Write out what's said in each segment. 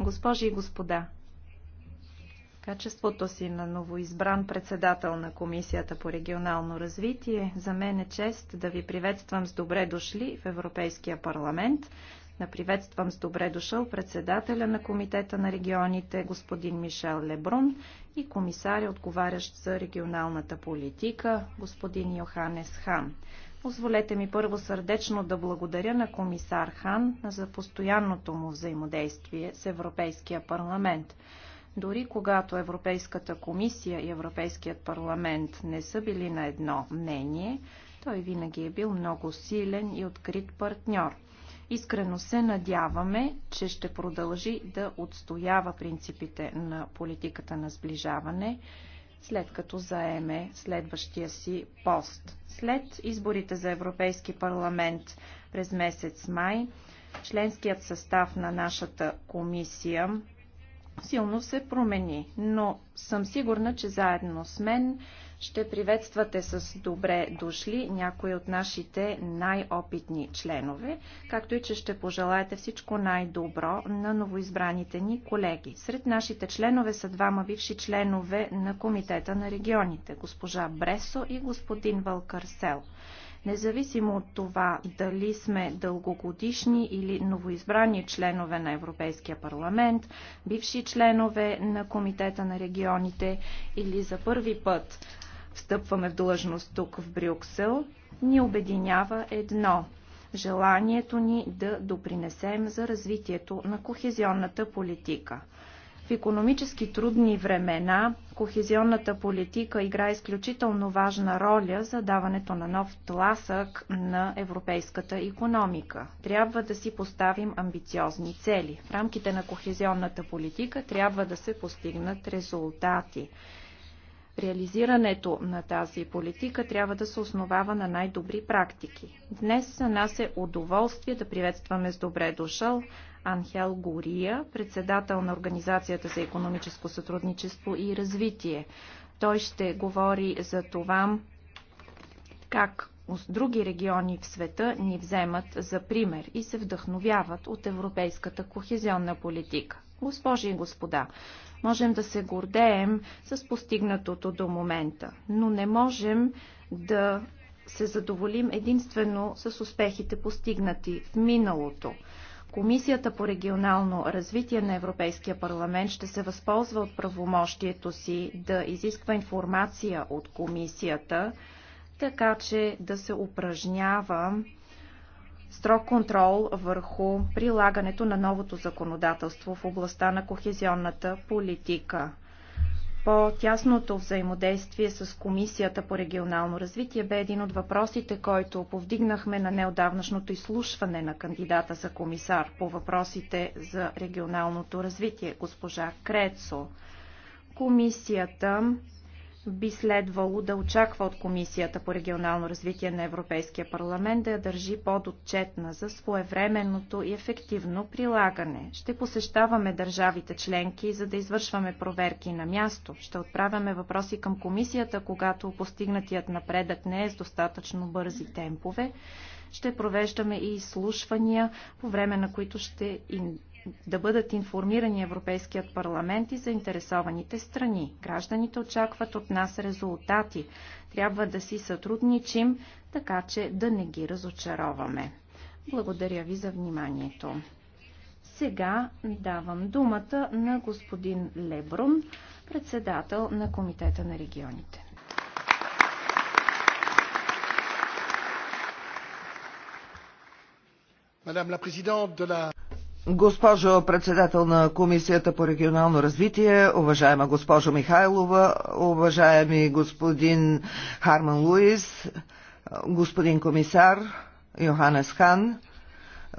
Госпожи и господа, качеството си на новоизбран председател на Комисията по регионално развитие, за мен е чест да ви приветствам с добре дошли в Европейския парламент, да приветствам с добре дошъл председателя на Комитета на регионите господин Мишел Лебрун и комисаря, отговарящ за регионалната политика господин Йоханес Хан. Позволете ми първо сърдечно да благодаря на комисар Хан за постоянното му взаимодействие с Европейския парламент. Дори когато Европейската комисия и Европейският парламент не са били на едно мнение, той винаги е бил много силен и открит партньор. Искрено се надяваме, че ще продължи да отстоява принципите на политиката на сближаване след като заеме следващия си пост. След изборите за Европейски парламент през месец май, членският състав на нашата комисия силно се промени, но съм сигурна, че заедно с мен ще приветствате с добре дошли някои от нашите най-опитни членове, както и че ще пожелаете всичко най-добро на новоизбраните ни колеги. Сред нашите членове са двама бивши членове на Комитета на регионите, госпожа Бресо и господин Вълкарсел. Независимо от това дали сме дългогодишни или новоизбрани членове на Европейския парламент, бивши членове на Комитета на регионите или за първи път встъпваме в длъжност тук в Брюксел, ни обединява едно – желанието ни да допринесем за развитието на кохезионната политика. В економически трудни времена кохезионната политика игра изключително важна роля за даването на нов тласък на европейската економика. Трябва да си поставим амбициозни цели. В рамките на кохезионната политика трябва да се постигнат резултати. Реализирането на тази политика трябва да се основава на най-добри практики. Днес за нас е удоволствие да приветстваме с добре дошъл Анхел Гория, председател на Организацията за економическо сътрудничество и развитие. Той ще говори за това как други региони в света ни вземат за пример и се вдъхновяват от европейската кохезионна политика. Госпожи и господа, Можем да се гордеем с постигнатото до момента, но не можем да се задоволим единствено с успехите постигнати в миналото. Комисията по регионално развитие на Европейския парламент ще се възползва от правомощието си да изисква информация от комисията, така че да се упражнява строг контрол върху прилагането на новото законодателство в областта на кохезионната политика. По-тясното взаимодействие с Комисията по регионално развитие бе един от въпросите, който повдигнахме на неодавнашното изслушване на кандидата за комисар по въпросите за регионалното развитие, госпожа Крецо. Комисията би следвало да очаква от Комисията по регионално развитие на Европейския парламент да я държи подотчетна за своевременното и ефективно прилагане. Ще посещаваме държавите членки, за да извършваме проверки на място. Ще отправяме въпроси към Комисията, когато постигнатият напредък не е с достатъчно бързи темпове. Ще провеждаме и изслушвания, по време на които ще да бъдат информирани Европейският парламент и заинтересованите страни. Гражданите очакват от нас резултати. Трябва да си сътрудничим, така че да не ги разочароваме. Благодаря ви за вниманието. Сега давам думата на господин Лебрун, председател на Комитета на регионите. Мадам la Présidente Госпожо председател на Комисията по регионално развитие, уважаема госпожо Михайлова, уважаеми господин Харман Луис, господин комисар Йоханес Хан,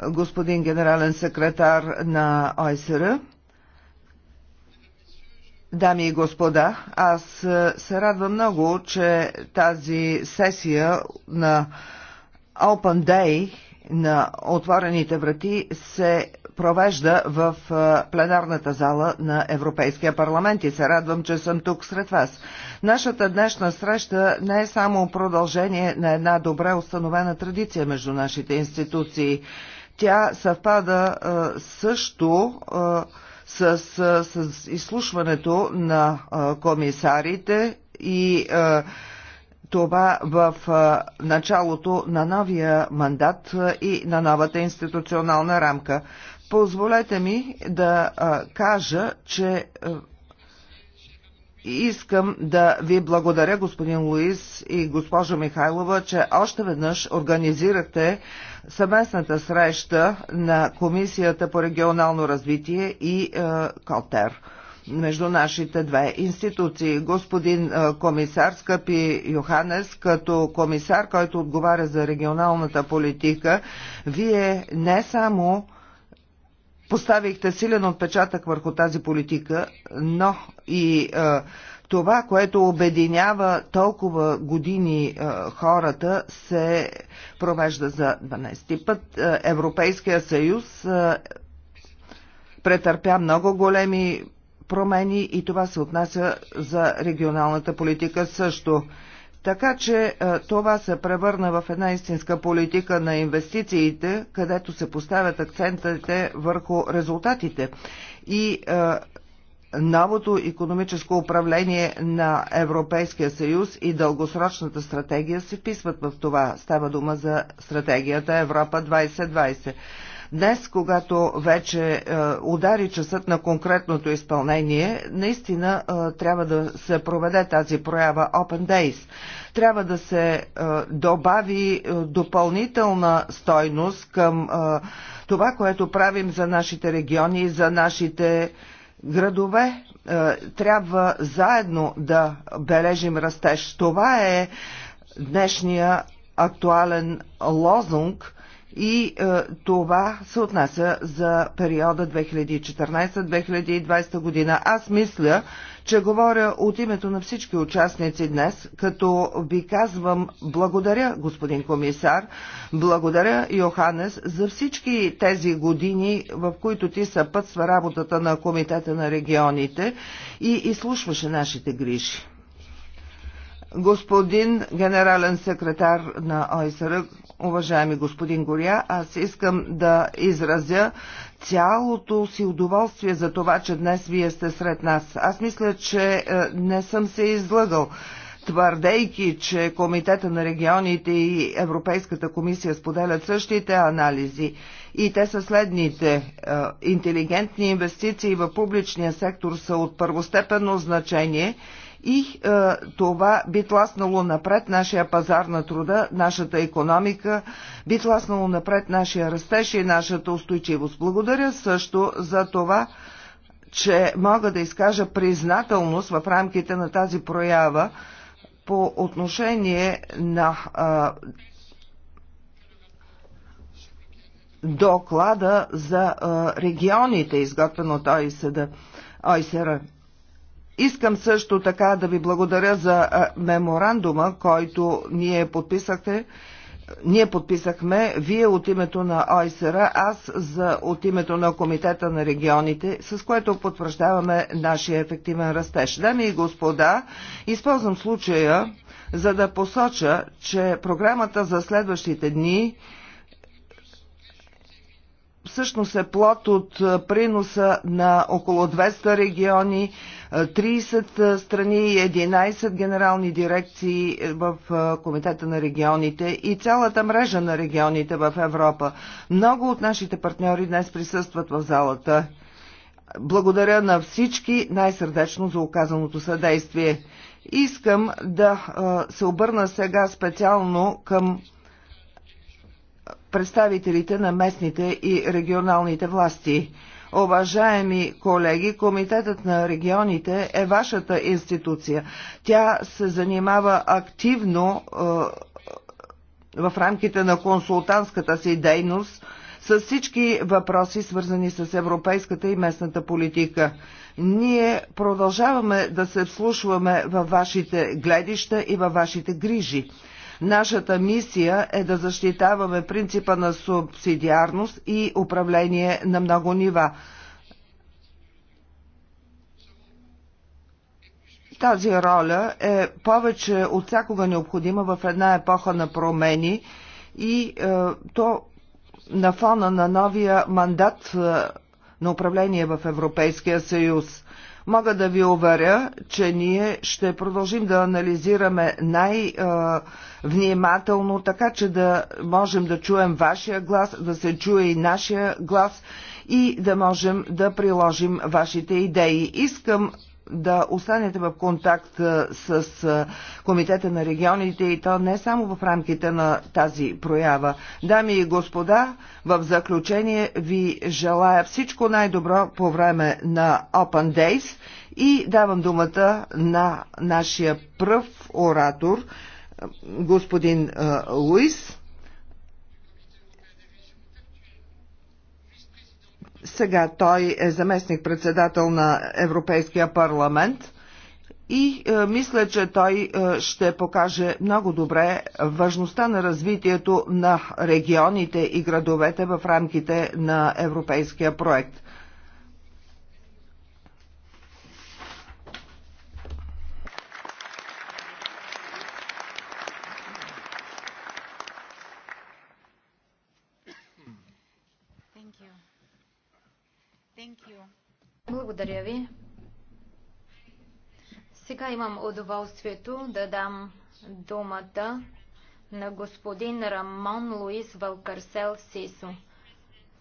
господин генерален секретар на ОСР, Дами и господа, аз се радвам много, че тази сесия на Open Day на отворените врати се провежда в пленарната зала на Европейския парламент и се радвам, че съм тук сред вас. Нашата днешна среща не е само продължение на една добре установена традиция между нашите институции. Тя съвпада също с, с, с изслушването на комисарите и това в началото на новия мандат и на новата институционална рамка. Позволете ми да а, кажа, че а, искам да ви благодаря, господин Луис и госпожа Михайлова, че още веднъж организирахте съвместната среща на Комисията по регионално развитие и а, между нашите две институции. Господин комисар, скъпи Йоханес, като комисар, който отговаря за регионалната политика, вие не само поставихте силен отпечатък върху тази политика, но и а, това, което обединява толкова години а, хората, се провежда за 12 ти път. А, Европейския съюз а, претърпя много големи промени и това се отнася за регионалната политика също. Така че е, това се превърна в една истинска политика на инвестициите, където се поставят акцентите върху резултатите. И е, новото економическо управление на Европейския съюз и дългосрочната стратегия се вписват в това. Става дума за стратегията Европа 2020. Днес, когато вече е, удари часът на конкретното изпълнение, наистина е, трябва да се проведе тази проява Open Days. Трябва да се е, добави допълнителна стойност към това, което правим за нашите региони, за нашите градове трябва заедно да бележим растеж. Това е днешния актуален лозунг и е, това се отнася за периода 2014-2020 година. Аз мисля, че говоря от името на всички участници днес, като ви казвам благодаря, господин комисар, благодаря, Йоханес, за всички тези години, в които ти съпътства работата на Комитета на регионите и изслушваше нашите грижи. Господин генерален секретар на ОСР, уважаеми господин Горя. Аз искам да изразя цялото си удоволствие за това, че днес вие сте сред нас. Аз мисля, че е, не съм се излъгал твърдейки, че Комитета на регионите и Европейската комисия споделят същите анализи. И те са следните. Е, интелигентни инвестиции в публичния сектор са от първостепенно значение – и е, това би тласнало напред нашия пазар на труда, нашата економика, би тласнало напред нашия растеж и нашата устойчивост. Благодаря също за това, че мога да изкажа признателност в рамките на тази проява по отношение на а, е, доклада за а, е, регионите, изготвен от ОИСР. Искам също така да ви благодаря за меморандума, който ние подписахте. Ние подписахме, вие от името на ОСР, аз за, от името на Комитета на регионите, с което потвърждаваме нашия ефективен растеж. Дами и господа, използвам случая, за да посоча, че програмата за следващите дни всъщност е плод от приноса на около 200 региони, 30 страни, 11 генерални дирекции е, в Комитета на регионите и цялата мрежа на регионите в Европа. Много от нашите партньори днес присъстват в залата. Благодаря на всички най-сърдечно за оказаното съдействие. Искам да се обърна сега специално към представителите на местните и регионалните власти. Уважаеми колеги, Комитетът на регионите е вашата институция. Тя се занимава активно е, в рамките на консултантската си дейност с всички въпроси, свързани с европейската и местната политика. Ние продължаваме да се вслушваме във вашите гледища и във вашите грижи. Нашата мисия е да защитаваме принципа на субсидиарност и управление на много нива. Тази роля е повече от всякога необходима в една епоха на промени и е, то на фона на новия мандат е, на управление в Европейския съюз. Мога да ви уверя, че ние ще продължим да анализираме най-внимателно, така че да можем да чуем вашия глас, да се чуе и нашия глас и да можем да приложим вашите идеи. Искам да останете в контакт с Комитета на регионите и то не само в рамките на тази проява. Дами и господа, в заключение ви желая всичко най-добро по време на Open Days и давам думата на нашия пръв оратор, господин Луис. Сега той е заместник-председател на Европейския парламент и е, мисля, че той е, ще покаже много добре важността на развитието на регионите и градовете в рамките на европейския проект. Благодаря ви. Сега имам удоволствието да дам думата на господин Рамон Луис Валкарсел Сисо.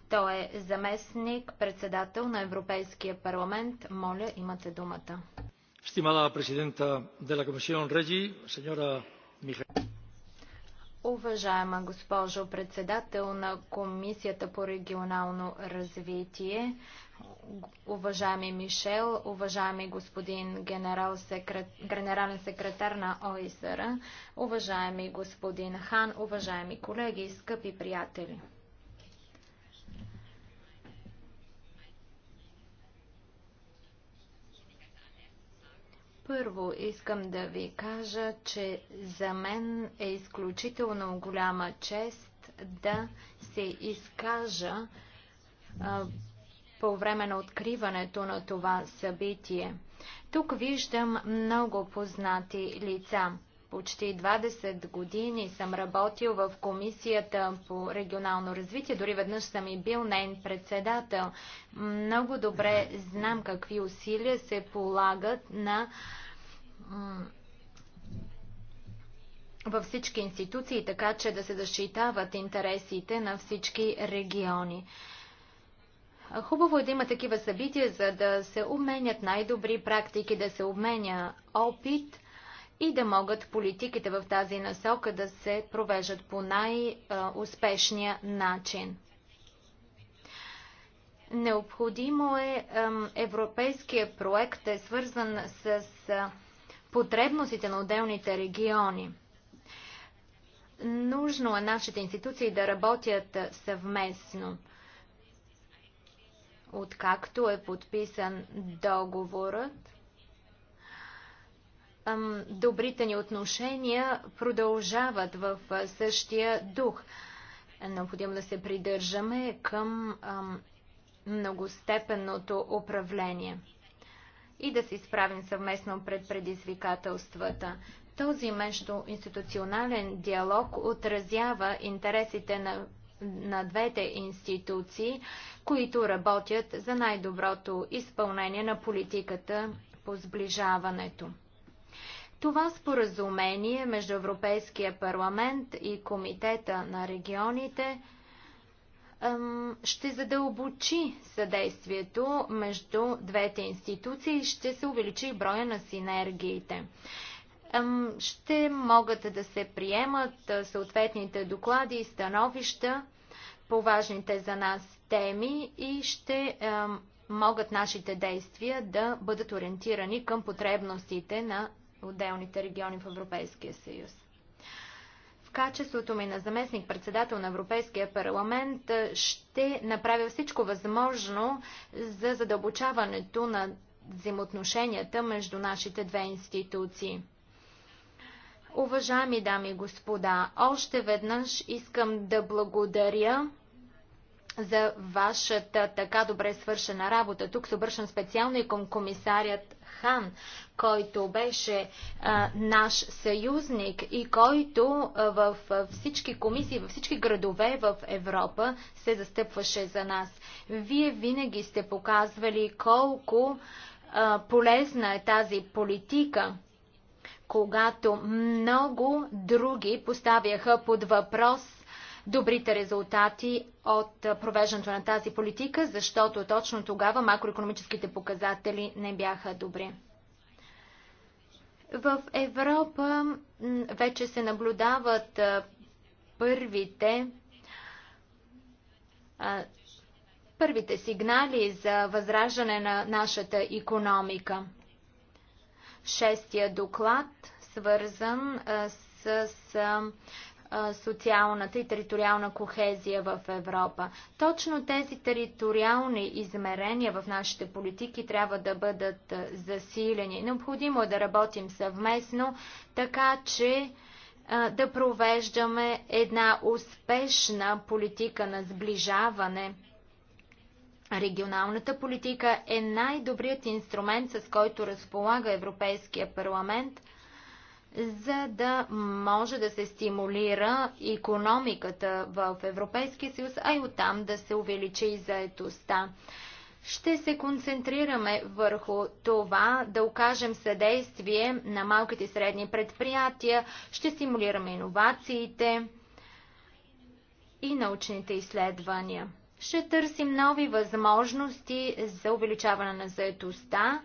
Той е заместник, председател на Европейския парламент. Моля, имате думата. Стимала президента de Комисион Реджи, сеньора señora Уважаема госпожо председател на Комисията по регионално развитие, уважаеми Мишел, уважаеми господин генерал секрет, генерален секретар на ОИСР, уважаеми господин Хан, уважаеми колеги, скъпи приятели. Първо искам да ви кажа, че за мен е изключително голяма чест да се изкажа а, по време на откриването на това събитие. Тук виждам много познати лица. Почти 20 години съм работил в Комисията по регионално развитие, дори веднъж съм и бил нейн председател. Много добре знам какви усилия се полагат на във всички институции, така че да се защитават интересите на всички региони. Хубаво е да има такива събития, за да се обменят най-добри практики, да се обменя опит – и да могат политиките в тази насока да се провеждат по най-успешния начин. Необходимо е европейския проект да е свързан с потребностите на отделните региони. Нужно е нашите институции да работят съвместно. Откакто е подписан договорът, добрите ни отношения продължават в същия дух. Необходимо да се придържаме към многостепенното управление и да се изправим съвместно пред предизвикателствата. Този междуинституционален диалог отразява интересите на, на двете институции, които работят за най-доброто изпълнение на политиката по сближаването. Това споразумение между Европейския парламент и Комитета на регионите ще задълбочи съдействието между двете институции и ще се увеличи броя на синергиите. Ще могат да се приемат съответните доклади и становища по важните за нас теми и ще могат нашите действия да бъдат ориентирани към потребностите на отделните региони в Европейския съюз. В качеството ми на заместник-председател на Европейския парламент ще направя всичко възможно за задълбочаването на взаимоотношенията между нашите две институции. Уважаеми дами и господа, още веднъж искам да благодаря за вашата така добре свършена работа. Тук се обръщам специално и към комисарят Хан, който беше а, наш съюзник и който а, в всички комисии, във всички градове в Европа се застъпваше за нас. Вие винаги сте показвали колко а, полезна е тази политика когато много други поставяха под въпрос добрите резултати от провеждането на тази политика, защото точно тогава макроекономическите показатели не бяха добри. В Европа вече се наблюдават първите първите сигнали за възраждане на нашата економика. Шестия доклад, свързан с социалната и териториална кохезия в Европа. Точно тези териториални измерения в нашите политики трябва да бъдат засилени. Необходимо е да работим съвместно, така че да провеждаме една успешна политика на сближаване. Регионалната политика е най-добрият инструмент, с който разполага Европейския парламент – за да може да се стимулира економиката в Европейския съюз, а и оттам да се увеличи и заетостта. Ще се концентрираме върху това да окажем съдействие на малките и средни предприятия, ще стимулираме иновациите и научните изследвания. Ще търсим нови възможности за увеличаване на заетостта.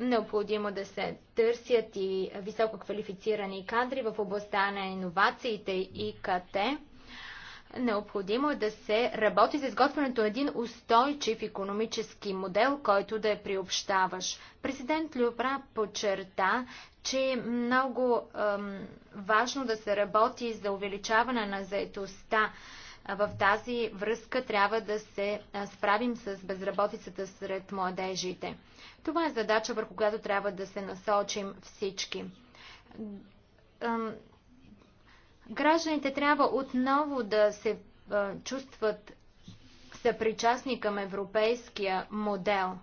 Необходимо да се търсят и високо квалифицирани кадри в областта на иновациите и КТ. Необходимо е да се работи за изготвянето на един устойчив економически модел, който да е приобщаваш. Президент Люпра подчерта, че е много ем, важно да се работи за увеличаване на заетостта. В тази връзка трябва да се справим с безработицата сред младежите. Това е задача, върху която трябва да се насочим всички. Гражданите трябва отново да се чувстват съпричастни към европейския модел.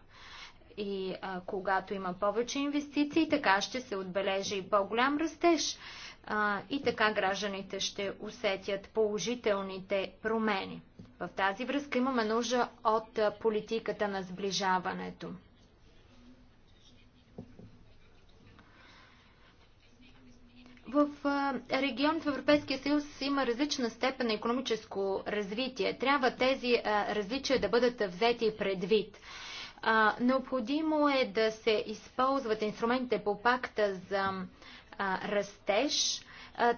И а, когато има повече инвестиции, така ще се отбележи по-голям растеж. А, и така гражданите ще усетят положителните промени. В тази връзка имаме нужда от политиката на сближаването. В регион в Европейския съюз има различна степен на економическо развитие. Трябва тези различия да бъдат взети предвид. Необходимо е да се използват инструментите по пакта за растеж,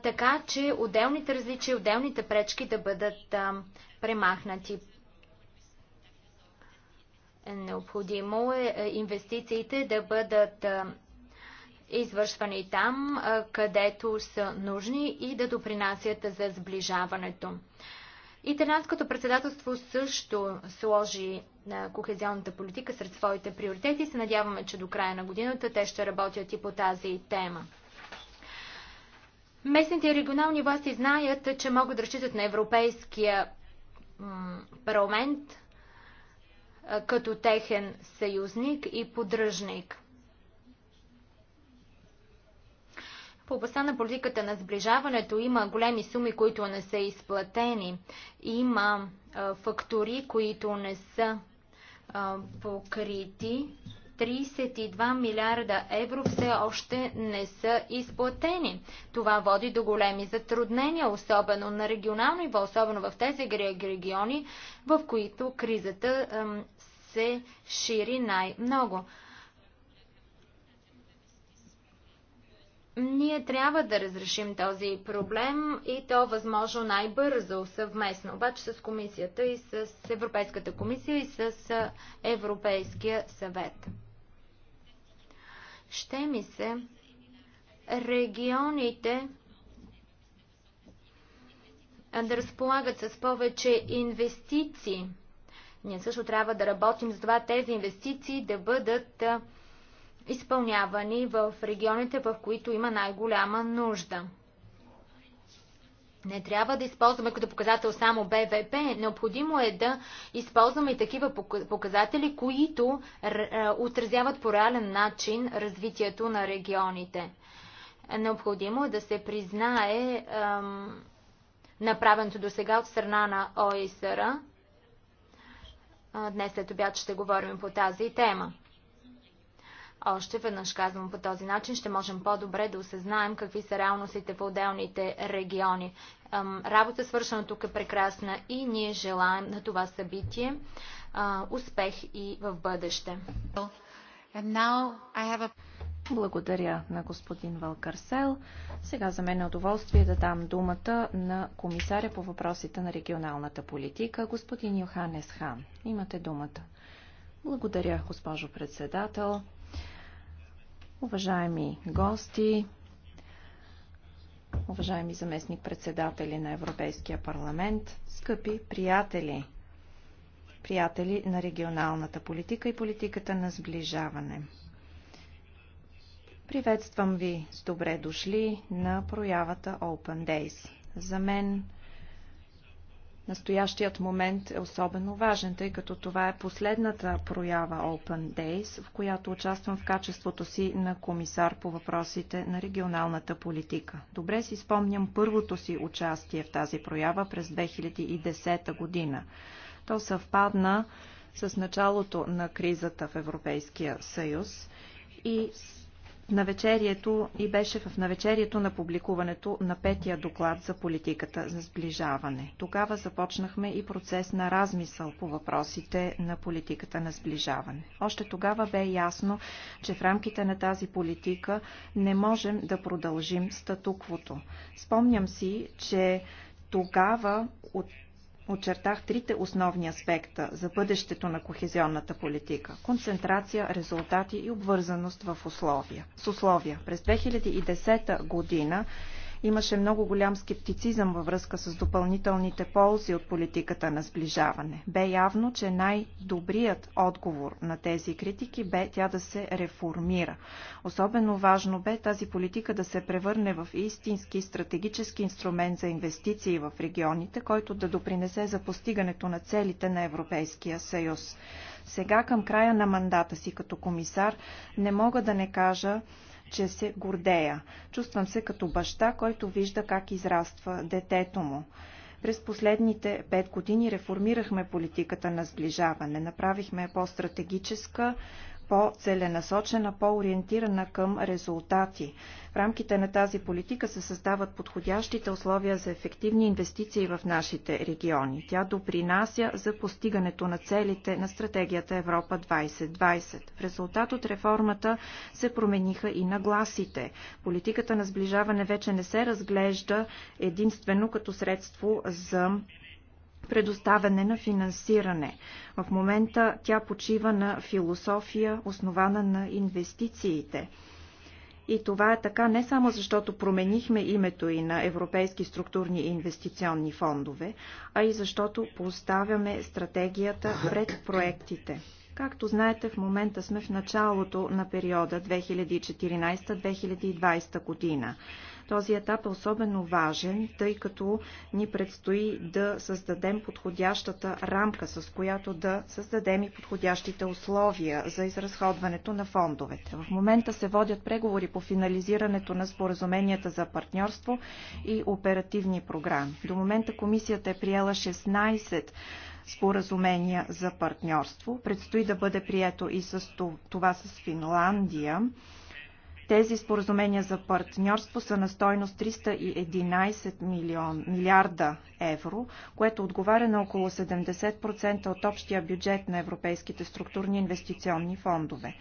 така че отделните различия, отделните пречки да бъдат премахнати. Необходимо е инвестициите да бъдат извършвани там, където са нужни и да допринасят за сближаването. Италианското председателство също сложи кохезионната политика сред своите приоритети. Се надяваме, че до края на годината те ще работят и по тази тема. Местните и регионални власти знаят, че могат да разчитат на Европейския парламент като техен съюзник и поддръжник – По областта на политиката на сближаването има големи суми, които не са изплатени. Има а, фактори, които не са а, покрити. 32 милиарда евро все още не са изплатени. Това води до големи затруднения, особено на регионално ниво, особено в тези региони, в които кризата а, се шири най-много. Ние трябва да разрешим този проблем и то възможно най-бързо, съвместно, обаче с комисията и с Европейската комисия и с Европейския съвет. Ще ми се регионите да разполагат с повече инвестиции. Ние също трябва да работим за това тези инвестиции да бъдат изпълнявани в регионите, в които има най-голяма нужда. Не трябва да използваме като показател само БВП, необходимо е да използваме и такива показатели, които е, отразяват по реален начин развитието на регионите. Необходимо е да се признае ем, направеното до сега от страна на ОИСР. Днес след обяд ще говорим по тази тема. Още веднъж казвам по този начин, ще можем по-добре да осъзнаем какви са реалностите в отделните региони. Работа свършена тук е прекрасна и ние желаем на това събитие успех и в бъдеще. Благодаря на господин Валкарсел. Сега за мен е удоволствие да дам думата на комисаря по въпросите на регионалната политика, господин Йоханес Хан. Имате думата. Благодаря, госпожо председател уважаеми гости, уважаеми заместник председатели на Европейския парламент, скъпи приятели, приятели на регионалната политика и политиката на сближаване. Приветствам ви с добре дошли на проявата Open Days. За мен Настоящият момент е особено важен, тъй като това е последната проява Open Days, в която участвам в качеството си на комисар по въпросите на регионалната политика. Добре си спомням първото си участие в тази проява през 2010 година. То съвпадна с началото на кризата в Европейския съюз и навечерието и беше в навечерието на публикуването на петия доклад за политиката за сближаване. Тогава започнахме и процес на размисъл по въпросите на политиката на сближаване. Още тогава бе ясно, че в рамките на тази политика не можем да продължим статуквото. Спомням си, че тогава от очертах трите основни аспекта за бъдещето на кохезионната политика – концентрация, резултати и обвързаност в условия. С условия. През 2010 година Имаше много голям скептицизъм във връзка с допълнителните ползи от политиката на сближаване. Бе явно, че най-добрият отговор на тези критики бе тя да се реформира. Особено важно бе тази политика да се превърне в истински стратегически инструмент за инвестиции в регионите, който да допринесе за постигането на целите на Европейския съюз. Сега към края на мандата си като комисар не мога да не кажа, че се гордея. Чувствам се като баща, който вижда как израства детето му. През последните пет години реформирахме политиката на сближаване. Направихме по-стратегическа, по-целенасочена, по-ориентирана към резултати. В рамките на тази политика се създават подходящите условия за ефективни инвестиции в нашите региони. Тя допринася за постигането на целите на стратегията Европа 2020. В резултат от реформата се промениха и нагласите. Политиката на сближаване вече не се разглежда единствено като средство за предоставяне на финансиране. В момента тя почива на философия, основана на инвестициите. И това е така не само защото променихме името и на Европейски структурни и инвестиционни фондове, а и защото поставяме стратегията пред проектите. Както знаете, в момента сме в началото на периода 2014-2020 година. Този етап е особено важен, тъй като ни предстои да създадем подходящата рамка, с която да създадем и подходящите условия за изразходването на фондовете. В момента се водят преговори по финализирането на споразуменията за партньорство и оперативни програми. До момента комисията е приела 16 споразумения за партньорство. Предстои да бъде прието и с това с Финландия. Тези споразумения за партньорство са на стойност 311 милион, милиарда евро, което отговаря на около 70% от общия бюджет на европейските структурни инвестиционни фондове.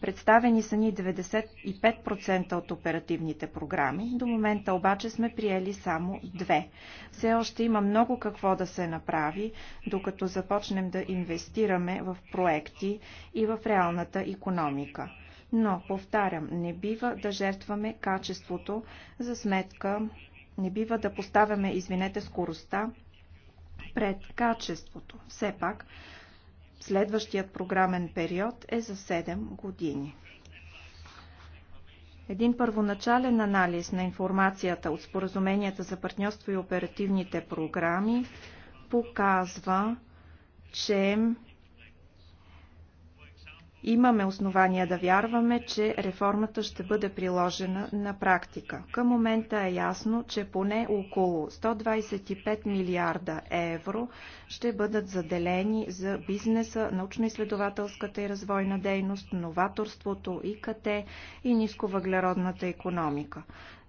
Представени са ни 95% от оперативните програми, до момента обаче сме приели само две. Все още има много какво да се направи, докато започнем да инвестираме в проекти и в реалната економика. Но, повтарям, не бива да жертваме качеството за сметка, не бива да поставяме, извинете, скоростта пред качеството. Все пак, следващият програмен период е за 7 години. Един първоначален анализ на информацията от споразуменията за партньорство и оперативните програми показва, че Имаме основания да вярваме, че реформата ще бъде приложена на практика. Към момента е ясно, че поне около 125 милиарда евро ще бъдат заделени за бизнеса, научно-изследователската и развойна дейност, новаторството, ИКТ и нисковъглеродната економика.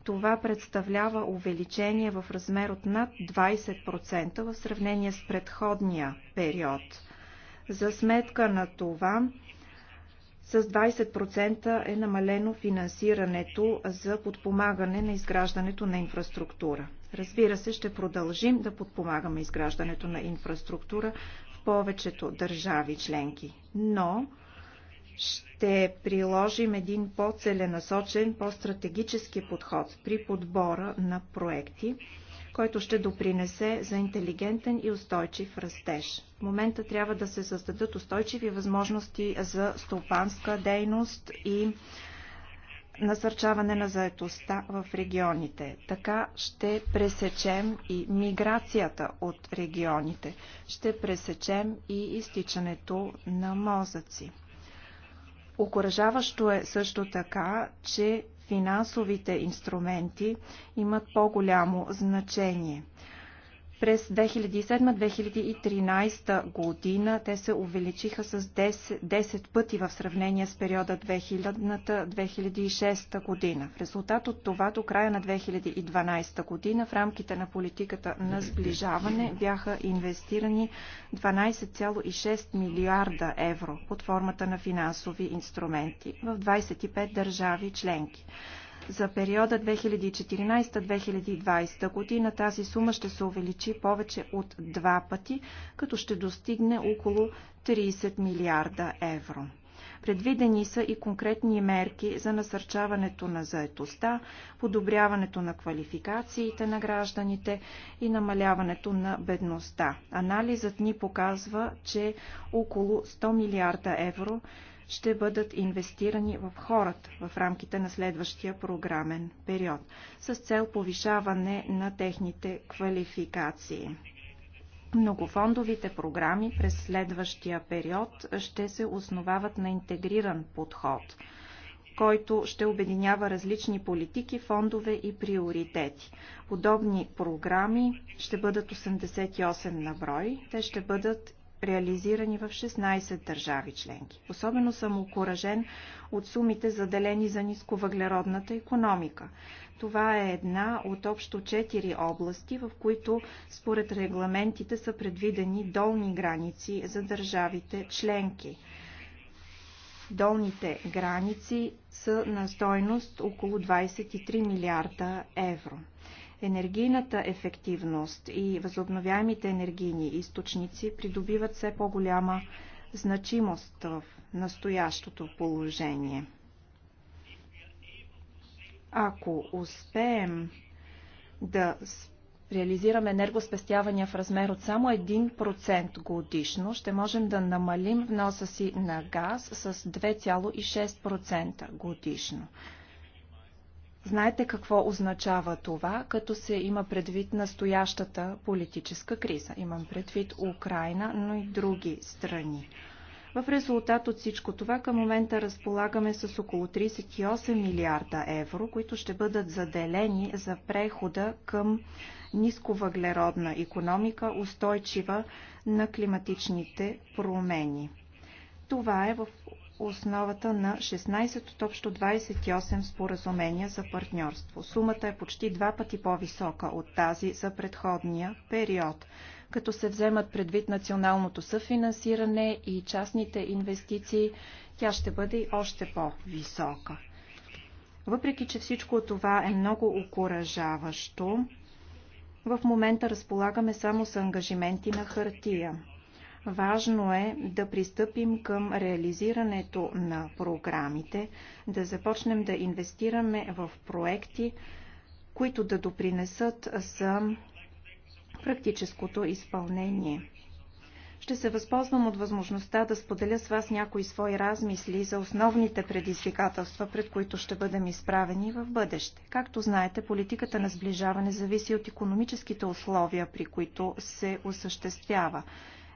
Това представлява увеличение в размер от над 20% в сравнение с предходния период. За сметка на това, с 20% е намалено финансирането за подпомагане на изграждането на инфраструктура. Разбира се, ще продължим да подпомагаме изграждането на инфраструктура в повечето държави членки, но ще приложим един по-целенасочен, по-стратегически подход при подбора на проекти, който ще допринесе за интелигентен и устойчив растеж. В момента трябва да се създадат устойчиви възможности за стопанска дейност и насърчаване на заетостта в регионите. Така ще пресечем и миграцията от регионите. Ще пресечем и изтичането на мозъци. Окоръжаващо е също така, че финансовите инструменти имат по-голямо значение. През 2007-2013 година те се увеличиха с 10, 10 пъти в сравнение с периода 2000-2006 година. В резултат от това до края на 2012 година в рамките на политиката на сближаване бяха инвестирани 12,6 милиарда евро под формата на финансови инструменти в 25 държави членки. За периода 2014-2020 година тази сума ще се увеличи повече от два пъти, като ще достигне около 30 милиарда евро. Предвидени са и конкретни мерки за насърчаването на заетостта, подобряването на квалификациите на гражданите и намаляването на бедността. Анализът ни показва, че около 100 милиарда евро ще бъдат инвестирани в хората в рамките на следващия програмен период с цел повишаване на техните квалификации. Многофондовите програми през следващия период ще се основават на интегриран подход, който ще обединява различни политики, фондове и приоритети. Подобни програми ще бъдат 88 на брой. Те ще бъдат реализирани в 16 държави членки. Особено съм окоръжен от сумите заделени за нисковъглеродната економика. Това е една от общо 4 области, в които според регламентите са предвидени долни граници за държавите членки долните граници са на стойност около 23 милиарда евро енергийната ефективност и възобновяемите енергийни източници придобиват все по-голяма значимост в настоящото положение. Ако успеем да реализираме енергоспестявания в размер от само 1% годишно, ще можем да намалим вноса си на газ с 2,6% годишно. Знаете какво означава това, като се има предвид настоящата политическа криза. Имам предвид Украина, но и други страни. В резултат от всичко това към момента разполагаме с около 38 милиарда евро, които ще бъдат заделени за прехода към нисковъглеродна економика, устойчива на климатичните промени. Това е в основата на 16 от общо 28 споразумения за партньорство. Сумата е почти два пъти по-висока от тази за предходния период, като се вземат предвид националното съфинансиране и частните инвестиции, тя ще бъде още по-висока. Въпреки, че всичко това е много окоръжаващо, в момента разполагаме само с ангажименти на хартия. Важно е да пристъпим към реализирането на програмите, да започнем да инвестираме в проекти, които да допринесат за практическото изпълнение. Ще се възползвам от възможността да споделя с вас някои свои размисли за основните предизвикателства, пред които ще бъдем изправени в бъдеще. Както знаете, политиката на сближаване зависи от економическите условия, при които се осъществява.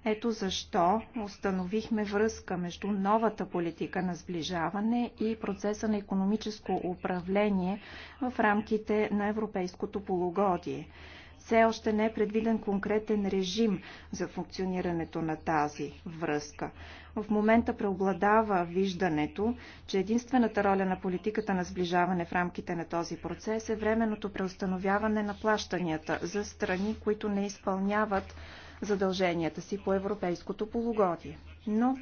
Ето защо установихме връзка между новата политика на сближаване и процеса на економическо управление в рамките на европейското полугодие. Все още не е предвиден конкретен режим за функционирането на тази връзка. В момента преобладава виждането, че единствената роля на политиката на сближаване в рамките на този процес е временното преустановяване на плащанията за страни, които не изпълняват задълженията си по европейското полугодие. Но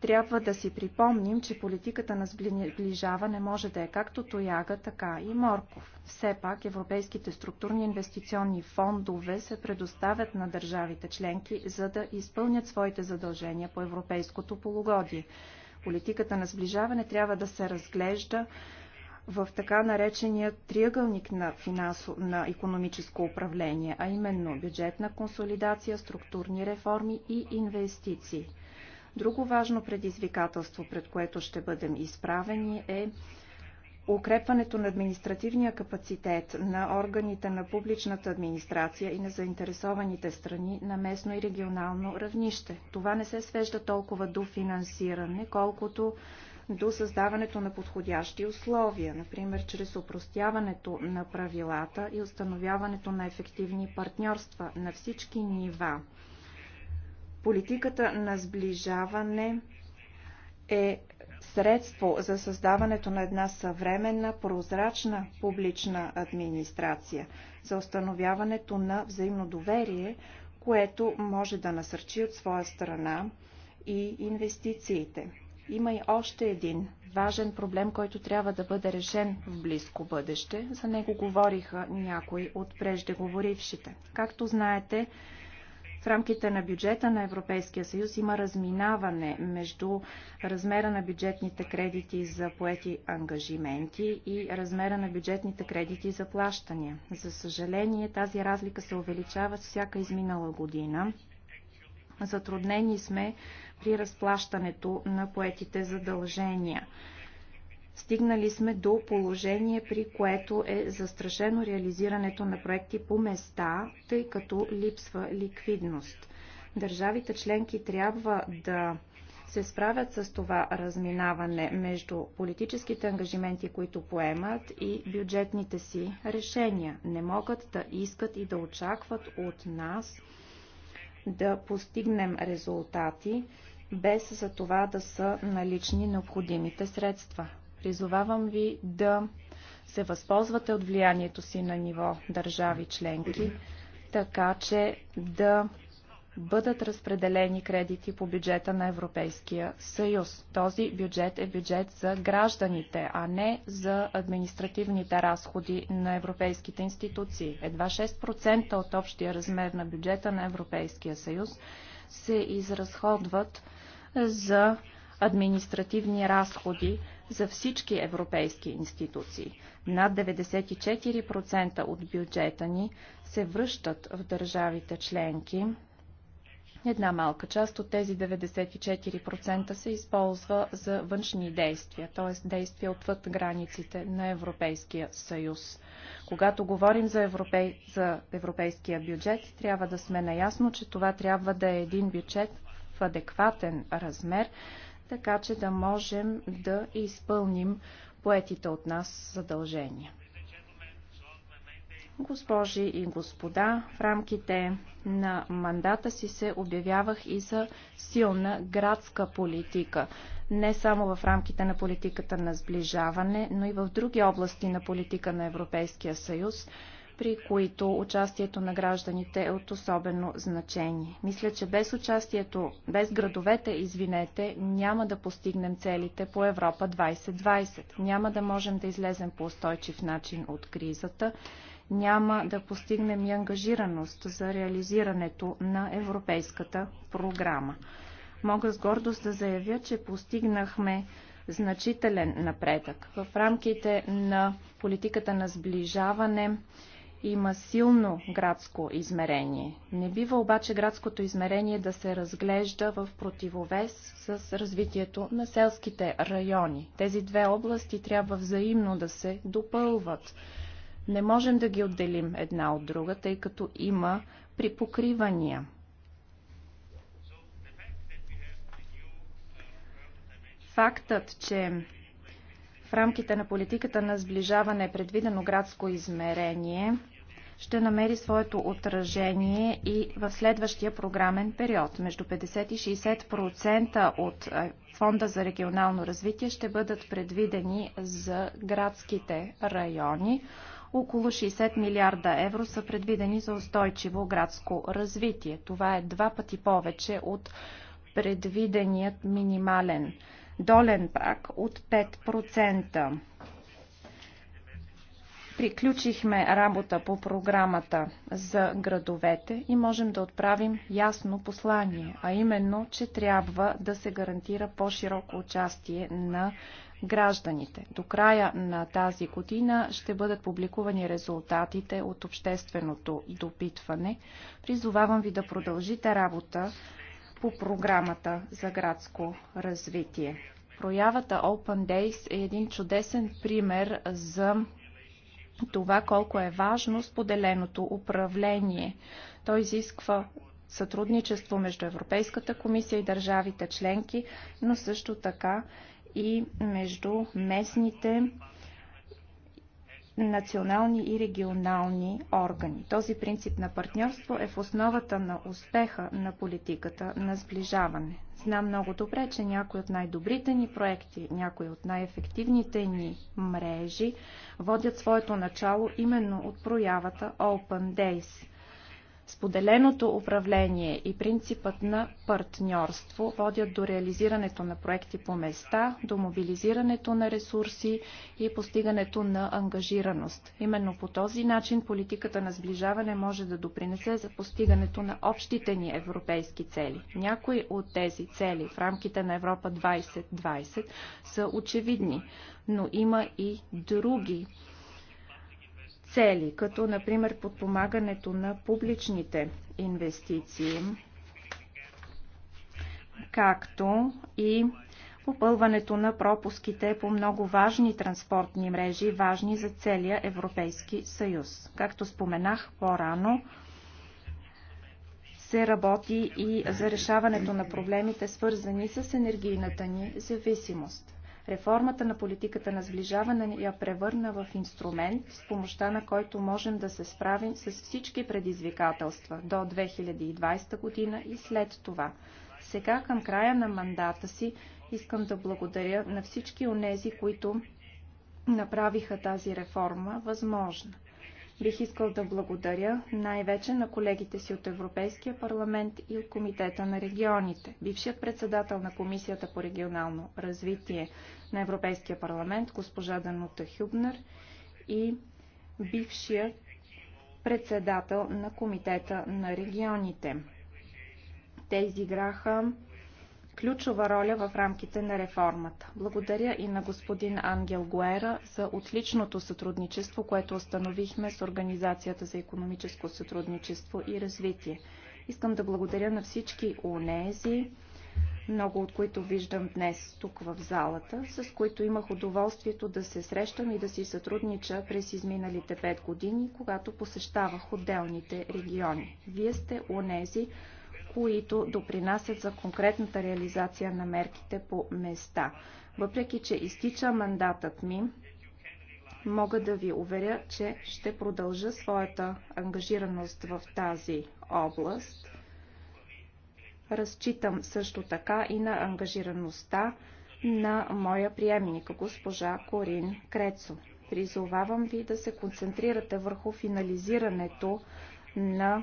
трябва да си припомним, че политиката на сближаване може да е както Тояга, така и Морков. Все пак европейските структурни инвестиционни фондове се предоставят на държавите членки, за да изпълнят своите задължения по европейското полугодие. Политиката на сближаване трябва да се разглежда в така наречения триъгълник на, финансо... на економическо управление, а именно бюджетна консолидация, структурни реформи и инвестиции. Друго важно предизвикателство, пред което ще бъдем изправени е укрепването на административния капацитет на органите на публичната администрация и на заинтересованите страни на местно и регионално равнище. Това не се свежда толкова до финансиране, колкото до създаването на подходящи условия, например чрез упростяването на правилата и установяването на ефективни партньорства на всички нива. Политиката на сближаване е средство за създаването на една съвременна, прозрачна публична администрация, за установяването на взаимно доверие, което може да насърчи от своя страна и инвестициите. Има и още един важен проблем, който трябва да бъде решен в близко бъдеще. За него говориха някои от преждеговорившите. Както знаете, в рамките на бюджета на Европейския съюз има разминаване между размера на бюджетните кредити за поети ангажименти и размера на бюджетните кредити за плащания. За съжаление, тази разлика се увеличава с всяка изминала година. Затруднени сме при разплащането на поетите задължения. Стигнали сме до положение, при което е застрашено реализирането на проекти по места, тъй като липсва ликвидност. Държавите членки трябва да се справят с това разминаване между политическите ангажименти, които поемат и бюджетните си решения. Не могат да искат и да очакват от нас да постигнем резултати, без за това да са налични необходимите средства. Призовавам ви да се възползвате от влиянието си на ниво държави членки, така че да бъдат разпределени кредити по бюджета на Европейския съюз. Този бюджет е бюджет за гражданите, а не за административните разходи на европейските институции. Едва 6% от общия размер на бюджета на Европейския съюз се изразходват за административни разходи за всички европейски институции. Над 94% от бюджета ни се връщат в държавите членки. Една малка част от тези 94% се използва за външни действия, т.е. действия отвъд границите на Европейския съюз. Когато говорим за, европей... за европейския бюджет, трябва да сме наясно, че това трябва да е един бюджет в адекватен размер, така че да можем да изпълним поетите от нас задължения. Госпожи и господа, в рамките на мандата си се обявявах и за силна градска политика. Не само в рамките на политиката на сближаване, но и в други области на политика на Европейския съюз, при които участието на гражданите е от особено значение. Мисля, че без участието, без градовете, извинете, няма да постигнем целите по Европа 2020. Няма да можем да излезем по устойчив начин от кризата. Няма да постигнем и ангажираност за реализирането на европейската програма. Мога с гордост да заявя, че постигнахме значителен напредък. В рамките на политиката на сближаване има силно градско измерение. Не бива обаче градското измерение да се разглежда в противовес с развитието на селските райони. Тези две области трябва взаимно да се допълват. Не можем да ги отделим една от друга, тъй като има припокривания. Фактът, че в рамките на политиката на сближаване е предвидено градско измерение ще намери своето отражение и в следващия програмен период. Между 50 и 60% от Фонда за регионално развитие ще бъдат предвидени за градските райони. Около 60 милиарда евро са предвидени за устойчиво градско развитие. Това е два пъти повече от предвиденият минимален долен прак от 5%. Приключихме работа по програмата за градовете и можем да отправим ясно послание, а именно, че трябва да се гарантира по-широко участие на гражданите. До края на тази година ще бъдат публикувани резултатите от общественото допитване. Призовавам ви да продължите работа по програмата за градско развитие. Проявата Open Days е един чудесен пример за това колко е важно споделеното управление. Той изисква сътрудничество между Европейската комисия и държавите членки, но също така и между местните национални и регионални органи. Този принцип на партньорство е в основата на успеха на политиката на сближаване. Знам много добре, че някои от най-добрите ни проекти, някои от най-ефективните ни мрежи водят своето начало именно от проявата Open Days. Споделеното управление и принципът на партньорство водят до реализирането на проекти по места, до мобилизирането на ресурси и постигането на ангажираност. Именно по този начин политиката на сближаване може да допринесе за постигането на общите ни европейски цели. Някои от тези цели в рамките на Европа 2020 са очевидни, но има и други цели, като например подпомагането на публичните инвестиции, както и попълването на пропуските по много важни транспортни мрежи, важни за целия Европейски съюз. Както споменах по-рано, се работи и за решаването на проблемите, свързани с енергийната ни зависимост. Реформата на политиката на сближаване я превърна в инструмент, с помощта на който можем да се справим с всички предизвикателства до 2020 година и след това. Сега, към края на мандата си, искам да благодаря на всички онези, които направиха тази реформа възможна. Бих искал да благодаря най-вече на колегите си от Европейския парламент и от Комитета на регионите. Бившият председател на Комисията по регионално развитие на Европейския парламент, госпожа Данута Хюбнер и бившият председател на Комитета на регионите. Те изиграха ключова роля в рамките на реформата. Благодаря и на господин Ангел Гуера за отличното сътрудничество, което установихме с Организацията за економическо сътрудничество и развитие. Искам да благодаря на всички унези, много от които виждам днес тук в залата, с които имах удоволствието да се срещам и да си сътруднича през изминалите пет години, когато посещавах отделните региони. Вие сте унези които допринасят за конкретната реализация на мерките по места. Въпреки, че изтича мандатът ми, мога да ви уверя, че ще продължа своята ангажираност в тази област. Разчитам също така и на ангажираността на моя приемник, госпожа Корин Крецо. Призовавам ви да се концентрирате върху финализирането на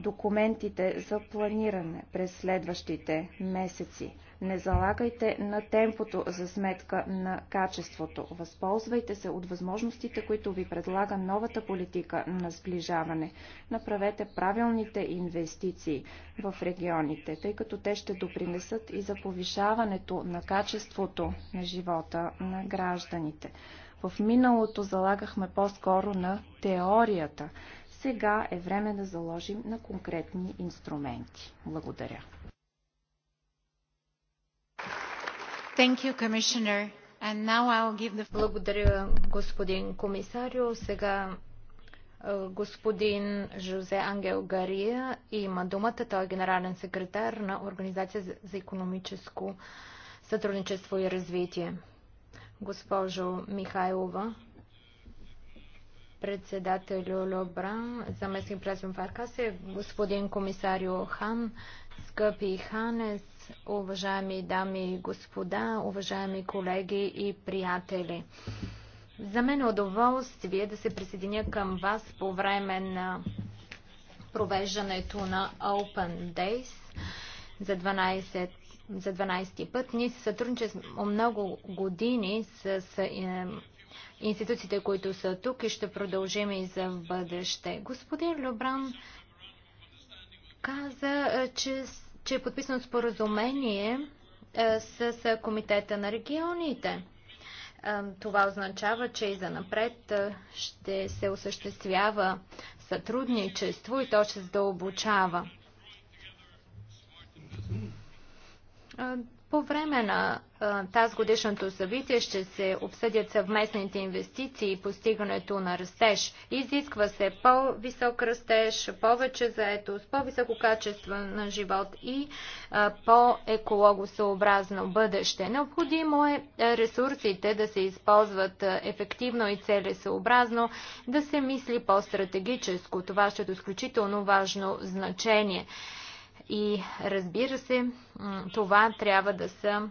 документите за планиране през следващите месеци. Не залагайте на темпото за сметка на качеството. Възползвайте се от възможностите, които ви предлага новата политика на сближаване. Направете правилните инвестиции в регионите, тъй като те ще допринесат и за повишаването на качеството на живота на гражданите. В миналото залагахме по-скоро на теорията. Сега е време да заложим на конкретни инструменти. Благодаря. Thank you, Commissioner. And now I'll give the... Благодаря, господин комисарио. Сега е, господин Жозе Ангел Гария има думата. Той е генерален секретар на Организация за економическо сътрудничество и развитие. Госпожо Михайлова, председателю Лобран, заместник президент Фаркасе, господин комисарио Хан, скъпи Ханес, уважаеми дами и господа, уважаеми колеги и приятели. За мен е удоволствие да се присъединя към вас по време на провеждането на Open Days за 12 за 12 път. Ние се сътрудничаме много години с е, институциите, които са тук и ще продължим и за бъдеще. Господин Любран каза, е, че, че е подписано споразумение е, с е, Комитета на регионите. Това означава, че и за напред ще се осъществява сътрудничество и то ще се задълбочава. По време на тази годишното събитие ще се обсъдят съвместните инвестиции и постигането на растеж. Изисква се по-висок растеж, повече заетост, по-високо качество на живот и по-екологосъобразно бъдеще. Необходимо е ресурсите да се използват ефективно и целесъобразно, да се мисли по-стратегическо. Това ще е изключително важно значение. И разбира се, това трябва да са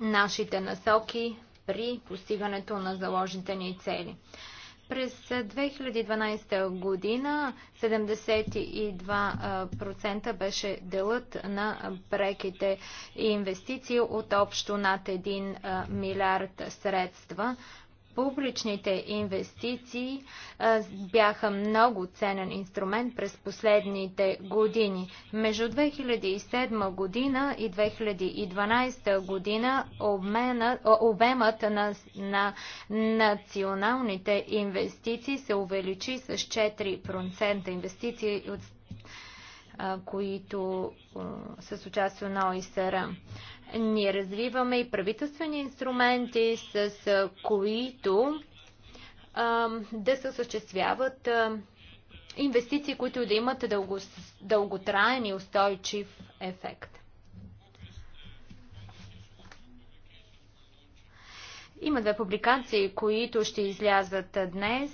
нашите насоки при постигането на заложните ни цели. През 2012 година 72% беше делът на преките инвестиции от общо над 1 милиард средства. Публичните инвестиции бяха много ценен инструмент през последните години. Между 2007 година и 2012 година обемът на, на националните инвестиции се увеличи с 4% инвестиции от които с участие на ОИСР. Ние развиваме и правителствени инструменти, с които да се осъществяват инвестиции, които да имат дълго, дълготраен и устойчив ефект. Има две публикации, които ще излязат днес.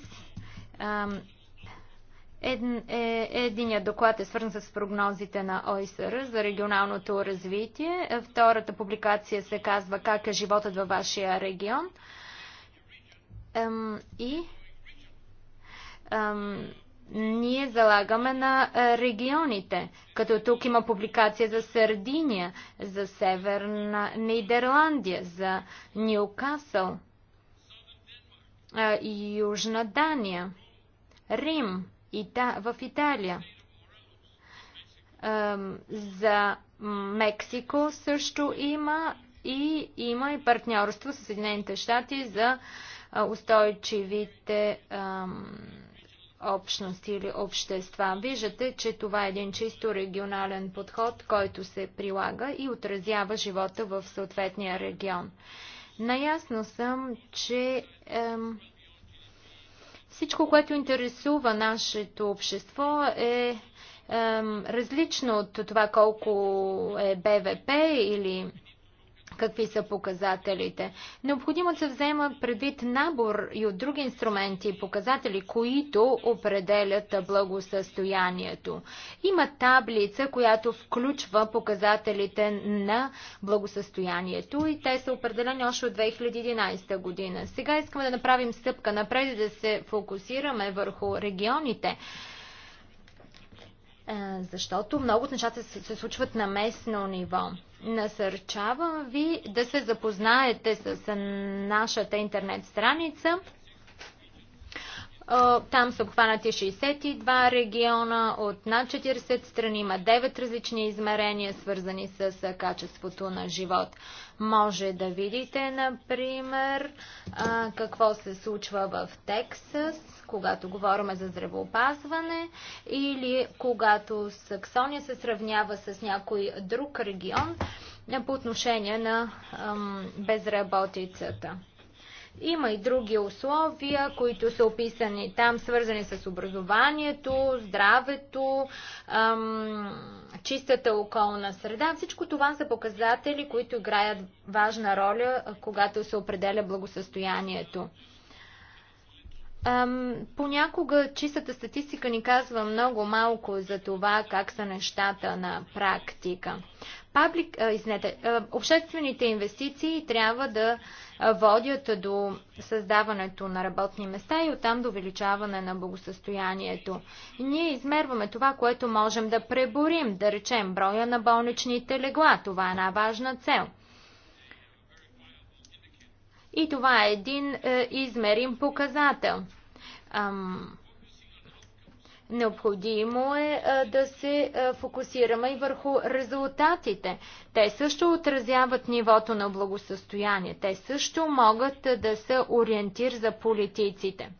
Е, единият доклад е свързан с прогнозите на ОИСР за регионалното развитие. Втората публикация се казва Как е животът във вашия регион. И ние залагаме на е, регионите, като тук има публикация за Сърдиния, за Северна Нидерландия, за Ньюкасъл, е, Южна Дания, Рим. Ита... в Италия. За Мексико също има и има и партньорство с Съединените щати за устойчивите общности или общества. Виждате, че това е един чисто регионален подход, който се прилага и отразява живота в съответния регион. Наясно съм, че ем, всичко, което интересува нашето общество е различно от това колко е БВП или какви са показателите. Необходимо се взема предвид набор и от други инструменти и показатели, които определят благосъстоянието. Има таблица, която включва показателите на благосъстоянието и те са определени още от 2011 година. Сега искаме да направим стъпка напред и да се фокусираме върху регионите защото много от нещата се случват на местно ниво. Насърчавам ви да се запознаете с нашата интернет страница. Е, там са обхванати 62 региона от над 40 страни. Има 9 различни измерения, свързани с е, качеството на живот. Може да видите, например, е, какво се случва в Тексас, когато говорим за здравеопазване, или когато Саксония се сравнява с някой друг регион по отношение на безработицата. Има и други условия, които са описани там, свързани с образованието, здравето, ам, чистата околна среда. Всичко това са показатели, които играят важна роля, когато се определя благосъстоянието. Ам, понякога чистата статистика ни казва много малко за това как са нещата на практика. Паблик, а, изнете, а, обществените инвестиции трябва да водят до създаването на работни места и оттам до увеличаване на благосъстоянието. Ние измерваме това, което можем да преборим, да речем броя на болничните легла. Това е една важна цел – и това е един е, измерим показател. Ам, необходимо е е да се е, фокусираме и върху резултатите. Те също отразяват нивото на благосъстояние. Те също могат е, да са ориентир за политиците.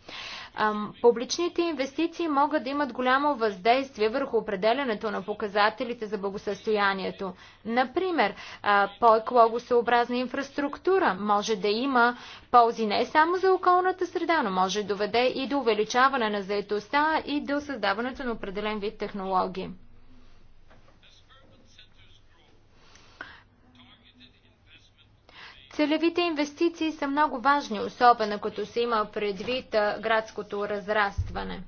Публичните инвестиции могат да имат голямо въздействие върху определенето на показателите за благосъстоянието. Например, по-екологосъобразна инфраструктура може да има ползи не само за околната среда, но може да доведе и до увеличаване на заетостта и до създаването на определен вид технологии. Целевите инвестиции са много важни, особено като се има предвид градското разрастване.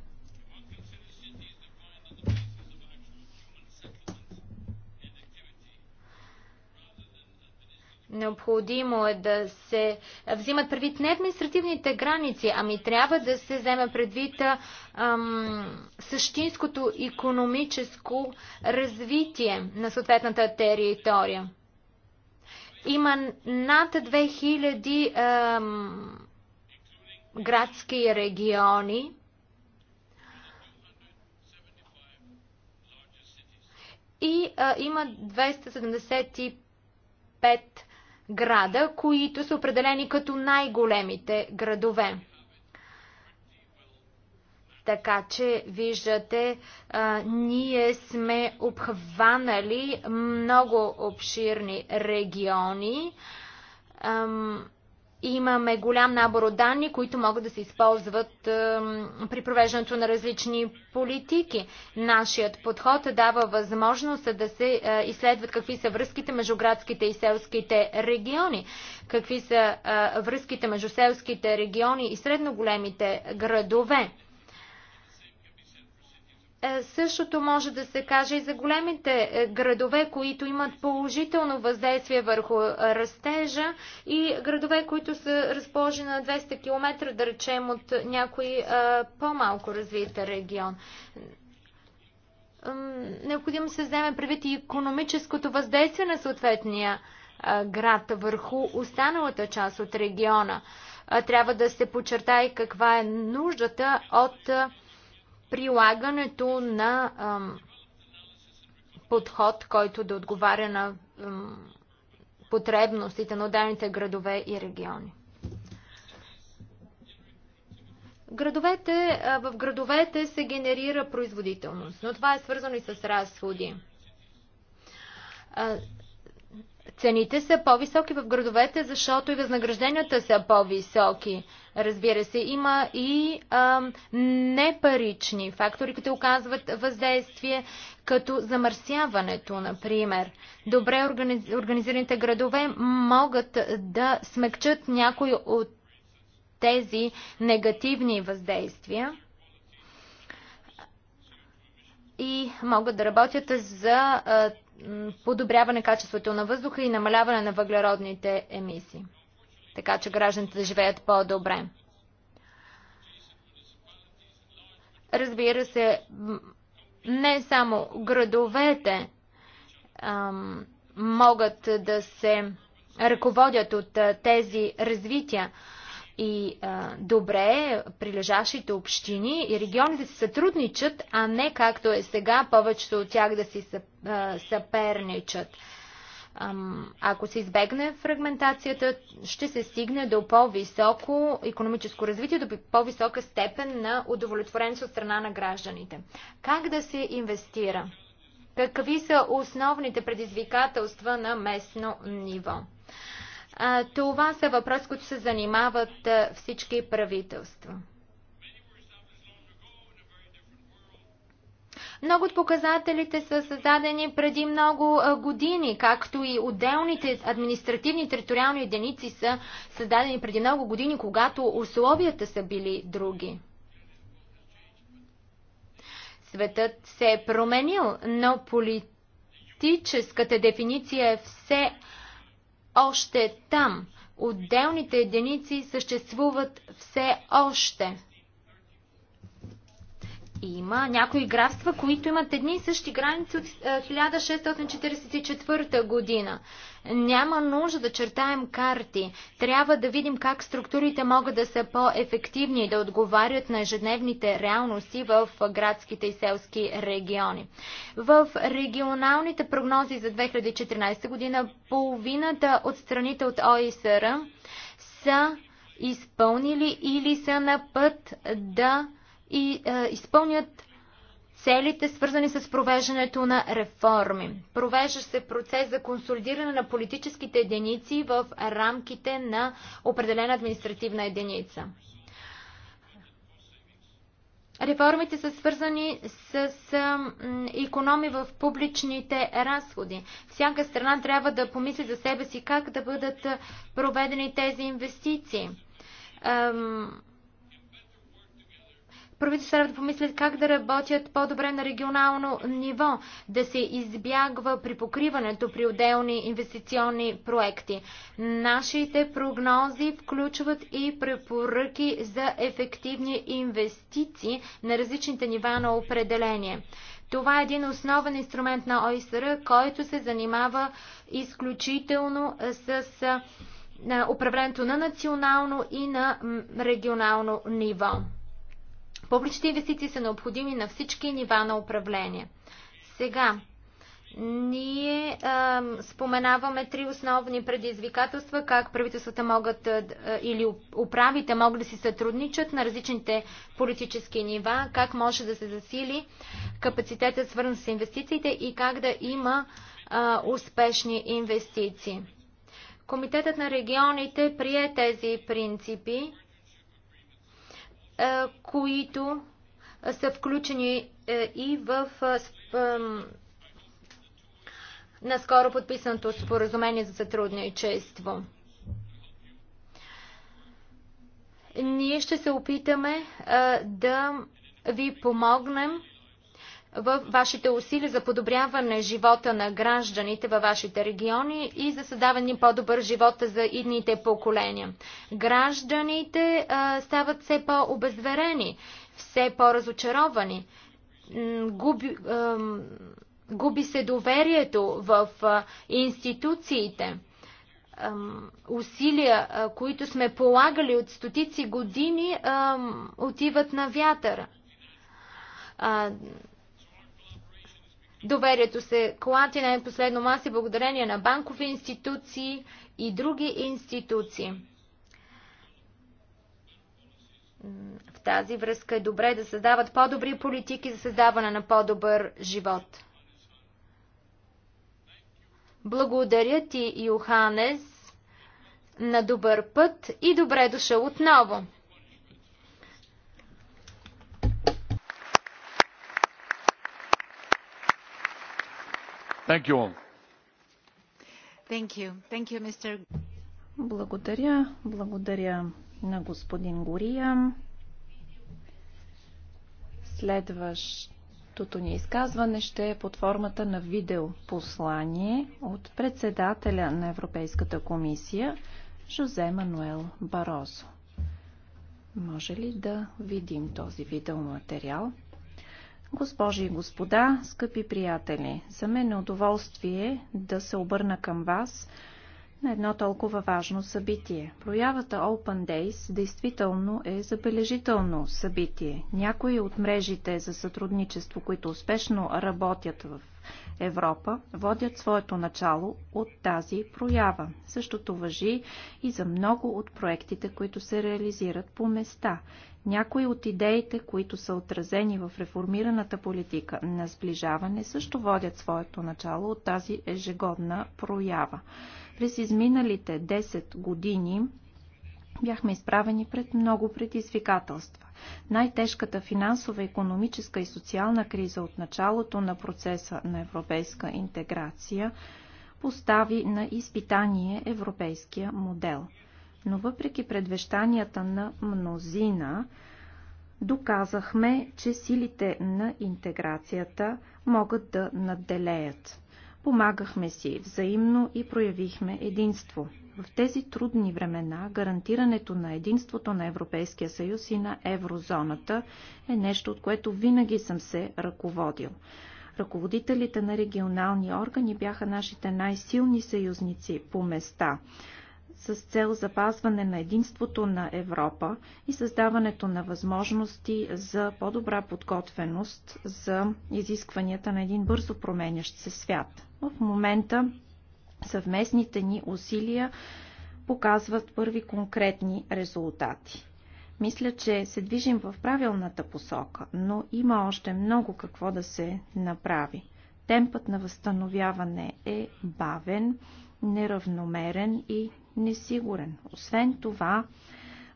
Необходимо е да се взимат предвид не административните граници, ами трябва да се вземе предвид ам, същинското економическо развитие на съответната територия. Има над 2000 ем, градски региони. И а, има 275 града, които са определени като най-големите градове. Така че виждате, а, ние сме обхванали много обширни региони. Ам, имаме голям набор от данни, които могат да се използват ам, при провеждането на различни политики. Нашият подход дава възможност да се а, изследват какви са връзките между градските и селските региони, какви са а, връзките между селските региони и средно големите градове. Е, същото може да се каже и за големите е, градове, които имат положително въздействие върху е, растежа и градове, които са разположени на 200 км, да речем, от някой по-малко развит регион. Необходимо се вземе предвид и економическото въздействие на съответния град върху останалата част от региона. Трябва да се подчертае каква е нуждата от прилагането на ам, подход, който да отговаря на ам, потребностите на отделните градове и региони. Градовете, а, в градовете се генерира производителност, но това е свързано и с разходи. А, Цените са по-високи в градовете, защото и възнагражденията са по-високи. Разбира се, има и а, непарични фактори, които оказват въздействие, като замърсяването, например. Добре организираните градове могат да смекчат някои от тези негативни въздействия и могат да работят за подобряване качеството на въздуха и намаляване на въглеродните емисии, така че гражданите да живеят по-добре. Разбира се, не само градовете могат да се ръководят от тези развития, и а, добре, прилежащите общини и регионите се сътрудничат, а не както е сега, повечето от тях да си съперничат. Ако се избегне фрагментацията, ще се стигне до по-високо економическо развитие, до по-висока степен на удовлетвореност от страна на гражданите. Как да се инвестира? Какви са основните предизвикателства на местно ниво? това са въпроси, които се занимават всички правителства. Много от показателите са създадени преди много години, както и отделните административни териториални единици са създадени преди много години, когато условията са били други. Светът се е променил, но политическата дефиниция е все още там. Отделните единици съществуват все още има някои графства, които имат едни и същи граници от 1644 е, година. Няма нужда да чертаем карти. Трябва да видим как структурите могат да са по-ефективни и да отговарят на ежедневните реалности в градските и селски региони. В регионалните прогнози за 2014 година половината от страните от ОИСР са изпълнили или са на път да и е, изпълнят целите, свързани с провеждането на реформи. Провежда се процес за консолидиране на политическите единици в рамките на определена административна единица. Реформите са свързани с, с економи в публичните разходи. Всяка страна трябва да помисли за себе си как да бъдат проведени тези инвестиции. Ам правителството трябва да помислят как да работят по-добре на регионално ниво, да се избягва при покриването при отделни инвестиционни проекти. Нашите прогнози включват и препоръки за ефективни инвестиции на различните нива на определение. Това е един основен инструмент на ОИСР, който се занимава изключително с управлението на национално и на регионално ниво. Публичните инвестиции са необходими на всички нива на управление. Сега, ние а, споменаваме три основни предизвикателства, как правителствата могат а, или управите могат да си сътрудничат на различните политически нива, как може да се засили капацитета свързан с инвестициите и как да има а, успешни инвестиции. Комитетът на регионите прие тези принципи е, които са включени е, и в е, наскоро подписаното споразумение за сътрудничество. Ние ще се опитаме да ви помогнем в вашите усилия за подобряване живота на гражданите във вашите региони и за създаване по-добър живот за идните поколения. Гражданите а, стават все по-обезверени, все по-разочаровани. Губи, а, губи се доверието в а, институциите. А, усилия, а, които сме полагали от стотици години, а, отиват на вятър. Доверието се клати на последно маси благодарение на банкови институции и други институции. В тази връзка е добре да създават по-добри политики за създаване на по-добър живот. Благодаря ти, Йоханес, на добър път и добре дошъл отново. Thank you all. Thank you. Thank you, Mr. Благодаря. Благодаря на господин Гория. Следващото ни изказване ще е под формата на видеопослание от председателя на Европейската комисия Жозе Мануел Барозо. Може ли да видим този видеоматериал? материал? Госпожи и господа, скъпи приятели, за мен е удоволствие да се обърна към вас на едно толкова важно събитие. Проявата Open Days действително е забележително събитие. Някои от мрежите за сътрудничество, които успешно работят в Европа водят своето начало от тази проява. Същото въжи и за много от проектите, които се реализират по места. Някои от идеите, които са отразени в реформираната политика на сближаване, също водят своето начало от тази ежегодна проява. През изминалите 10 години бяхме изправени пред много предизвикателства. Най-тежката финансова, економическа и социална криза от началото на процеса на европейска интеграция постави на изпитание европейския модел. Но въпреки предвещанията на мнозина, доказахме, че силите на интеграцията могат да надделеят. Помагахме си взаимно и проявихме единство. В тези трудни времена гарантирането на единството на Европейския съюз и на еврозоната е нещо, от което винаги съм се ръководил. Ръководителите на регионални органи бяха нашите най-силни съюзници по места с цел запазване на единството на Европа и създаването на възможности за по-добра подготвеност за изискванията на един бързо променящ се свят. В момента Съвместните ни усилия показват първи конкретни резултати. Мисля, че се движим в правилната посока, но има още много какво да се направи. Темпът на възстановяване е бавен, неравномерен и несигурен. Освен това,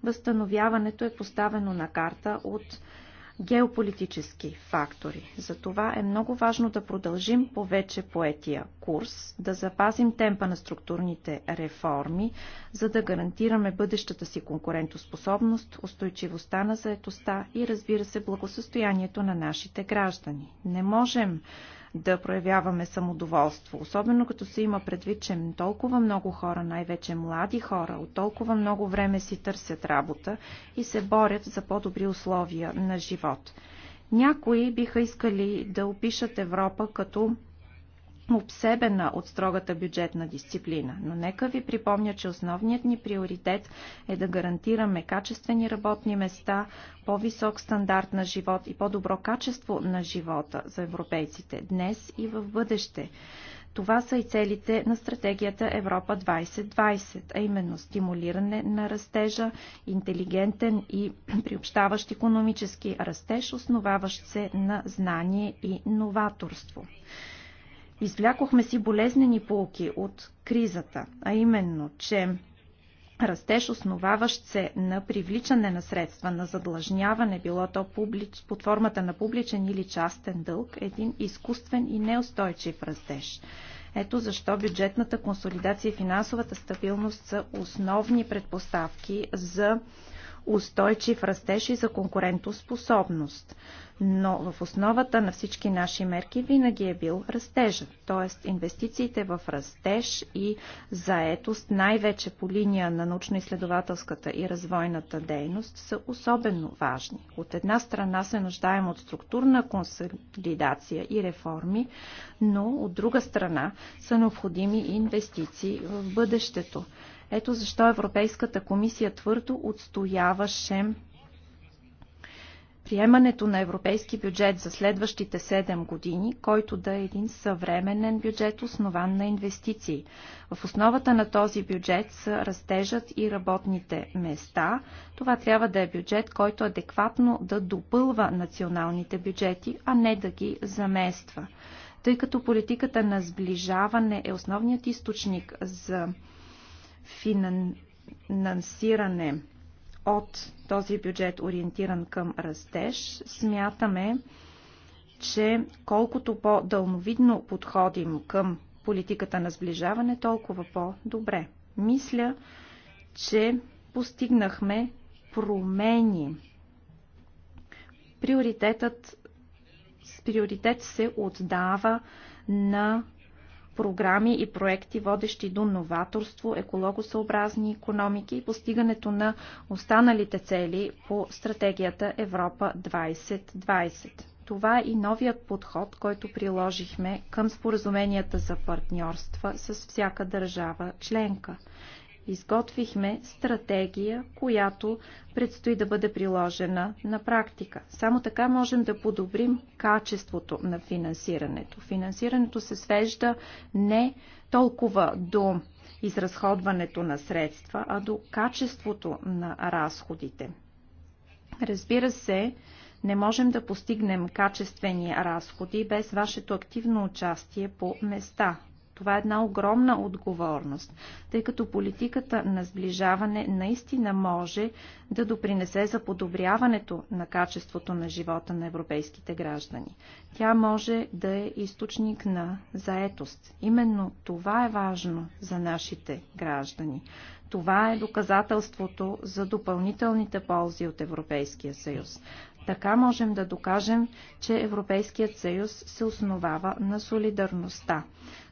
възстановяването е поставено на карта от геополитически фактори. Затова е много важно да продължим повече поетия курс, да запазим темпа на структурните реформи, за да гарантираме бъдещата си конкурентоспособност, устойчивостта на заетостта и разбира се благосъстоянието на нашите граждани. Не можем да проявяваме самодоволство. Особено като се има предвид, че толкова много хора, най-вече млади хора, от толкова много време си търсят работа и се борят за по-добри условия на живот. Някои биха искали да опишат Европа като обсебена от строгата бюджетна дисциплина. Но нека ви припомня, че основният ни приоритет е да гарантираме качествени работни места, по-висок стандарт на живот и по-добро качество на живота за европейците днес и в бъдеще. Това са и целите на стратегията Европа 2020, а именно стимулиране на растежа, интелигентен и приобщаващ економически растеж, основаващ се на знание и новаторство. Извлякохме си болезнени полки от кризата, а именно, че растеж, основаващ се на привличане на средства, на задлъжняване, било то публич, под формата на публичен или частен дълг, е един изкуствен и неустойчив растеж. Ето защо бюджетната консолидация и финансовата стабилност са основни предпоставки за устойчив растеж и за конкурентоспособност но в основата на всички наши мерки винаги е бил растежа. т.е. инвестициите в растеж и заетост, най-вече по линия на научно-изследователската и развойната дейност, са особено важни. От една страна се нуждаем от структурна консолидация и реформи, но от друга страна са необходими и инвестиции в бъдещето. Ето защо Европейската комисия твърдо отстояваше приемането на европейски бюджет за следващите 7 години, който да е един съвременен бюджет, основан на инвестиции. В основата на този бюджет са растежът и работните места. Това трябва да е бюджет, който адекватно да допълва националните бюджети, а не да ги замества. Тъй като политиката на сближаване е основният източник за финансиране от този бюджет ориентиран към растеж, смятаме, че колкото по-дълновидно подходим към политиката на сближаване, толкова по-добре. Мисля, че постигнахме промени. Приоритетът, приоритет се отдава на програми и проекти, водещи до новаторство, екологосъобразни економики и постигането на останалите цели по стратегията Европа 2020. Това е и новият подход, който приложихме към споразуменията за партньорства с всяка държава членка изготвихме стратегия, която предстои да бъде приложена на практика. Само така можем да подобрим качеството на финансирането. Финансирането се свежда не толкова до изразходването на средства, а до качеството на разходите. Разбира се, не можем да постигнем качествени разходи без вашето активно участие по места. Това е една огромна отговорност, тъй като политиката на сближаване наистина може да допринесе за подобряването на качеството на живота на европейските граждани. Тя може да е източник на заетост. Именно това е важно за нашите граждани. Това е доказателството за допълнителните ползи от Европейския съюз. Така можем да докажем, че Европейският съюз се основава на солидарността.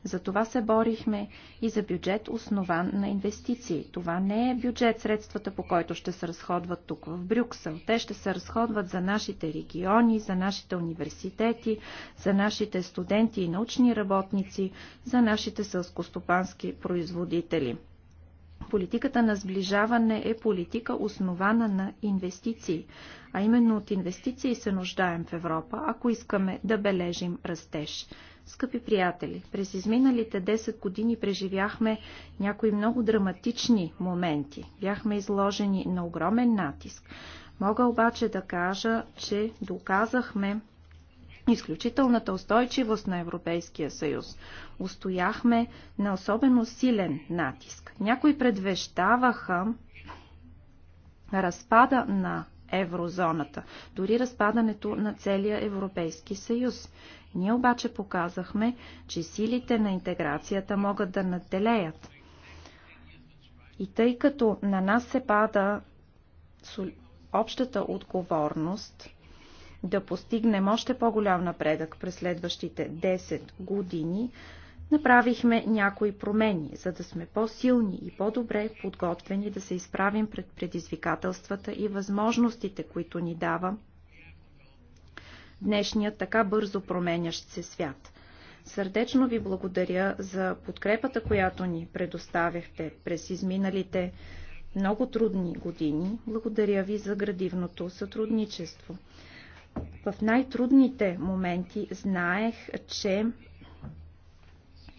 За това се борихме и за бюджет основан на инвестиции. Това не е бюджет средствата, по който ще се разходват тук в Брюксел. Те ще се разходват за нашите региони, за нашите университети, за нашите студенти и научни работници, за нашите сълскостопански производители. Политиката на сближаване е политика основана на инвестиции, а именно от инвестиции се нуждаем в Европа, ако искаме да бележим растеж. Скъпи приятели, през изминалите 10 години преживяхме някои много драматични моменти. Бяхме изложени на огромен натиск. Мога обаче да кажа, че доказахме изключителната устойчивост на Европейския съюз. Устояхме на особено силен натиск. Някои предвещаваха разпада на еврозоната, дори разпадането на целия Европейски съюз. Ние обаче показахме, че силите на интеграцията могат да надделеят. И тъй като на нас се пада общата отговорност да постигнем още по-голям напредък през следващите 10 години, направихме някои промени, за да сме по-силни и по-добре подготвени да се изправим пред предизвикателствата и възможностите, които ни дава днешният така бързо променящ се свят. Сърдечно ви благодаря за подкрепата, която ни предоставяхте през изминалите много трудни години. Благодаря ви за градивното сътрудничество в най-трудните моменти знаех, че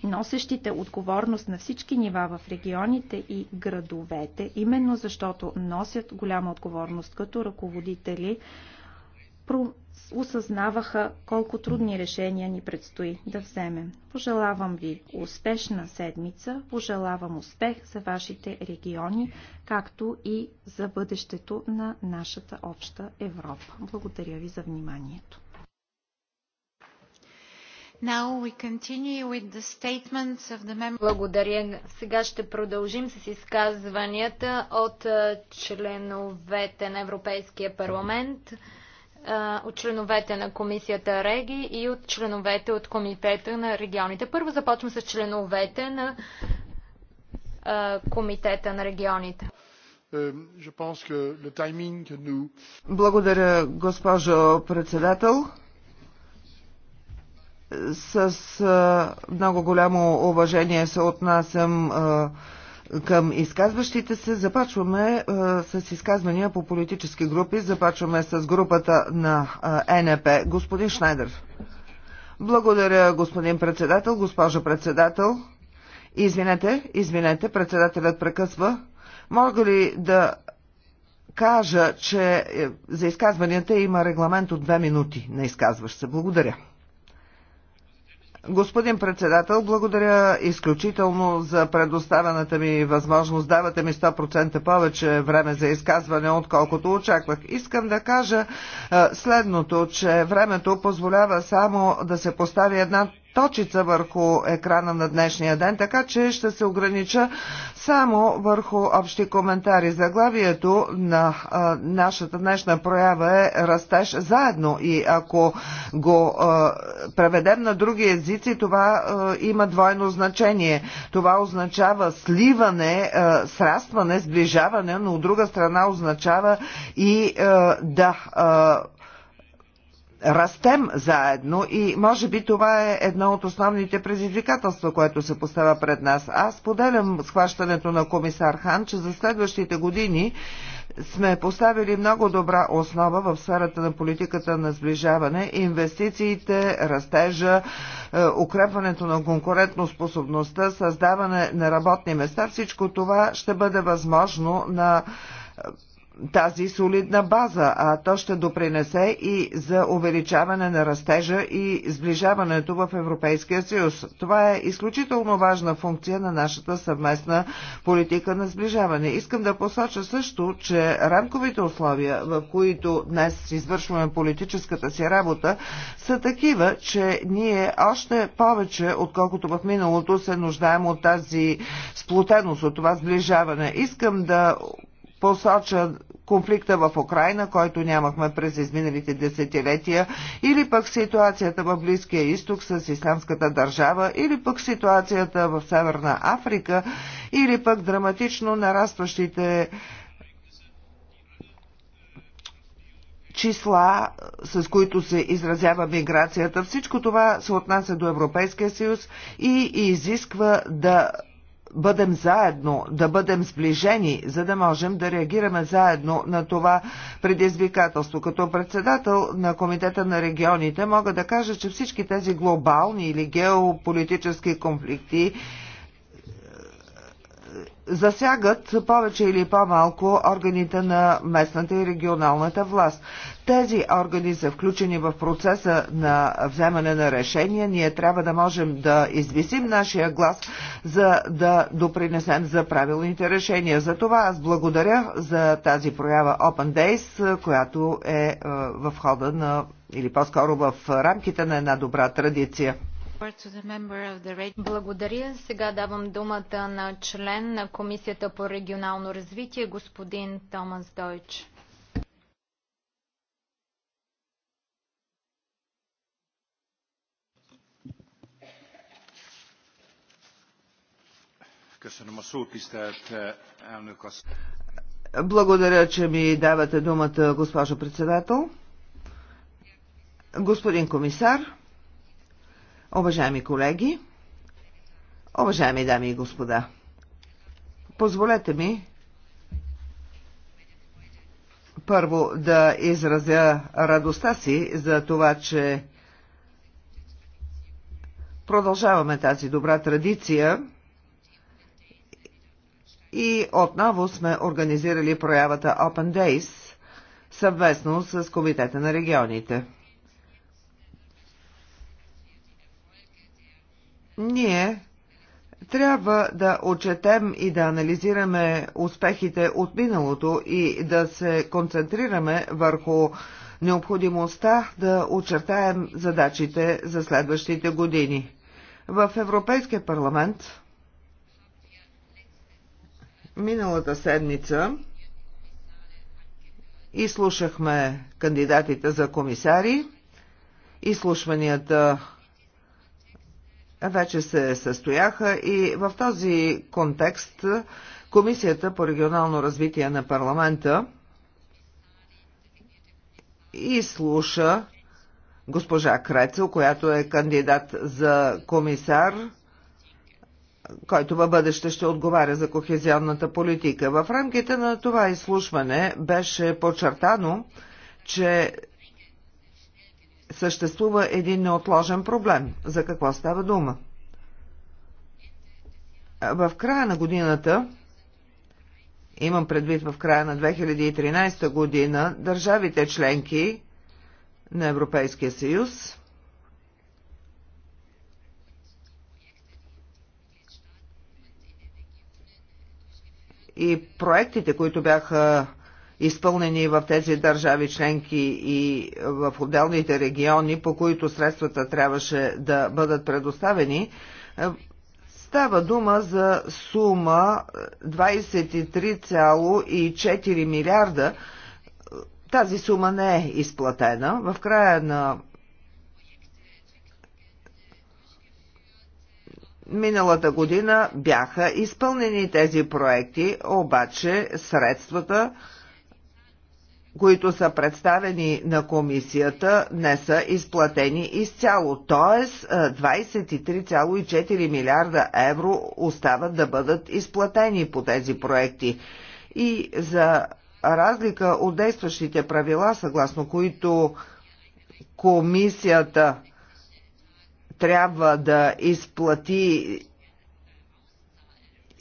носещите отговорност на всички нива в регионите и градовете, именно защото носят голяма отговорност като ръководители, осъзнаваха колко трудни решения ни предстои да вземем. Пожелавам ви успешна седмица, пожелавам успех за вашите региони, както и за бъдещето на нашата обща Европа. Благодаря ви за вниманието. Благодаря. Сега ще продължим с изказванията от членовете на Европейския парламент от членовете на комисията Реги и от членовете от комитета на регионите. Първо започвам с членовете на а, комитета на регионите. Е, Благодаря, госпожо председател. С много голямо уважение се отнасям а, към изказващите се. Започваме а, е, с изказвания по политически групи. Започваме с групата на а, е, НП. Господин Шнайдер. Благодаря, господин председател, госпожа председател. Извинете, извинете, председателят прекъсва. Мога ли да кажа, че е, за изказванията има регламент от две минути на изказващ се? Благодаря. Господин председател, благодаря изключително за предоставената ми възможност. Давате ми 100% повече време за изказване, отколкото очаквах. Искам да кажа следното, че времето позволява само да се постави една точица върху екрана на днешния ден, така че ще се огранича само върху общи коментари. Заглавието на а, нашата днешна проява е Растеж заедно и ако го а, преведем на други езици, това а, има двойно значение. Това означава сливане, а, срастване, сближаване, но от друга страна означава и а, да. А, растем заедно и може би това е едно от основните предизвикателства, което се поставя пред нас. Аз поделям схващането на комисар Хан, че за следващите години сме поставили много добра основа в сферата на политиката на сближаване, инвестициите, растежа, е, укрепването на конкурентоспособността, създаване на работни места. Всичко това ще бъде възможно на тази солидна база, а то ще допринесе и за увеличаване на растежа и сближаването в Европейския съюз. Това е изключително важна функция на нашата съвместна политика на сближаване. Искам да посоча също, че рамковите условия, в които днес извършваме политическата си работа, са такива, че ние още повече, отколкото в миналото, се нуждаем от тази сплотеност, от това сближаване. Искам да посоча конфликта в Украина, който нямахме през изминалите десетилетия, или пък ситуацията в Близкия изток с Исламската държава, или пък ситуацията в Северна Африка, или пък драматично нарастващите числа, с които се изразява миграцията, всичко това се отнася до Европейския съюз и изисква да бъдем заедно, да бъдем сближени, за да можем да реагираме заедно на това предизвикателство. Като председател на Комитета на регионите мога да кажа, че всички тези глобални или геополитически конфликти е, засягат повече или по-малко органите на местната и регионалната власт тези органи са включени в процеса на вземане на решения, ние трябва да можем да извисим нашия глас, за да допринесем за правилните решения. За това аз благодаря за тази проява Open Days, която е, е в хода на, или по-скоро в рамките на една добра традиция. Благодаря. Сега давам думата на член на Комисията по регионално развитие, господин Томас Дойч. Eh, Благодаря, че ми давате думата, госпожо председател. Господин комисар, уважаеми колеги, уважаеми дами и господа, позволете ми първо да изразя радостта си за това, че продължаваме тази добра традиция и отново сме организирали проявата Open Days съвместно с Комитета на регионите. Ние трябва да отчетем и да анализираме успехите от миналото и да се концентрираме върху необходимостта да очертаем задачите за следващите години. В Европейския парламент Миналата седмица изслушахме кандидатите за комисари. Изслушванията вече се състояха и в този контекст Комисията по регионално развитие на парламента изслуша госпожа Крецел, която е кандидат за комисар който във бъдеще ще отговаря за кохезионната политика. В рамките на това изслушване беше подчертано, че съществува един неотложен проблем. За какво става дума? В края на годината, имам предвид в края на 2013 година, държавите членки на Европейския съюз и проектите, които бяха изпълнени в тези държави членки и в отделните региони, по които средствата трябваше да бъдат предоставени, е, Става дума за сума 23,4 милиарда. Тази сума не е изплатена. В края на миналата година бяха изпълнени тези проекти, обаче средствата, които са представени на комисията, не са изплатени изцяло. т.е. 23,4 милиарда евро остават да бъдат изплатени по тези проекти. И за разлика от действащите правила, съгласно които комисията трябва да изплати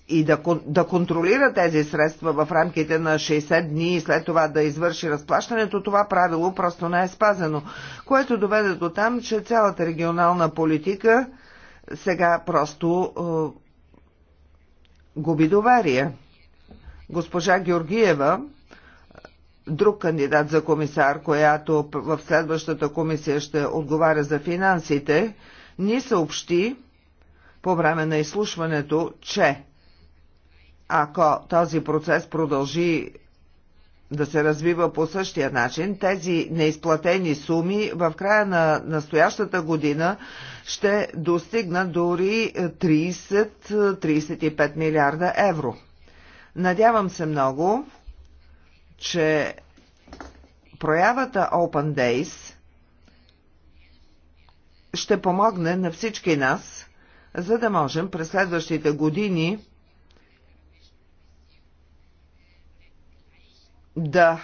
и да, да контролира тези средства в рамките на 60 дни и след това да извърши разплащането, това правило просто не е спазено, което доведе до там, че цялата регионална политика сега просто е, губи доверие. Госпожа Георгиева, друг кандидат за комисар, която в следващата комисия ще отговаря за финансите, ни съобщи по време на изслушването, че ако този процес продължи да се развива по същия начин, тези неизплатени суми в края на настоящата година ще достигнат дори 30-35 милиарда евро. Надявам се много, че проявата Open Days ще помогне на всички нас, за да можем през следващите години да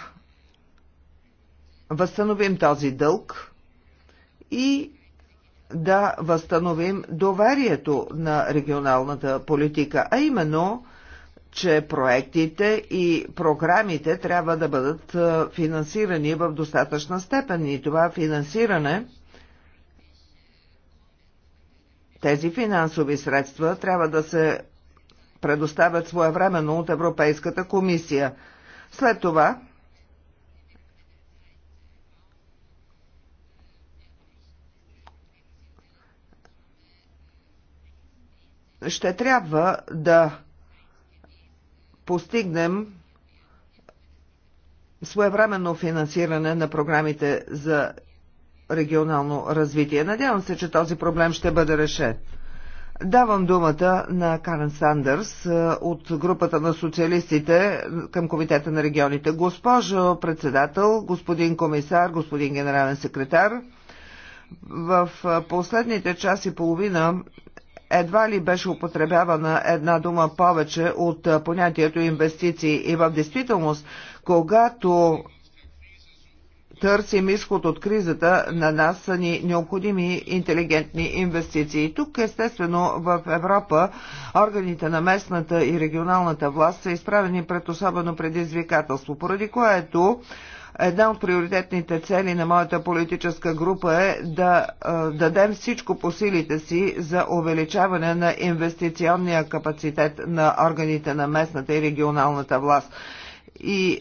възстановим този дълг и да възстановим доверието на регионалната политика, а именно, че проектите и програмите трябва да бъдат финансирани в достатъчна степен и това финансиране тези финансови средства трябва да се предоставят своевременно от Европейската комисия. След това ще трябва да постигнем своевременно финансиране на програмите за регионално развитие. Надявам се, че този проблем ще бъде решен. Давам думата на Карен Сандърс е, от групата на социалистите към Комитета на регионите. Госпожо председател, господин комисар, господин генерален секретар, в е, последните час и половина едва ли беше употребявана една дума повече от е, понятието инвестиции и в действителност, когато търсим изход от кризата, на нас са ни необходими интелигентни инвестиции. Тук, естествено, в Европа органите на местната и регионалната власт са изправени пред особено предизвикателство, поради което Една от приоритетните цели на моята политическа група е да дадем всичко по силите си за увеличаване на инвестиционния капацитет на органите на местната и регионалната власт. И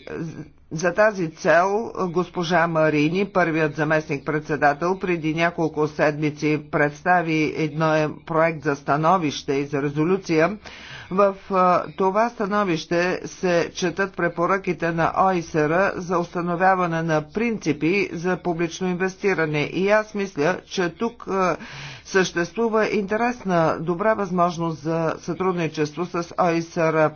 за тази цел госпожа Марини, първият заместник-председател, преди няколко седмици представи едно е проект за становище и за резолюция. В това становище се четат препоръките на ОИСР за установяване на принципи за публично инвестиране. И аз мисля, че тук съществува интересна, добра възможност за сътрудничество с ОИСР.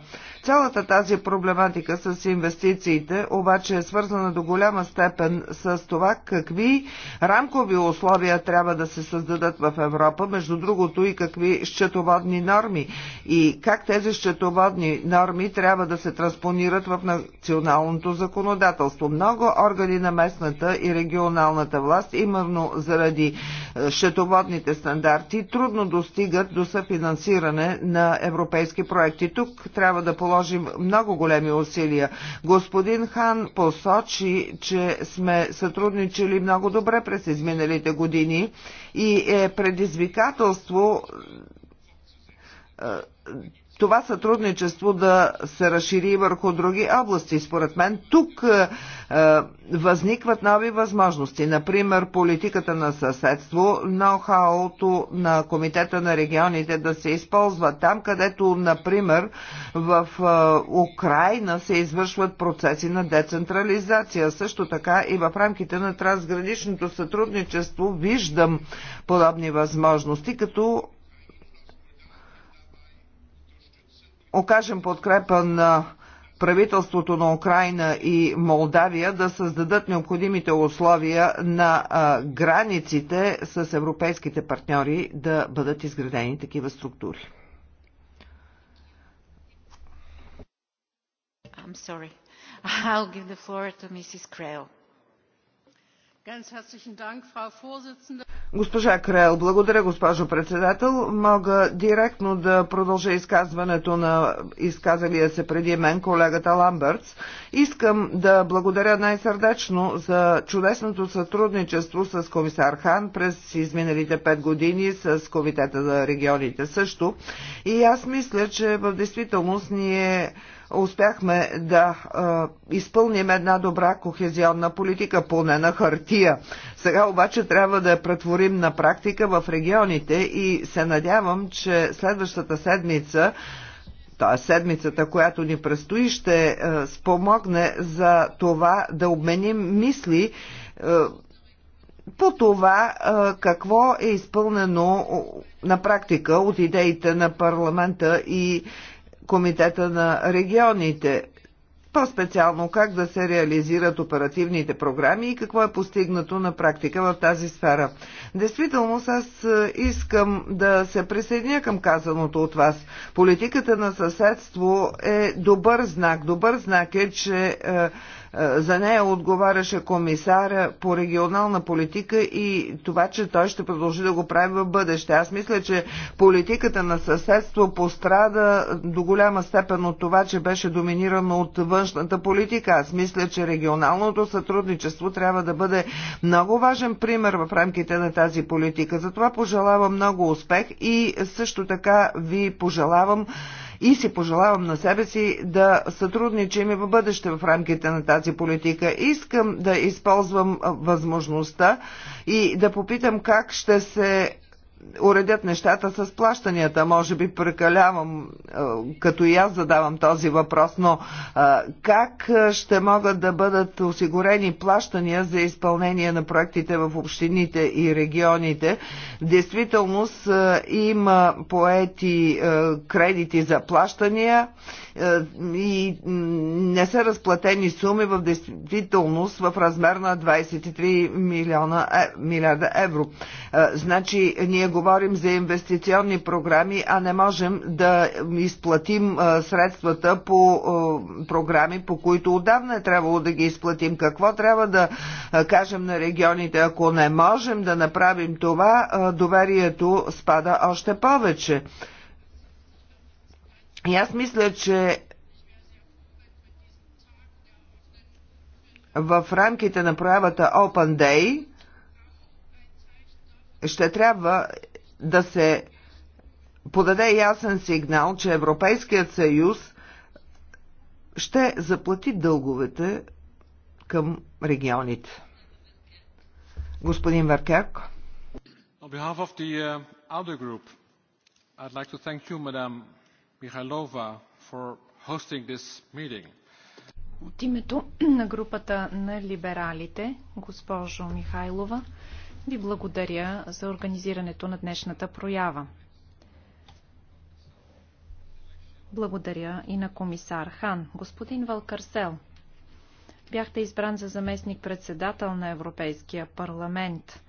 Цялата тази проблематика с инвестициите обаче е свързана до голяма степен с това какви рамкови условия трябва да се създадат в Европа, между другото и какви счетоводни норми и как тези счетоводни норми трябва да се транспонират в националното законодателство. Много органи на местната и регионалната власт, именно заради е, счетоводните стандарти, трудно достигат до съфинансиране на европейски проекти. Тук трябва да положим положим много големи усилия. Господин Хан посочи, че сме сътрудничили много добре през изминалите години и е предизвикателство е, това сътрудничество да се разшири върху други области. Според мен тук е, е, възникват нови възможности. Например, политиката на съседство, ноу-хауто на Комитета на регионите да се използва там, където, например, в е, Украина се извършват процеси на децентрализация. Също така и в рамките на трансграничното сътрудничество виждам подобни възможности, като окажем подкрепа на правителството на Украина и Молдавия да създадат необходимите условия на границите с европейските партньори да бъдат изградени такива структури. I'm sorry. I'll give the floor to Mrs. Creel. Госпожа Крел, благодаря, госпожо председател. Мога директно да продължа изказването на изказалия се преди мен колегата Ламбъртс. Искам да благодаря най-сърдечно за чудесното сътрудничество с комисар Хан през изминалите пет години с Комитета за регионите също. И аз мисля, че в действителност ние е успяхме да а, изпълним една добра кохезионна политика, поне на хартия. Сега обаче трябва да я претворим на практика в регионите и се надявам, че следващата седмица т.е. седмицата, която ни предстои, ще е, спомогне за това да обменим мисли е, по това какво е изпълнено на практика от идеите на парламента и Комитета на регионите по-специално как да се реализират оперативните програми и какво е постигнато на практика в тази сфера. Действително, аз е, искам да се присъединя към казаното от вас. Политиката на съседство е добър знак. Добър знак е, че е, е, за нея отговаряше комисаря по регионална политика и това, че той ще продължи да го прави в бъдеще. Аз мисля, че политиката на съседство пострада до голяма степен от това, че беше доминирана от външната външната политика. Аз мисля, че регионалното сътрудничество трябва да бъде много важен пример в рамките на тази политика. Затова пожелавам много успех и също така ви пожелавам и си пожелавам на себе си да сътрудничим и в бъдеще в рамките на тази политика. Искам да използвам възможността и да попитам как ще се уредят нещата с плащанията. Може би прекалявам, е, като и аз задавам този въпрос, но е, как е, ще могат да бъдат осигурени плащания за изпълнение на проектите в общините и регионите? действителност има поети кредити за плащания е, и не са разплатени суми в действителност в размер на 23 милиона, е, милиарда евро. Е, значи ние говорим за инвестиционни програми, а не можем да изплатим е, средствата по програми, по които отдавна е трябвало да ги изплатим. Какво трябва да кажем на регионите? Ако не можем да направим това, доверието спада още повече. И аз мисля, че в рамките на проявата Open Day ще трябва да се подаде ясен сигнал, че Европейският съюз ще заплати дълговете към регионите. Господин Варкяк. On behalf of the uh, group, I'd like to thank you, Михайлова for hosting this meeting. От името на групата на либералите, госпожо Михайлова, ви благодаря за организирането на днешната проява. Благодаря и на комисар Хан. Господин Валкарсел, бяхте избран за заместник-председател на Европейския парламент.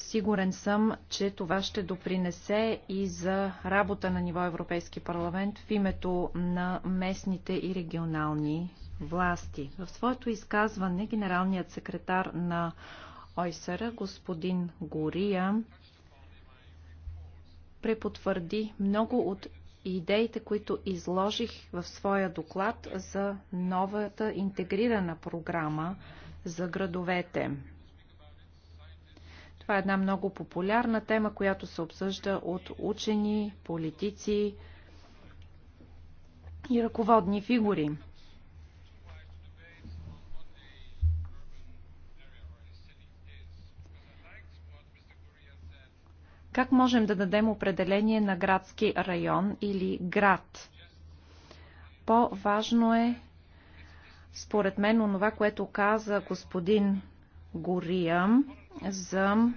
Сигурен съм, че това ще допринесе и за работа на ниво Европейски парламент в името на местните и регионални власти. В своето изказване генералният секретар на ОИСР, господин Гория, препотвърди много от идеите, които изложих в своя доклад за новата интегрирана програма за градовете. Това е една много популярна тема, която се обсъжда от учени, политици и ръководни фигури. Как можем да дадем определение на градски район или град? По-важно е, според мен, онова, което каза господин Гориям, за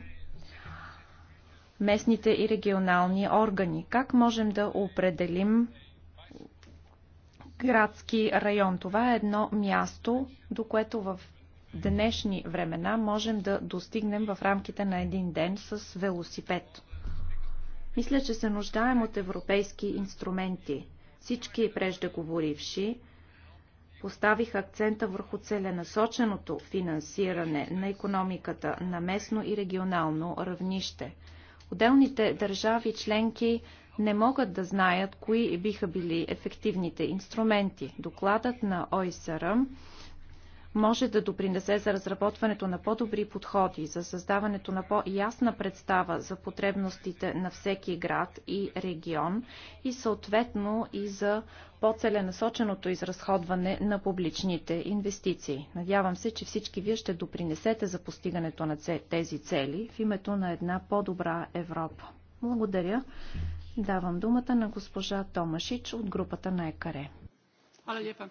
местните и регионални органи. Как можем да определим градски район? Това е едно място, до което в днешни времена можем да достигнем в рамките на един ден с велосипед. Мисля, че се нуждаем от европейски инструменти. Всички преждеговоривши поставих акцента върху целенасоченото финансиране на економиката на местно и регионално равнище. Отделните държави членки не могат да знаят кои биха били ефективните инструменти. Докладът на ОИСР може да допринесе за разработването на по-добри подходи, за създаването на по-ясна представа за потребностите на всеки град и регион и съответно и за по-целенасоченото изразходване на публичните инвестиции. Надявам се, че всички вие ще допринесете за постигането на тези цели в името на една по-добра Европа. Благодаря. Давам думата на госпожа Томашич от групата на ЕКАРЕ. Hvala lijepa.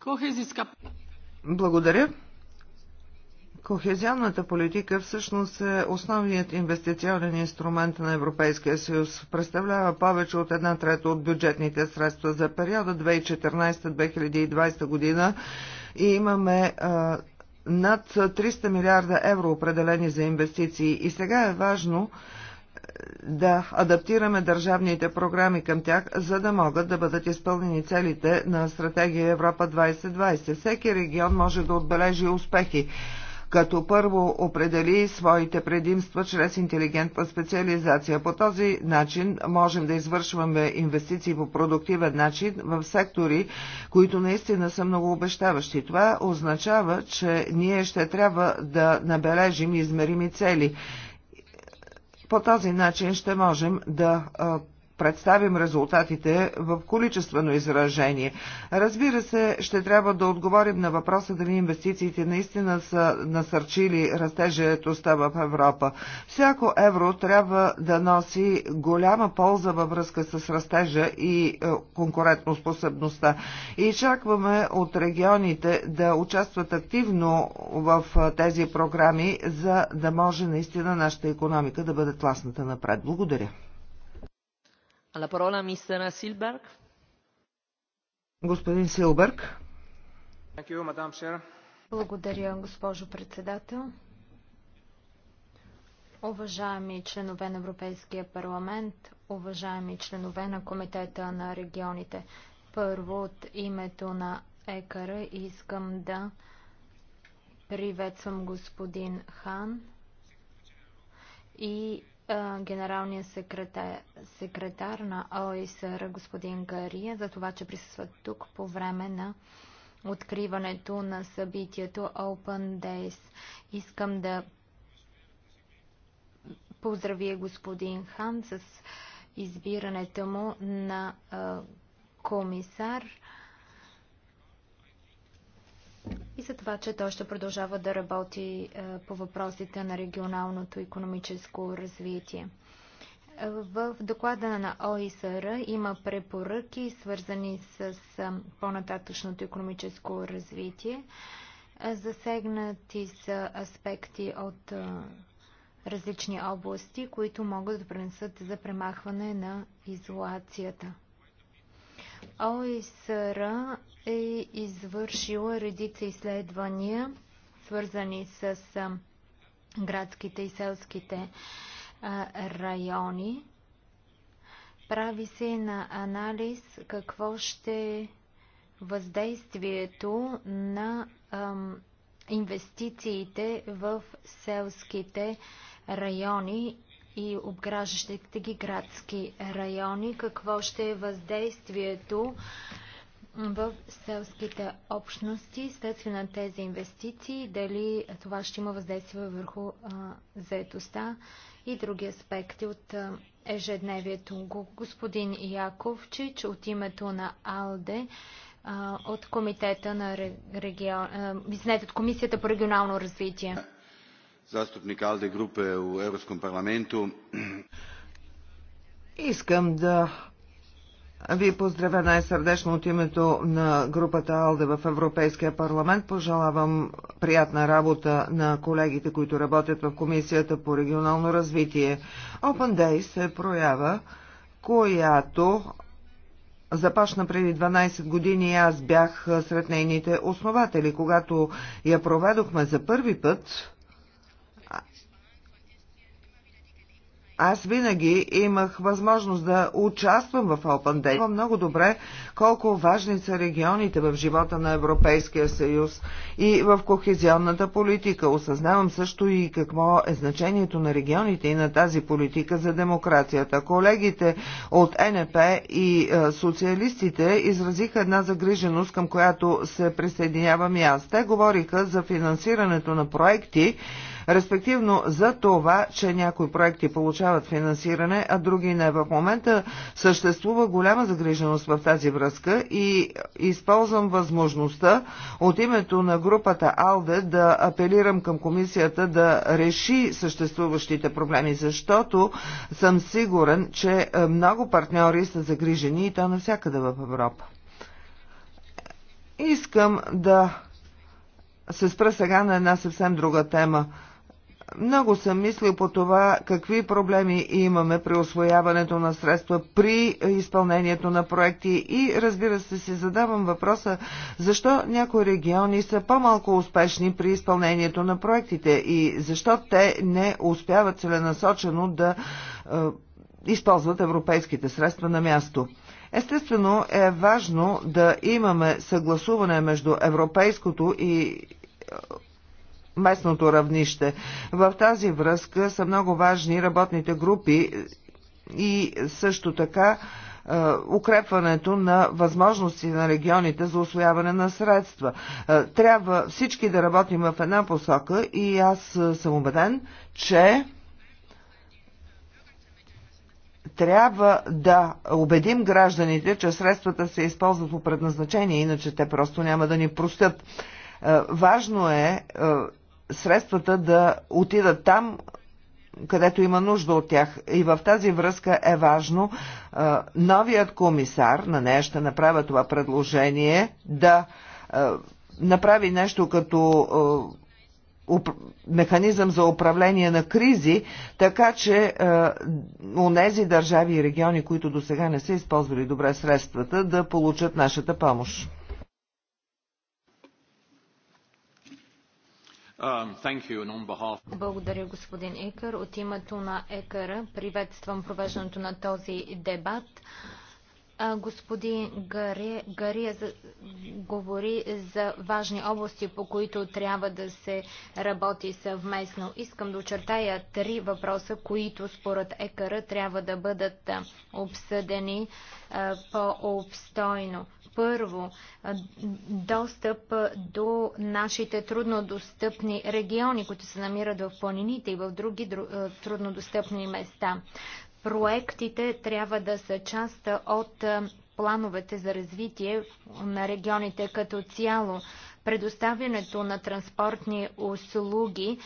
Kohezijska благодаря. Кохезионната политика всъщност е основният инвестиционен инструмент на Европейския съюз. Представлява повече от една трета от бюджетните средства за периода 2014-2020 година и имаме а, над 300 милиарда евро определени за инвестиции. И сега е важно да адаптираме държавните програми към тях, за да могат да бъдат изпълнени целите на стратегия Европа 2020. Всеки регион може да отбележи успехи като първо определи своите предимства чрез интелигентна специализация. По този начин можем да извършваме инвестиции по продуктивен начин в сектори, които наистина са много обещаващи. Това означава, че ние ще трябва да набележим измерими цели по този начин ще можем да представим резултатите в количествено изражение. Разбира се, ще трябва да отговорим на въпроса дали инвестициите наистина са насърчили растежеетостта в Европа. Всяко евро трябва да носи голяма полза във връзка с растежа и е, конкурентоспособността. И очакваме от регионите да участват активно в е, тези програми, за да може наистина нашата економика да бъде тласната напред. Благодаря. Господин Силберг. Благодаря, госпожо председател. Уважаеми членове на Европейския парламент, уважаеми членове на Комитета на регионите, първо от името на ЕКАРА искам да приветствам господин Хан и генералния секретар, секретар на ОИСР господин Гария за това, че присъства тук по време на откриването на събитието Open Days. Искам да поздравя господин Хан с избирането му на комисар и за това, че той ще продължава да работи е, по въпросите на регионалното економическо развитие. Е, в доклада на ОИСР има препоръки, свързани с е, по-нататъчното економическо развитие. Засегнати са аспекти от различни области, които могат да принесат за премахване на изолацията. ОИСР е извършила редица изследвания, свързани с градските и селските райони. Прави се на анализ какво ще е въздействието на инвестициите в селските райони и обграждащите ги градски райони. Какво ще е въздействието в селските общности следствие на тези инвестиции, дали това ще има въздействие върху а, заетостта и други аспекти от а, ежедневието. Господин Яковчич от името на АЛДЕ а, от комитета на регион... Извинете, от Комисията по регионално развитие zastupnik alde grupe u europskom parlamentu искам да ви поздравя най-сърдечно от името на групата АЛДЕ в Европейския парламент. Пожелавам приятна работа на колегите, които работят в Комисията по регионално развитие. Open Day се проява, която започна преди 12 години и аз бях сред нейните основатели. Когато я проведохме за първи път, аз винаги имах възможност да участвам в Open Day. Много добре колко важни са регионите в живота на Европейския съюз и в кохезионната политика. Осъзнавам също и какво е значението на регионите и на тази политика за демокрацията. Колегите от НП и е, социалистите изразиха една загриженост, към която се присъединявам и аз. Те говориха за финансирането на проекти, респективно за това, че някои проекти получават финансиране, а други не. В момента съществува голяма загриженост в тази връзка и използвам възможността от името на групата АЛДЕ да апелирам към комисията да реши съществуващите проблеми, защото съм сигурен, че много партньори са загрижени и то навсякъде в Европа. Искам да се спра сега на една съвсем друга тема. Много съм мислил по това какви проблеми имаме при освояването на средства, при изпълнението на проекти и разбира се си задавам въпроса защо някои региони са по-малко успешни при изпълнението на проектите и защо те не успяват целенасочено да е, използват европейските средства на място. Естествено е важно да имаме съгласуване между европейското и е, местното равнище. В тази връзка са много важни работните групи и също така е, укрепването на възможности на регионите за освояване на средства. Е, трябва всички да работим в една посока и аз е, съм убеден, че трябва да убедим гражданите, че средствата се използват по предназначение, иначе те просто няма да ни простят. Важно е средствата да отидат там, където има нужда от тях. И в тази връзка е важно новият комисар, на нея ще направя това предложение, да направи нещо като механизъм за управление на кризи, така че у нези държави и региони, които до сега не са използвали добре средствата, да получат нашата помощ. Um, Благодаря, господин Екър. От името на Екър приветствам провеждането на този дебат. Господин Гария, говори за важни области, по които трябва да се работи съвместно. Искам да очертая три въпроса, които според ЕКР трябва да бъдат обсъдени по-обстойно. Първо, достъп до нашите труднодостъпни региони, които се намират в планините и в други труднодостъпни места. Проектите трябва да са част от плановете за развитие на регионите като цяло предоставянето на транспортни услуги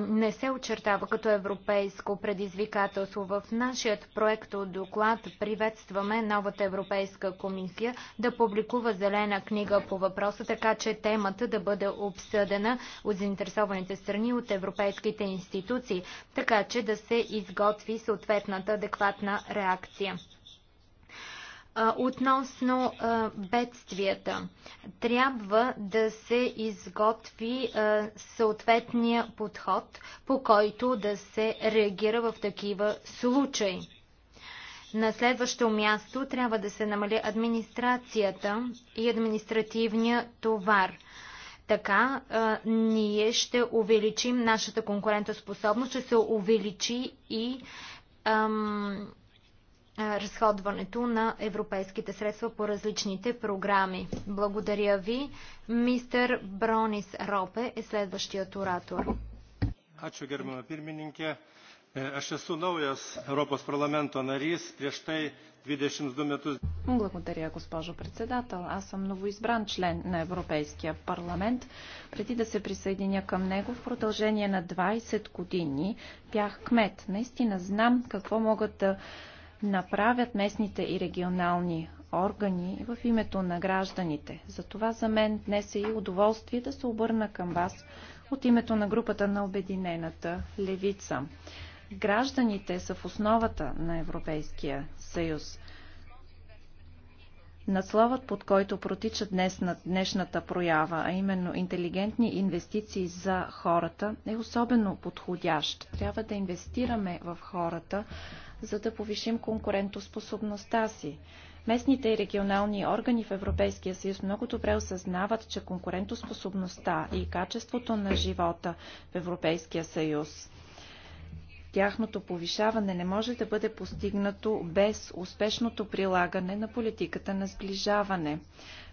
не се очертава като европейско предизвикателство. В нашият проект от доклад приветстваме новата Европейска комисия да публикува зелена книга по въпроса, така че темата да бъде обсъдена от заинтересованите страни, от европейските институции, така че да се изготви съответната адекватна реакция. Относно бедствията, трябва да се изготви съответния подход, по който да се реагира в такива случаи. На следващо място трябва да се намали администрацията и административния товар. Така ние ще увеличим нашата конкурентоспособност, ще се увеличи и ам, разходването на европейските средства по различните програми. Благодаря ви. Мистер Бронис Ропе е следващият оратор. Ačiū gerbiamą pirmininkę. Е, aš esu naujas Europos parlamento narys, prieš tai 22 metus. Благодаря, госпожо председател. Аз съм новоизбран член на Европейския парламент. Преди да се присъединя към него, в продължение на 20 години бях кмет. Наистина знам какво могат да направят местните и регионални органи в името на гражданите. Затова за мен днес е и удоволствие да се обърна към вас от името на групата на Обединената левица. Гражданите са в основата на Европейския съюз. Насловът, под който протича днес на днешната проява, а именно интелигентни инвестиции за хората, е особено подходящ. Трябва да инвестираме в хората, за да повишим конкурентоспособността си. Местните и регионални органи в Европейския съюз много добре осъзнават, че конкурентоспособността и качеството на живота в Европейския съюз тяхното повишаване не може да бъде постигнато без успешното прилагане на политиката на сближаване.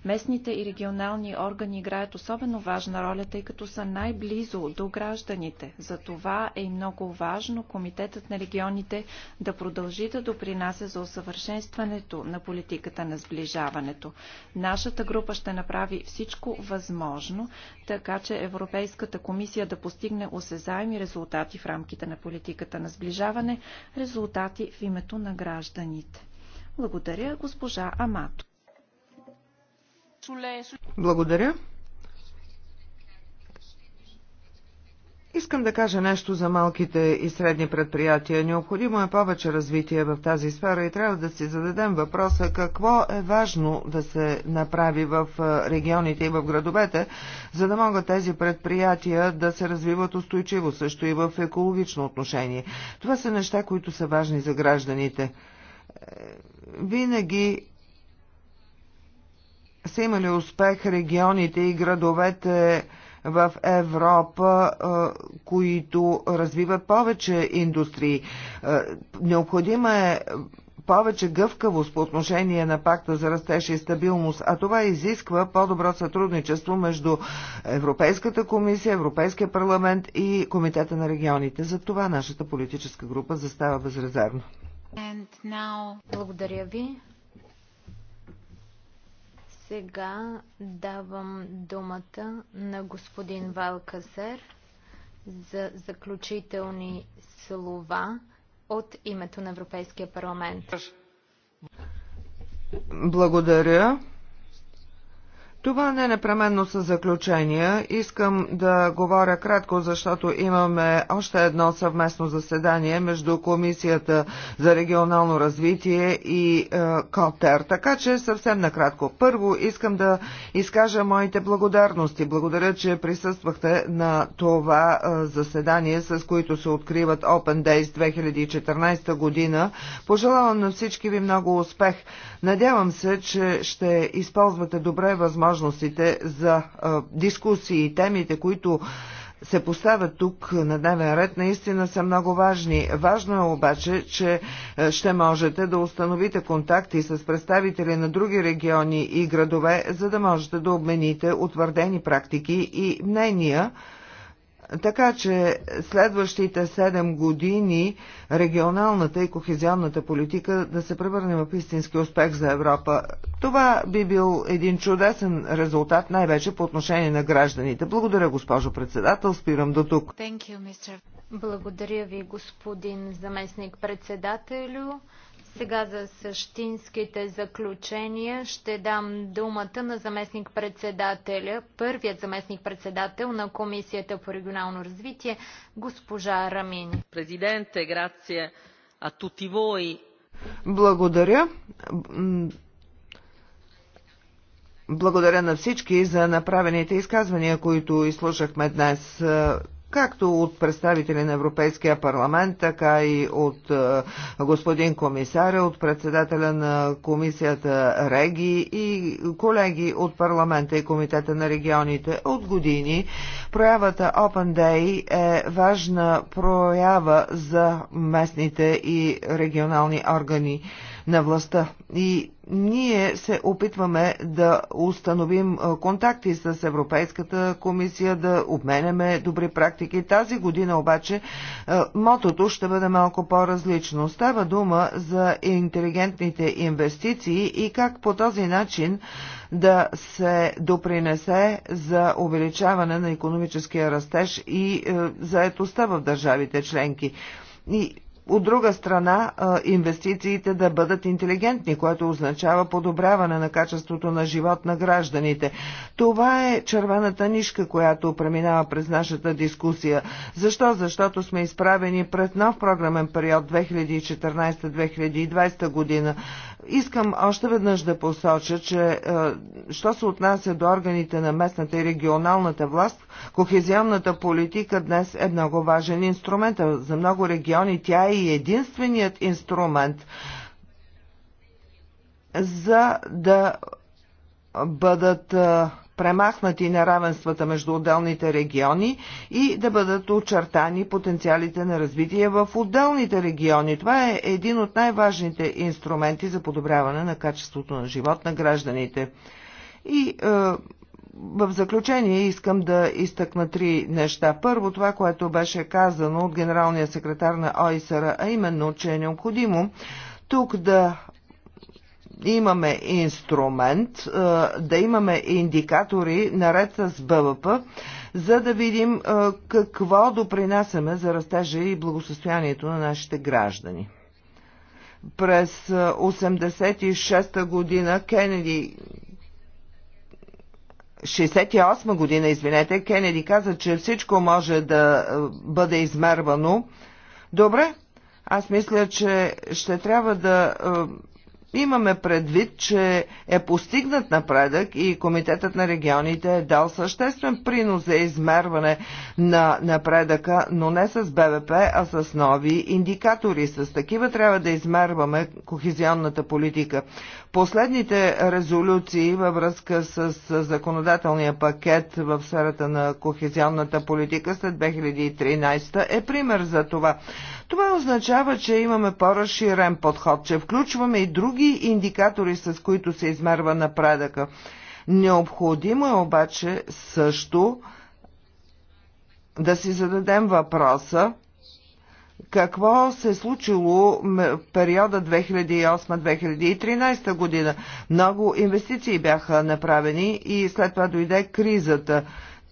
Местните и регионални органи играят особено важна роля, тъй като са най-близо до гражданите. За това е и много важно Комитетът на регионите да продължи да допринася за усъвършенстването на политиката на сближаването. Нашата група ще направи всичко възможно, така че Европейската комисия да постигне осезаеми резултати в рамките на политиката на сближаване, резултати в името на гражданите. Благодаря, госпожа Амато. Благодаря. Искам да кажа нещо за малките и средни предприятия. Необходимо е повече развитие в тази сфера и трябва да си зададем въпроса какво е важно да се направи в регионите и в градовете, за да могат тези предприятия да се развиват устойчиво, също и в екологично отношение. Това са неща, които са важни за гражданите. Е, винаги са имали успех регионите и градовете в Европа, които развиват повече индустрии. Необходима е повече гъвкавост по отношение на пакта за растеж и стабилност, а това изисква по-добро сътрудничество между Европейската комисия, Европейския парламент и Комитета на регионите. За това нашата политическа група застава безрезервно. Now... Благодаря ви. Сега давам думата на господин Валкасер за заключителни слова от името на Европейския парламент. Благодаря. Това не е непременно са заключения. Искам да говоря кратко, защото имаме още едно съвместно заседание между Комисията за регионално развитие и е, КОТЕР. Така че съвсем накратко. Първо искам да изкажа моите благодарности. Благодаря, че присъствахте на това е, заседание, с които се откриват Open Days 2014 година. Пожелавам на всички ви много успех. Надявам се, че ще използвате добре възможност възможностите за дискусии и темите, които се поставят тук на дневен ред, наистина са много важни. Важно е обаче, че ще можете да установите контакти с представители на други региони и градове, за да можете да обмените утвърдени практики и мнения така че следващите 7 години регионалната и кохезионната политика да се превърне в истински успех за Европа. Това би бил един чудесен резултат, най-вече по отношение на гражданите. Благодаря, госпожо председател. Спирам до тук. You, Благодаря ви, господин заместник председателю. Сега за същинските заключения ще дам думата на заместник-председателя, първият заместник-председател на Комисията по регионално развитие, госпожа Рамини. Президенте, грация а тути вой. Благодаря. Благодаря на всички за направените изказвания, които изслушахме днес както от представители на Европейския парламент, така и от е, господин комисаря, от председателя на комисията Реги и колеги от парламента и комитета на регионите от години. Проявата Open Day е важна проява за местните и регионални органи на властта. И ние се опитваме да установим контакти с Европейската комисия, да обменяме добри практики. Тази година обаче мотото ще бъде малко по-различно. Става дума за интелигентните инвестиции и как по този начин да се допринесе за увеличаване на економическия растеж и заетостта в държавите членки. И от друга страна, инвестициите да бъдат интелигентни, което означава подобряване на качеството на живот на гражданите. Това е червената нишка, която преминава през нашата дискусия. Защо? Защото сме изправени пред нов програмен период 2014-2020 година. Искам още веднъж да посоча, че е, що се отнася до органите на местната и регионалната власт, кохезионната политика днес е много важен инструмент. за много региони тя е и единственият инструмент за да бъдат е, премахнати неравенствата между отделните региони и да бъдат очертани потенциалите на развитие в отделните региони. Това е един от най-важните инструменти за подобряване на качеството на живот на гражданите. И е, в заключение искам да изтъкна три неща. Първо, това, което беше казано от генералния секретар на ОИСР, а именно, че е необходимо тук да имаме инструмент, е, да имаме индикатори наред с БВП, за да видим е, какво допринасяме за растежа и благосостоянието на нашите граждани. През 86-та е, година Кенеди 68 година, извинете, Кенеди каза, че всичко може да бъде измервано. Добре, аз мисля, че ще трябва да имаме предвид, че е постигнат напредък и Комитетът на регионите е дал съществен принос за измерване на напредъка, но не с БВП, а с нови индикатори. С такива трябва да измерваме кохезионната политика. Последните резолюции във връзка с законодателния пакет в сферата на кохезионната политика след 2013 е пример за това. Това означава, че имаме по-разширен подход, че включваме и други индикатори, с които се измерва напредъка. Необходимо е обаче също да си зададем въпроса какво се е случило в периода 2008-2013 година. Много инвестиции бяха направени и след това дойде кризата.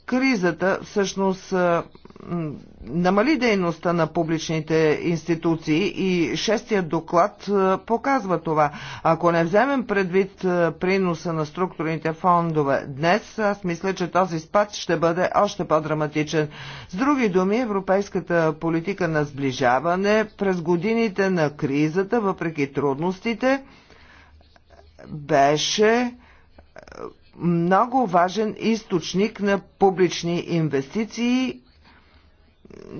Кризата всъщност намали дейността на публичните институции и шестият доклад показва това. Ако не вземем предвид приноса на структурните фондове днес, аз мисля, че този спад ще бъде още по-драматичен. С други думи, европейската политика на сближаване през годините на кризата, въпреки трудностите, беше много важен източник на публични инвестиции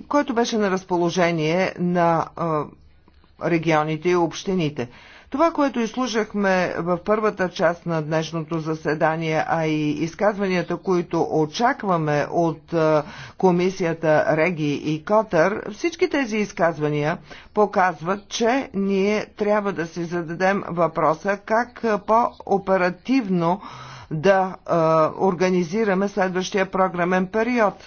който беше на разположение на регионите и общините. Това, което изслушахме в първата част на днешното заседание, а и изказванията, които очакваме от комисията Реги и Котър, всички тези изказвания показват, че ние трябва да си зададем въпроса как по-оперативно да организираме следващия програмен период.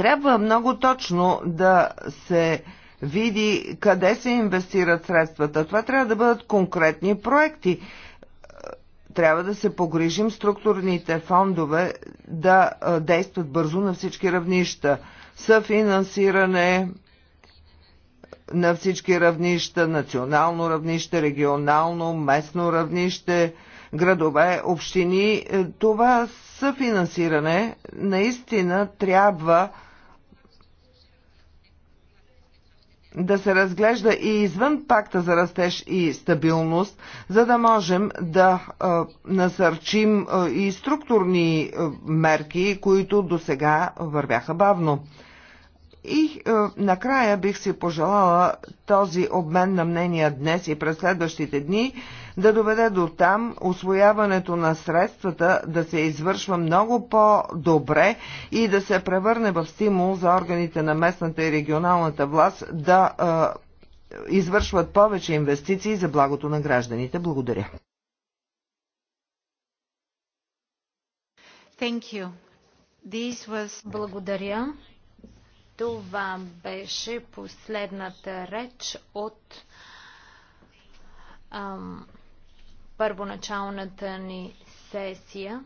трябва много точно да се види къде се инвестират средствата. Това трябва да бъдат конкретни проекти. Трябва да се погрижим структурните фондове да действат бързо на всички равнища. Съфинансиране на всички равнища, национално равнище, регионално, местно равнище, градове, общини. Е, това съфинансиране наистина трябва да се разглежда и извън пакта за растеж и стабилност, за да можем да а, насърчим а, и структурни а, мерки, които до сега вървяха бавно. И а, накрая бих си пожелала този обмен на мнения днес и през следващите дни да доведе до там освояването на средствата да се извършва много по-добре и да се превърне в стимул за органите на местната и регионалната власт да е, извършват повече инвестиции за благото на гражданите. Благодаря. Thank you. This was... Благодаря. Това беше последната реч от Um първоначалната ни сесия.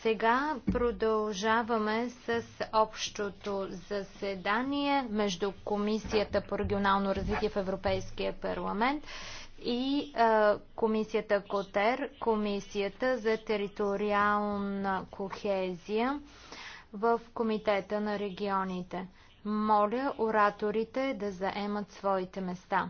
Сега продължаваме с общото заседание между Комисията по регионално развитие в Европейския парламент и а, Комисията КОТЕР, Комисията за териториална кохезия в Комитета на регионите. Моля ораторите да заемат своите места.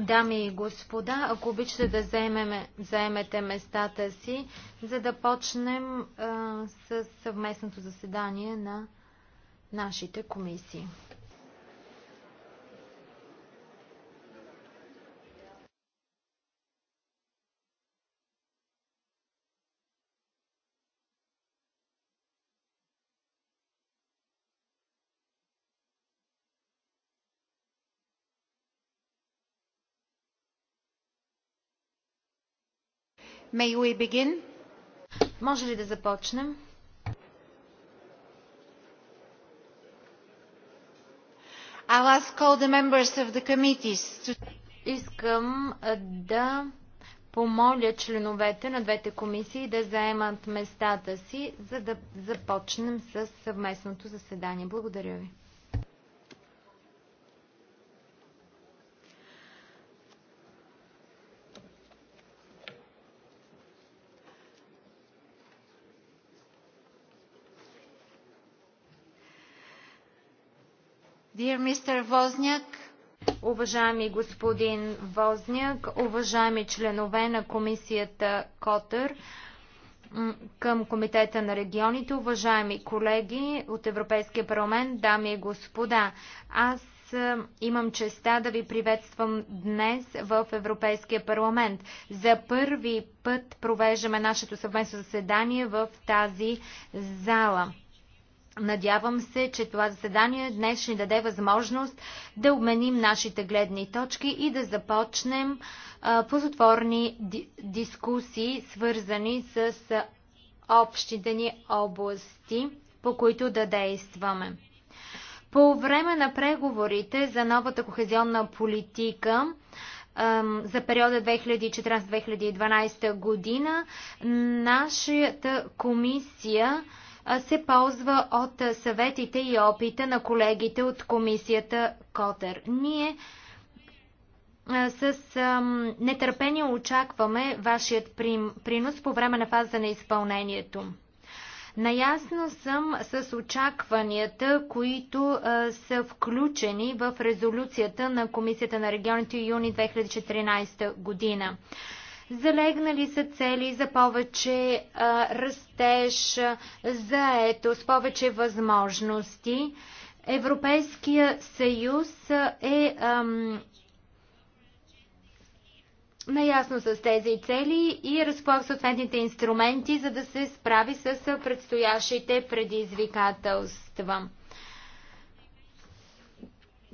Дами и господа, ако обичате да заемем, заемете местата си, за да почнем а, с съвместното заседание на нашите комисии. May we begin? Може ли да започнем? I'll ask all the members of the committees to... Искам да помоля членовете на двете комисии да заемат местата си, за да започнем с съвместното заседание. Благодаря ви. Dear Mr. Возняк, Уважаеми господин Возняк, уважаеми членове на комисията Котър, към Комитета на регионите, уважаеми колеги от Европейския парламент, дами и господа. Аз е, имам честа да ви приветствам днес в Европейския парламент. За първи път провеждаме нашето съвместно заседание в тази зала. Надявам се, че това заседание днес ще ни даде възможност да обменим нашите гледни точки и да започнем позотворни дискусии, свързани с общите ни области, по които да действаме. По време на преговорите за новата кохезионна политика за периода 2014-2012 година, нашата комисия се ползва от съветите и опита на колегите от комисията Котер. Ние с нетърпение очакваме вашият принос по време на фаза на изпълнението. Наясно съм с очакванията, които са включени в резолюцията на Комисията на регионите юни 2014 година. Залегнали са цели за повече а, растеж, заетост, повече възможности. Европейския съюз е ам, наясно с тези цели и разполага съответните инструменти, за да се справи с предстоящите предизвикателства.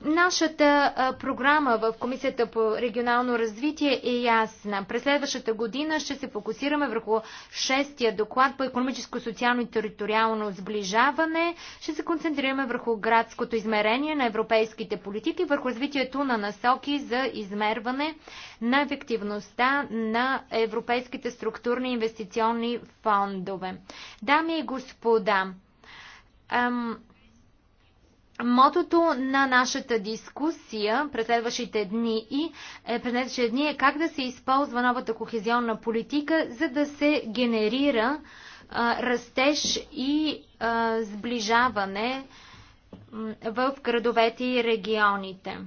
Нашата програма в Комисията по регионално развитие е ясна. През следващата година ще се фокусираме върху шестия доклад по економическо, социално и териториално сближаване. Ще се концентрираме върху градското измерение на европейските политики, върху развитието на насоки за измерване на ефективността на европейските структурни инвестиционни фондове. Дами и господа, ам, Мотото на нашата дискусия през следващите дни и е, през следващите дни е как да се използва новата кохезионна политика, за да се генерира а, растеж и а, сближаване в градовете и регионите.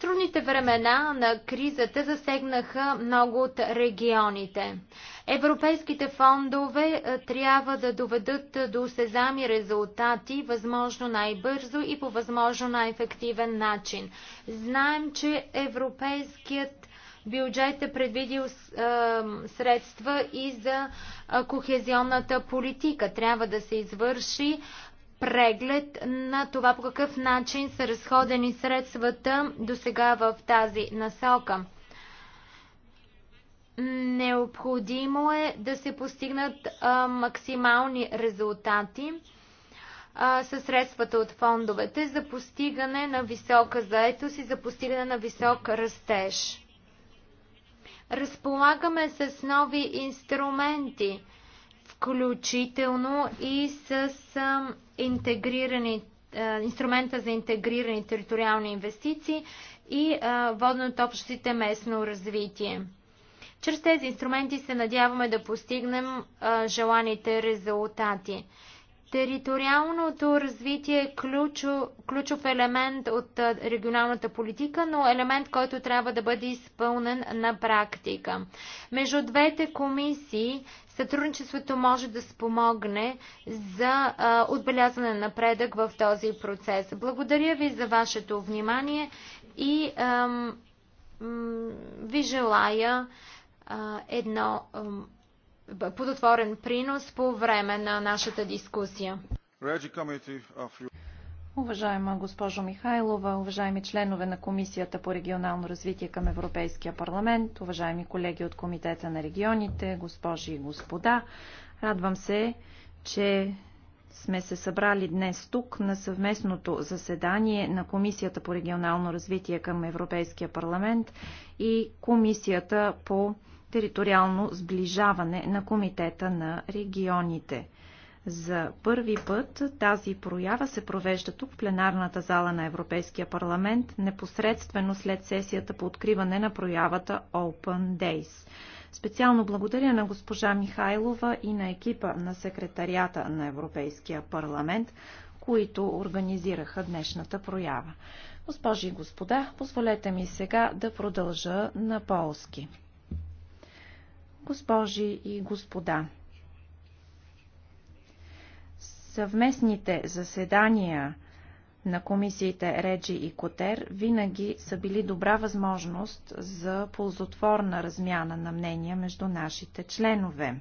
Трудните времена на кризата засегнаха много от регионите. Европейските фондове е, трябва да доведат е, до осезами резултати възможно най-бързо и по възможно най-ефективен начин. Знаем, че европейският бюджет е предвидил е, средства и за кохезионната политика. Трябва да се извърши преглед на това по какъв начин са разходени средствата до сега в тази насока. Необходимо е да се постигнат а, максимални резултати а, със средствата от фондовете за постигане на висока заетост и за постигане на висок растеж. Разполагаме с нови инструменти, включително и с а, интегрирани, инструмента за интегрирани териториални инвестиции и водното общите местно развитие. Чрез тези инструменти се надяваме да постигнем желаните резултати. Териториалното развитие е ключов елемент от регионалната политика, но елемент, който трябва да бъде изпълнен на практика. Между двете комисии Сътрудничеството може да спомогне за а, отбелязане на напредък в този процес. Благодаря ви за вашето внимание и ам, ви желая а, едно ам, плодотворен принос по време на нашата дискусия. Уважаема госпожо Михайлова, уважаеми членове на Комисията по регионално развитие към Европейския парламент, уважаеми колеги от Комитета на регионите, госпожи и господа, радвам се, че сме се събрали днес тук на съвместното заседание на Комисията по регионално развитие към Европейския парламент и Комисията по териториално сближаване на Комитета на регионите – за първи път тази проява се провежда тук в пленарната зала на Европейския парламент, непосредствено след сесията по откриване на проявата Open Days. Специално благодаря на госпожа Михайлова и на екипа на секретарията на Европейския парламент, които организираха днешната проява. Госпожи и господа, позволете ми сега да продължа на полски. Госпожи и господа, Съвместните заседания на комисиите Реджи и Котер винаги са били добра възможност за ползотворна размяна на мнения между нашите членове.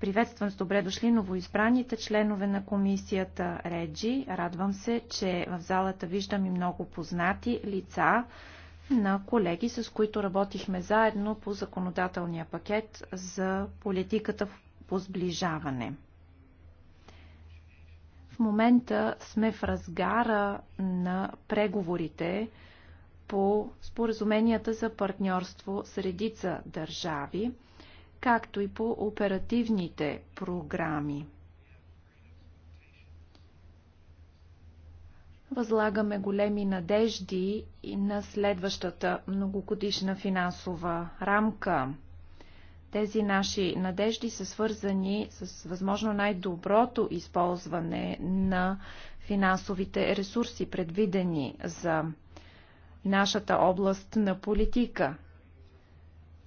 Приветствам с добре дошли новоизбраните членове на комисията Реджи. Радвам се, че в залата виждам и много познати лица на колеги, с които работихме заедно по законодателния пакет за политиката по сближаване. В момента сме в разгара на преговорите по споразуменията за партньорство с редица държави, както и по оперативните програми. Възлагаме големи надежди и на следващата многогодишна финансова рамка – тези наши надежди са свързани с възможно най-доброто използване на финансовите ресурси, предвидени за нашата област на политика.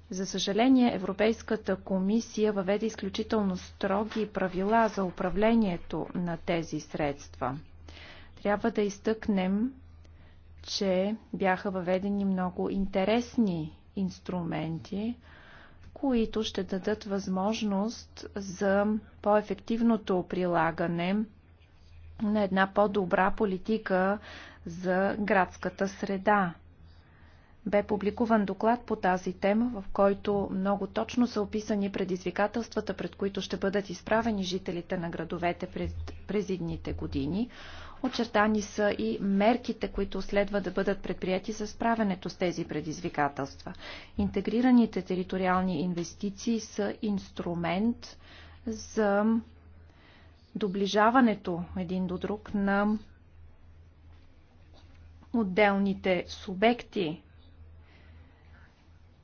За съжаление, Европейската комисия въведе изключително строги правила за управлението на тези средства. Трябва да изтъкнем, че бяха въведени много интересни инструменти, които ще дадат възможност за по-ефективното прилагане на една по-добра политика за градската среда. Бе публикуван доклад по тази тема, в който много точно са описани предизвикателствата, пред които ще бъдат изправени жителите на градовете през, през идните години. Очертани са и мерките, които следва да бъдат предприяти за справянето с тези предизвикателства. Интегрираните териториални инвестиции са инструмент за доближаването един до друг на отделните субекти.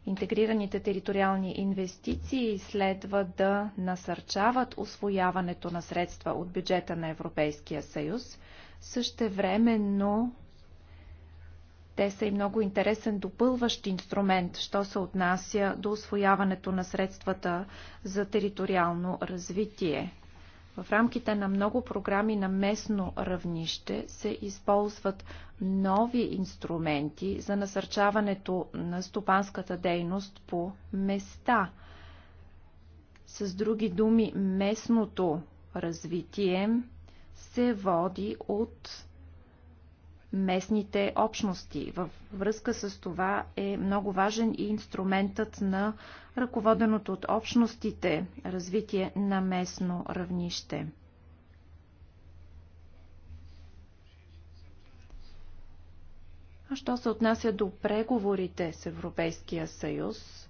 Интегрираните териториални инвестиции следва да насърчават освояването на средства от бюджета на Европейския съюз – Същевременно те са и много интересен допълващ инструмент, що се отнася до освояването на средствата за териториално развитие. В рамките на много програми на местно равнище се използват нови инструменти за насърчаването на стопанската дейност по места. С други думи, местното развитие се води от местните общности. Във връзка с това е много важен и инструментът на ръководеното от общностите развитие на местно равнище. А що се отнася до преговорите с Европейския съюз,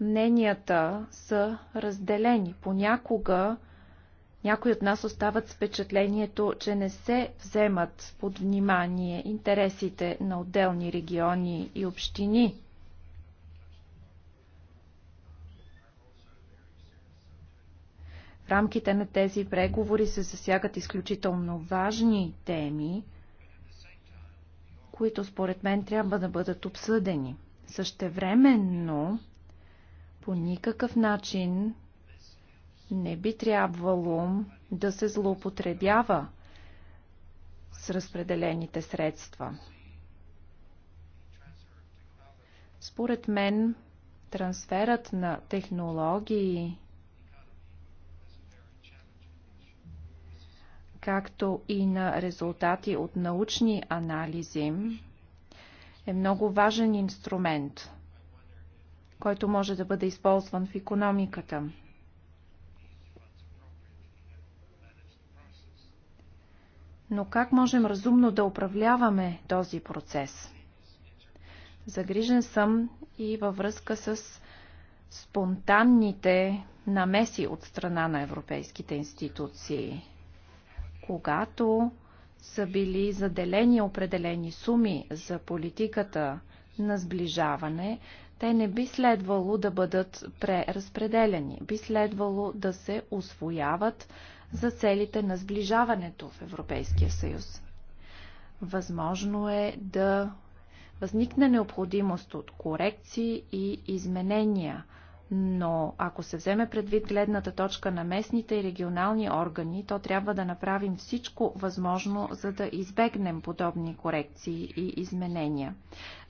мненията са разделени. Понякога някои от нас остават с впечатлението, че не се вземат под внимание интересите на отделни региони и общини. В рамките на тези преговори се засягат изключително важни теми, които според мен трябва да бъдат обсъдени. Същевременно, по никакъв начин не би трябвало да се злоупотребява с разпределените средства. Според мен, трансферът на технологии, както и на резултати от научни анализи, е много важен инструмент, който може да бъде използван в економиката. Но как можем разумно да управляваме този процес? Загрижен съм и във връзка с спонтанните намеси от страна на европейските институции. Когато са били заделени определени суми за политиката на сближаване, те не би следвало да бъдат преразпределени, би следвало да се освояват за целите на сближаването в Европейския съюз. Възможно е да възникне необходимост от корекции и изменения – но ако се вземе предвид гледната точка на местните и регионални органи, то трябва да направим всичко възможно, за да избегнем подобни корекции и изменения.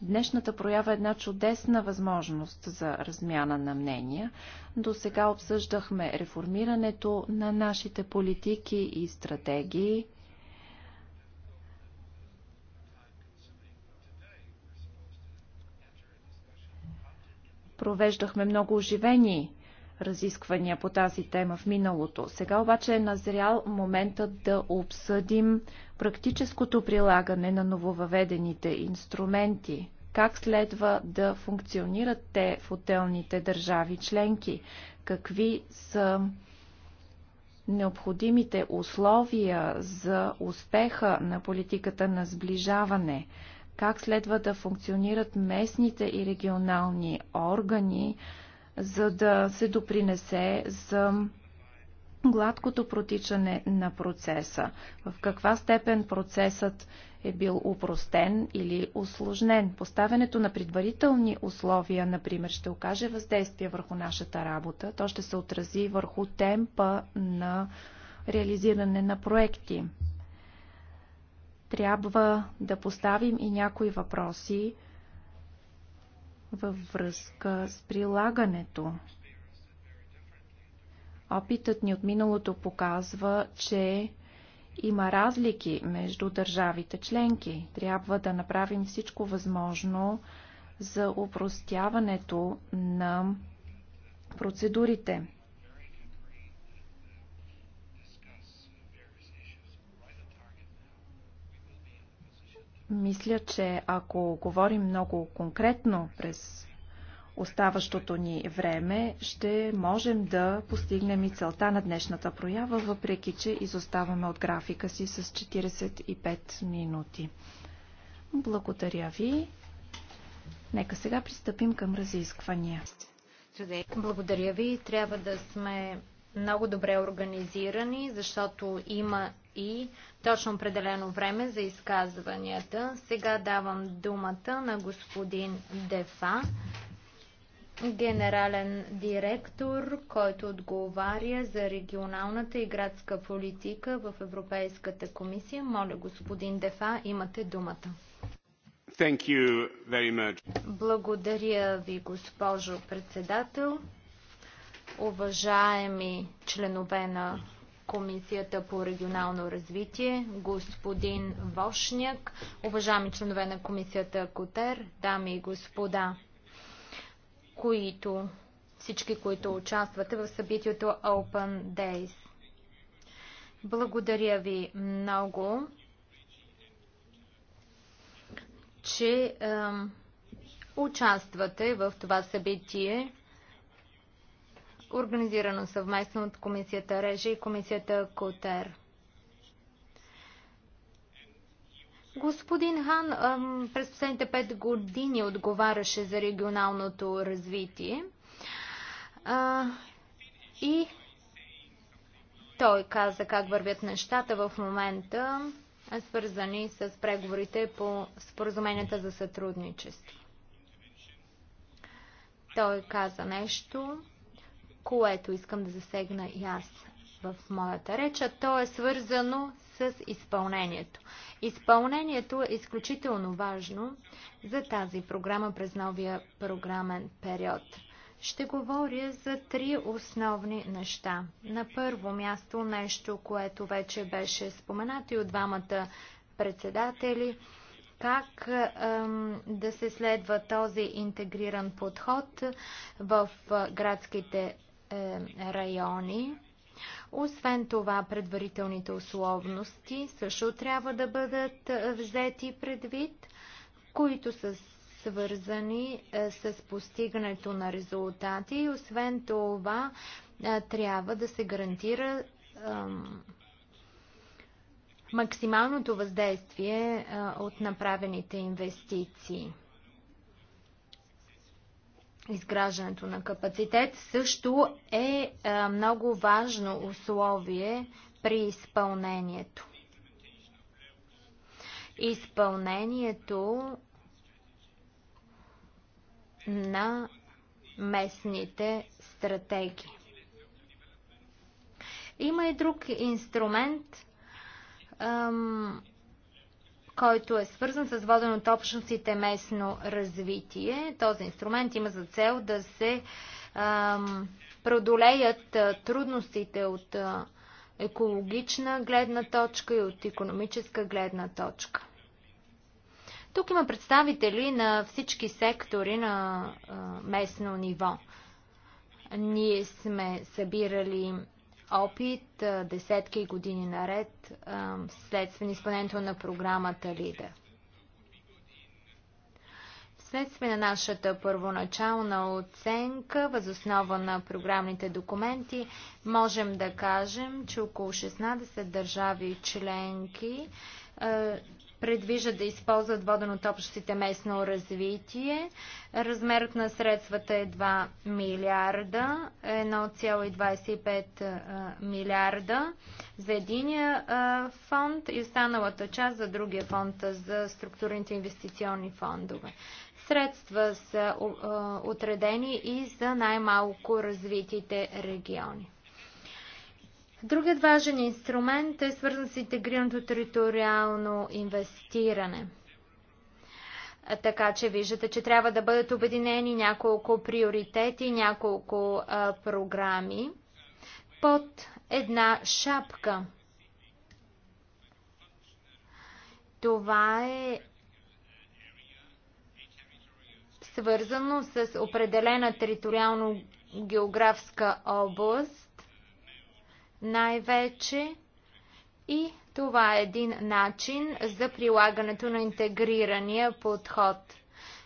Днешната проява е една чудесна възможност за размяна на мнения. До сега обсъждахме реформирането на нашите политики и стратегии, Провеждахме много оживени разисквания по тази тема в миналото. Сега обаче е назрял моментът да обсъдим практическото прилагане на нововъведените инструменти, как следва да функционират те в отделните държави членки, какви са необходимите условия за успеха на политиката на сближаване, как следва да функционират местните и регионални органи, за да се допринесе за гладкото протичане на процеса, в каква степен процесът е бил упростен или усложнен. Поставянето на предварителни условия, например, ще окаже въздействие върху нашата работа. То ще се отрази върху темпа на реализиране на проекти трябва да поставим и някои въпроси във връзка с прилагането. Опитът ни от миналото показва, че има разлики между държавите членки. Трябва да направим всичко възможно за упростяването на процедурите. Мисля, че ако говорим много конкретно през оставащото ни време, ще можем да постигнем и целта на днешната проява, въпреки че изоставаме от графика си с 45 минути. Благодаря ви. Нека сега пристъпим към разисквания. Благодаря ви. Трябва да сме много добре организирани, защото има и точно определено време за изказванията. Сега давам думата на господин Дефа, генерален директор, който отговаря за регионалната и градска политика в Европейската комисия. Моля, господин Дефа, имате думата. Thank you very much. Благодаря ви, госпожо председател уважаеми членове на Комисията по регионално развитие, господин Вошняк, уважаеми членове на Комисията Котер, дами и господа, които, всички, които участвате в събитието Open Days. Благодаря ви много, че е, участвате в това събитие организирано съвместно от комисията Режа и комисията Котер. Господин Хан през последните пет години отговаряше за регионалното развитие и той каза как вървят нещата в момента, свързани с преговорите по споразуменията за сътрудничество. Той каза нещо, което искам да засегна и аз в моята реча. то е свързано с изпълнението. Изпълнението е изключително важно за тази програма през новия програмен период. Ще говоря за три основни неща. На първо място нещо, което вече беше споменато и от двамата председатели как ем, да се следва този интегриран подход в градските е, райони. Освен това, предварителните условности също трябва да бъдат е, взети предвид, които са свързани е, с постигането на резултати и освен това трябва да се гарантира максималното въздействие от направените инвестиции. Изграждането на капацитет също е, е много важно условие при изпълнението. Изпълнението на местните стратегии. Има и друг инструмент – който е свързан с воден от общностите местно развитие. Този инструмент има за цел да се ам, преодолеят трудностите от екологична гледна точка и от економическа гледна точка. Тук има представители на всички сектори на местно ниво. Ние сме събирали опит десетки години наред следствие на изпълнението на програмата ЛИДЕР. Вследствие на нашата първоначална оценка, възоснова на програмните документи, можем да кажем, че около 16 държави членки предвижат да използват воден от общите местно развитие. Размерът на средствата е 2 милиарда, 1,25 милиарда за единия фонд и останалата част за другия фонд за структурните инвестиционни фондове. Средства са отредени и за най-малко развитите региони. Другият важен инструмент е свързан с интегрираното териториално инвестиране. Така че виждате, че трябва да бъдат обединени няколко приоритети, няколко а, програми под една шапка. Това е свързано с определена териториално географска област най-вече. И това е един начин за прилагането на интегрирания подход.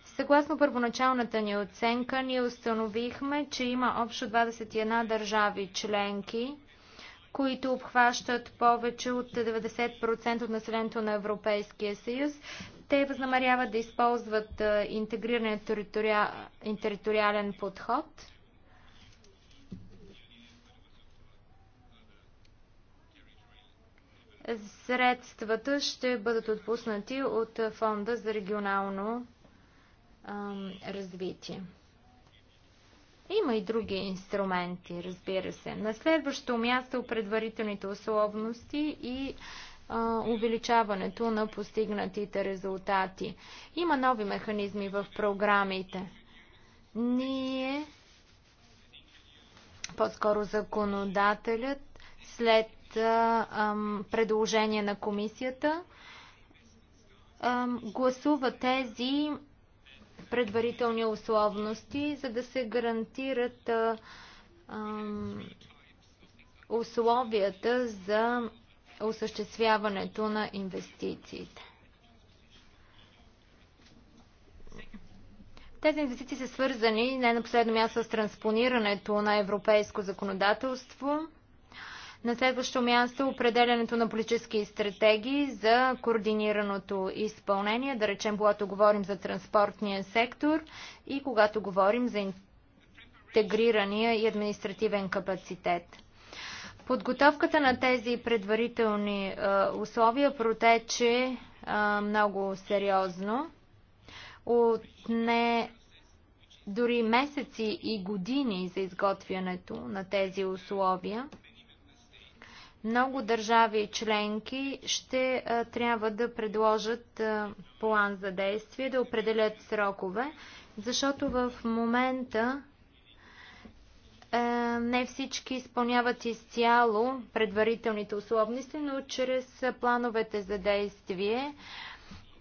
Съгласно първоначалната ни оценка, ние установихме, че има общо 21 държави членки, които обхващат повече от 90% от населението на Европейския съюз. Те възнамеряват да използват интегрирания териториален подход – Средствата ще бъдат отпуснати от Фонда за регионално развитие. Има и други инструменти, разбира се. На следващо място предварителните условности и а, увеличаването на постигнатите резултати. Има нови механизми в програмите. Ние, по-скоро законодателят, след предложение на комисията. Гласува тези предварителни условности, за да се гарантират условията за осъществяването на инвестициите. Тези инвестиции са свързани не на последно място с транспонирането на европейско законодателство – на следващо място определенето на политически стратегии за координираното изпълнение, да речем, когато говорим за транспортния сектор и когато говорим за интегрирания и административен капацитет. Подготовката на тези предварителни а, е, условия протече а, е, много сериозно. от не дори месеци и години за изготвянето на тези условия. Много държави и членки ще трябва да предложат план за действие, да определят срокове, защото в момента не всички изпълняват изцяло предварителните условности, но чрез плановете за действие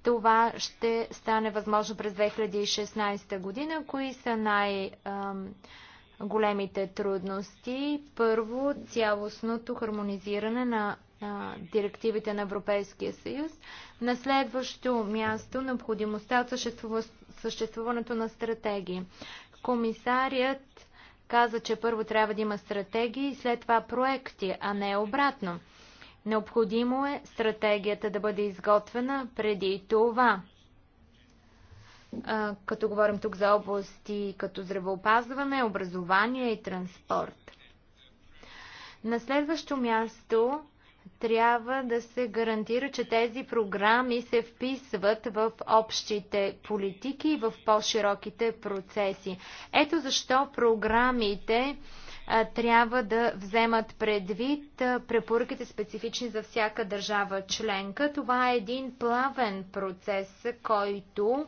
това ще стане възможно през 2016 година. Кои са най- големите трудности. Първо, цялостното хармонизиране на директивите на Европейския съюз. На следващо място необходимостта от съществуването на стратегии. Комисарият каза, че първо трябва да има стратегии и след това проекти, а не обратно. Необходимо е стратегията да бъде изготвена преди това като говорим тук за области като здравеопазване, образование и транспорт. На следващо място трябва да се гарантира, че тези програми се вписват в общите политики и в по-широките процеси. Ето защо програмите трябва да вземат предвид препоръките специфични за всяка държава членка. Това е един плавен процес, който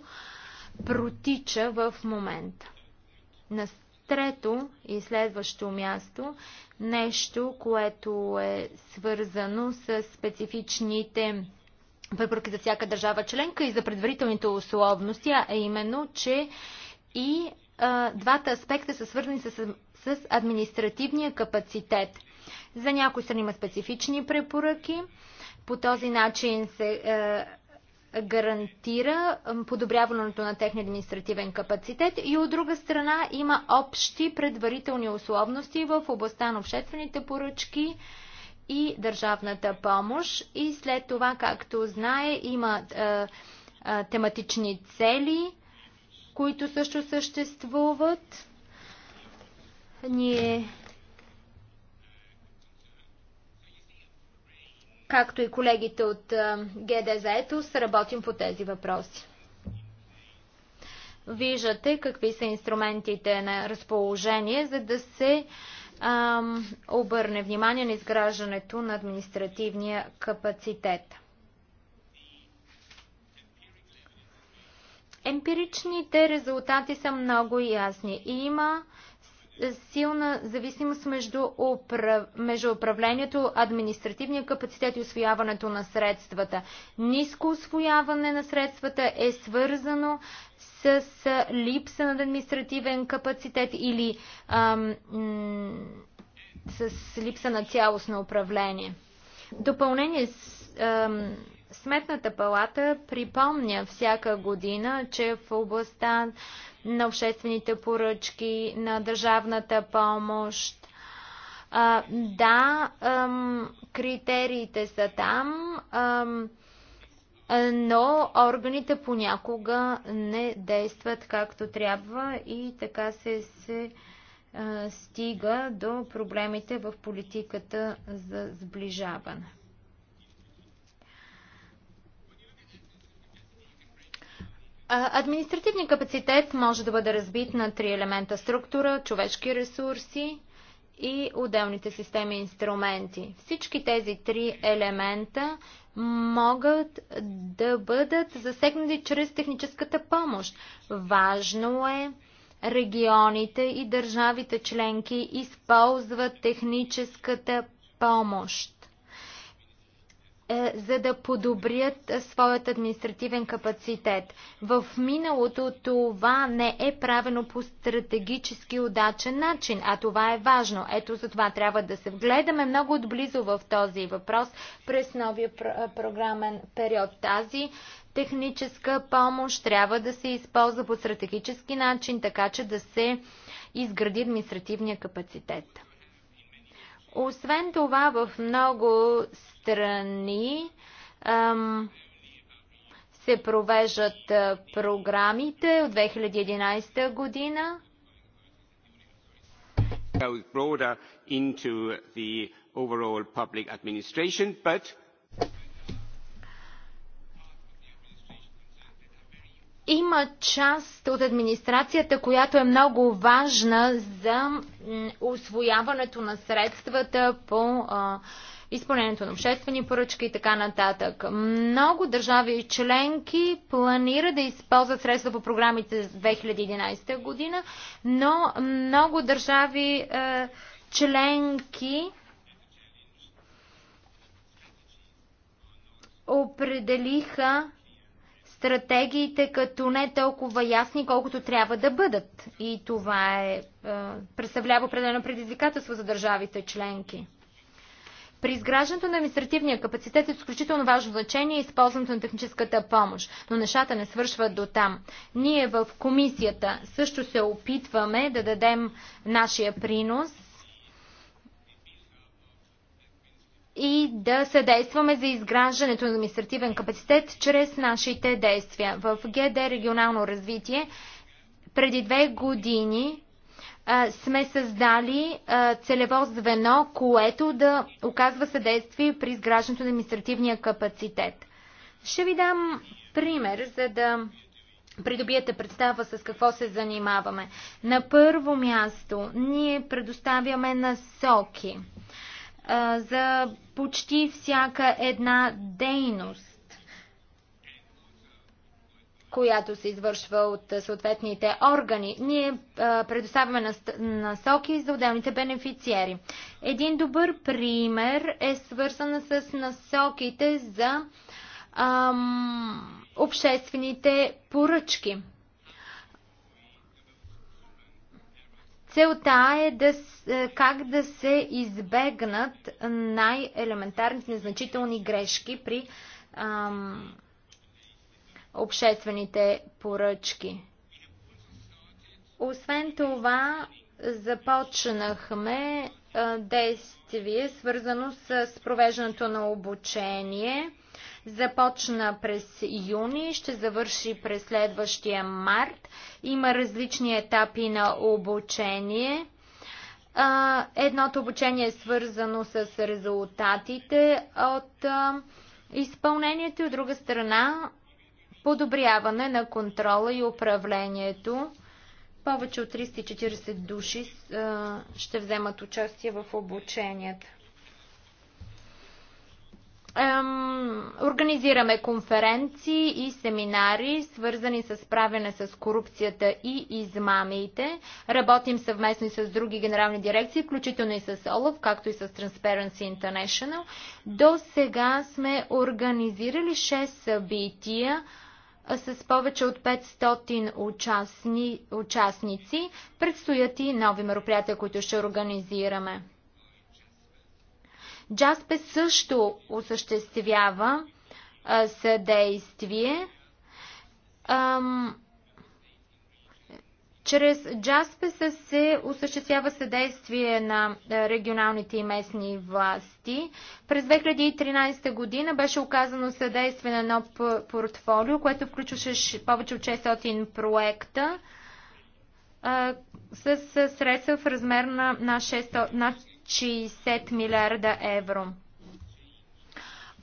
протича в момента. На трето и следващо място, нещо, което е свързано с специфичните препоръки за всяка държава членка и за предварителните условности, а е именно, че и а, двата аспекта са свързани с, с административния капацитет. За някои страни има специфични препоръки. По този начин се. А, гарантира подобряването на техния административен капацитет и от друга страна има общи предварителни условности в областта на обществените поръчки и държавната помощ. И след това, както знае, има е, е, тематични цели, които също съществуват. Ние Както и колегите от ГД Етос, работим по тези въпроси. Виждате какви са инструментите на разположение, за да се ам, обърне внимание на изграждането на административния капацитет. Емпиричните резултати са много ясни. Има силна зависимост между, управ... между управлението, административния капацитет и освояването на средствата. Ниско освояване на средствата е свързано с липса на административен капацитет или ам, с липса на цялостно управление. Допълнение с, ам, Сметната палата припомня всяка година, че в областта на обществените поръчки, на държавната помощ, да, критериите са там, но органите понякога не действат както трябва и така се, се стига до проблемите в политиката за сближаване. Административният капацитет може да бъде разбит на три елемента структура, човешки ресурси и отделните системи и инструменти. Всички тези три елемента могат да бъдат засегнати чрез техническата помощ. Важно е регионите и държавите членки използват техническата помощ е, за да подобрят е, своят административен капацитет. В миналото това не е правено по стратегически удачен начин, а това е важно. Ето за това трябва да се вгледаме много отблизо в този въпрос през новия е, програмен период. Тази техническа помощ трябва да се използва по стратегически начин, така че да се изгради административния капацитет. Освен това, в много страни се провеждат програмите от 2011 година. Има част от администрацията, която е много важна за освояването на средствата по а, изпълнението на обществени поръчки и така нататък. Много държави и членки планира да използват средства по програмите за 2011 година, но много държави е, членки определиха стратегиите като не толкова ясни, колкото трябва да бъдат. И това е, е представлява определено предизвикателство за държавите членки. При изграждането на административния капацитет е изключително важно значение и използването на техническата помощ, но нещата не свършват до там. Ние в комисията също се опитваме да дадем нашия принос и да съдействаме за изграждането на административен капацитет чрез нашите действия. В ГД регионално развитие преди две години сме създали целево звено, което да оказва съдействие при изграждането на административния капацитет. Ще ви дам пример, за да придобиете представа с какво се занимаваме. На първо място ние предоставяме насоки за почти всяка една дейност която се извършва от съответните органи. Ние предоставяме насоки за отделните бенефициери. Един добър пример е свързан с насоките за ам, обществените поръчки. Целта е да, е, как да се избегнат най-елементарните незначителни грешки при ам, обществените поръчки. Освен това, започнахме действие, свързано с провеждането на обучение. Започна през юни, ще завърши през следващия март. Има различни етапи на обучение. Едното обучение е свързано с резултатите от изпълнението и от друга страна подобряване на контрола и управлението. Повече от 340 души ще вземат участие в обученията. Ем, организираме конференции и семинари, свързани с правене с корупцията и измамите. Работим съвместно и с други генерални дирекции, включително и с ОЛАВ, както и с Transparency International. До сега сме организирали 6 събития с повече от 500 участници. Предстоят и нови мероприятия, които ще организираме. Джаспе също осъществява съдействие. Ам, чрез Джаспеса се осъществява съдействие на е, регионалните и местни власти. През 2013 година беше оказано съдействие на едно портфолио, което включваше повече от 600 проекта а, е, с средства в размер на, на, 600, на 60 милиарда евро.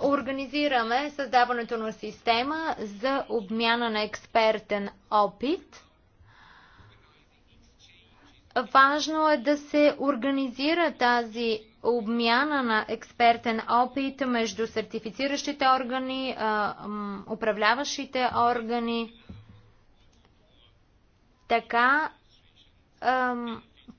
Организираме създаването на система за обмяна на експертен опит – Важно е да се организира тази обмяна на експертен опит между сертифициращите органи, управляващите органи. Така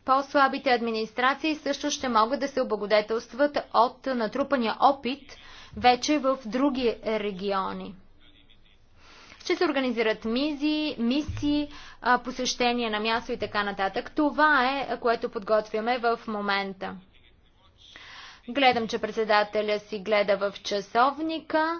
по-слабите администрации също ще могат да се облагодетелстват от натрупания опит вече в други региони. Ще се организират мизи, мисии, посещения на място и така нататък. Това е, което подготвяме в момента. Гледам, че председателя си гледа в часовника.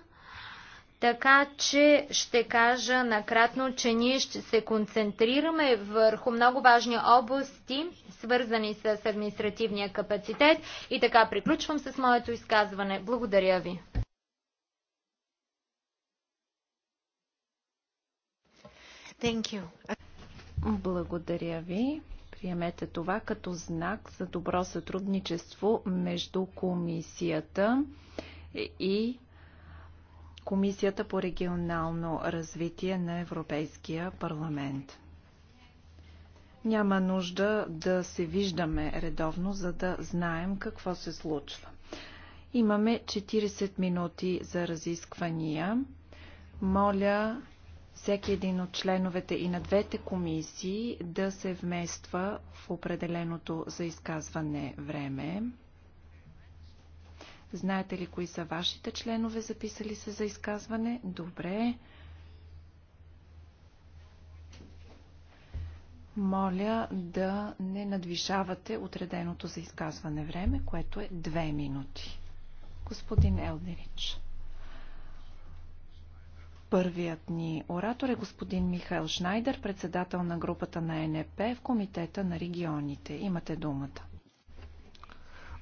Така че ще кажа накратно, че ние ще се концентрираме върху много важни области, свързани с административния капацитет. И така приключвам с моето изказване. Благодаря ви. Thank you. Благодаря ви. Приемете това като знак за добро сътрудничество между комисията и Комисията по регионално развитие на Европейския парламент. Няма нужда да се виждаме редовно, за да знаем какво се случва. Имаме 40 минути за разисквания. Моля всеки един от членовете и на двете комисии да се вмества в определеното за изказване време. Знаете ли кои са вашите членове, записали се за изказване? Добре. Моля да не надвишавате отреденото за изказване време, което е две минути. Господин Елдерич. Първият ни оратор е господин Михаил Шнайдер, председател на групата на НП в Комитета на регионите. Имате думата.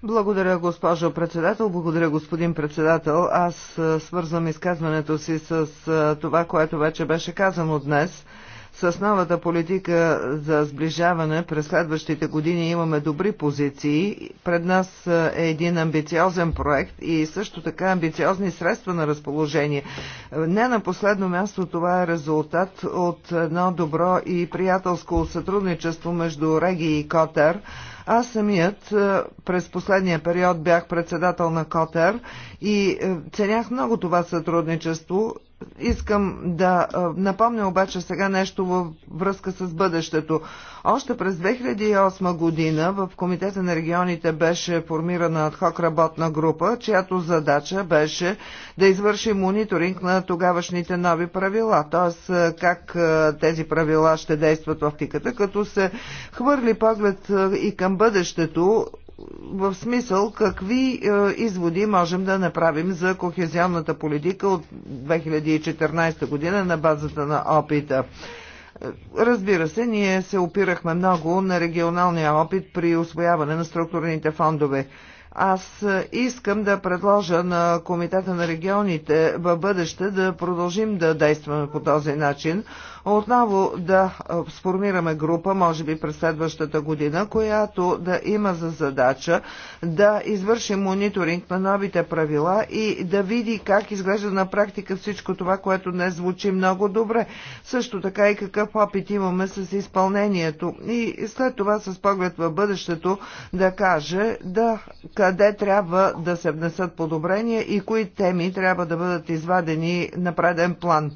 Благодаря, госпожо председател. Благодаря, господин председател. Аз свързвам изказването си с това, което вече беше казано днес. С новата политика за сближаване през следващите години имаме добри позиции. Пред нас е един амбициозен проект и също така амбициозни средства на разположение. Не на последно място това е резултат от едно добро и приятелско сътрудничество между Реги и Котер. Аз самият е, през последния период бях председател на Котер и е, ценях много това сътрудничество Искам да напомня обаче сега нещо във връзка с бъдещето. Още през 2008 година в Комитета на регионите беше формирана адхок работна група, чиято задача беше да извърши мониторинг на тогавашните нови правила, т.е. как тези правила ще действат в тиката, като се хвърли поглед и към бъдещето в смисъл какви е, изводи можем да направим за кохезионната политика от 2014 година на базата на опита. Разбира се, ние се опирахме много на регионалния опит при освояване на структурните фондове. Аз е, искам да предложа на Комитета на регионите в бъдеще да продължим да действаме по този начин, отново да сформираме група, може би през следващата година, която да има за задача да извърши мониторинг на новите правила и да види как изглежда на практика всичко това, което не звучи много добре. Също така и какъв опит имаме с изпълнението. И след това с поглед в бъдещето да каже да, къде трябва да се внесат подобрения и кои теми трябва да бъдат извадени на преден план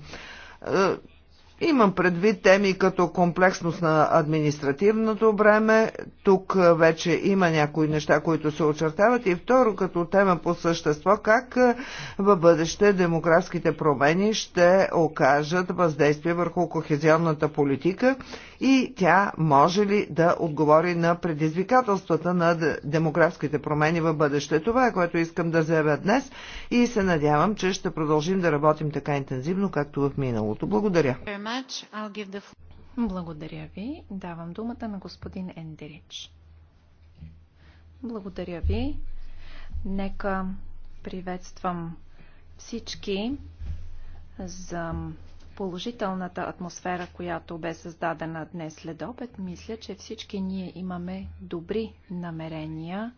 е, Имам предвид теми като комплексност на административното време. Тук вече има някои неща, които се очертават. И второ, като тема по същество, как е, в бъдеще демографските промени ще окажат въздействие върху кохезионната политика и тя може ли да отговори на предизвикателствата на демографските промени в бъдеще. Това е което искам да заявя днес и се надявам, че ще продължим да работим така интензивно, както в миналото. Благодаря much. I'll give the... Благодаря ви. Давам думата на господин Ендерич. Благодаря ви. Нека приветствам всички за положителната атмосфера, която бе създадена днес след обед. Мисля, че всички ние имаме добри намерения,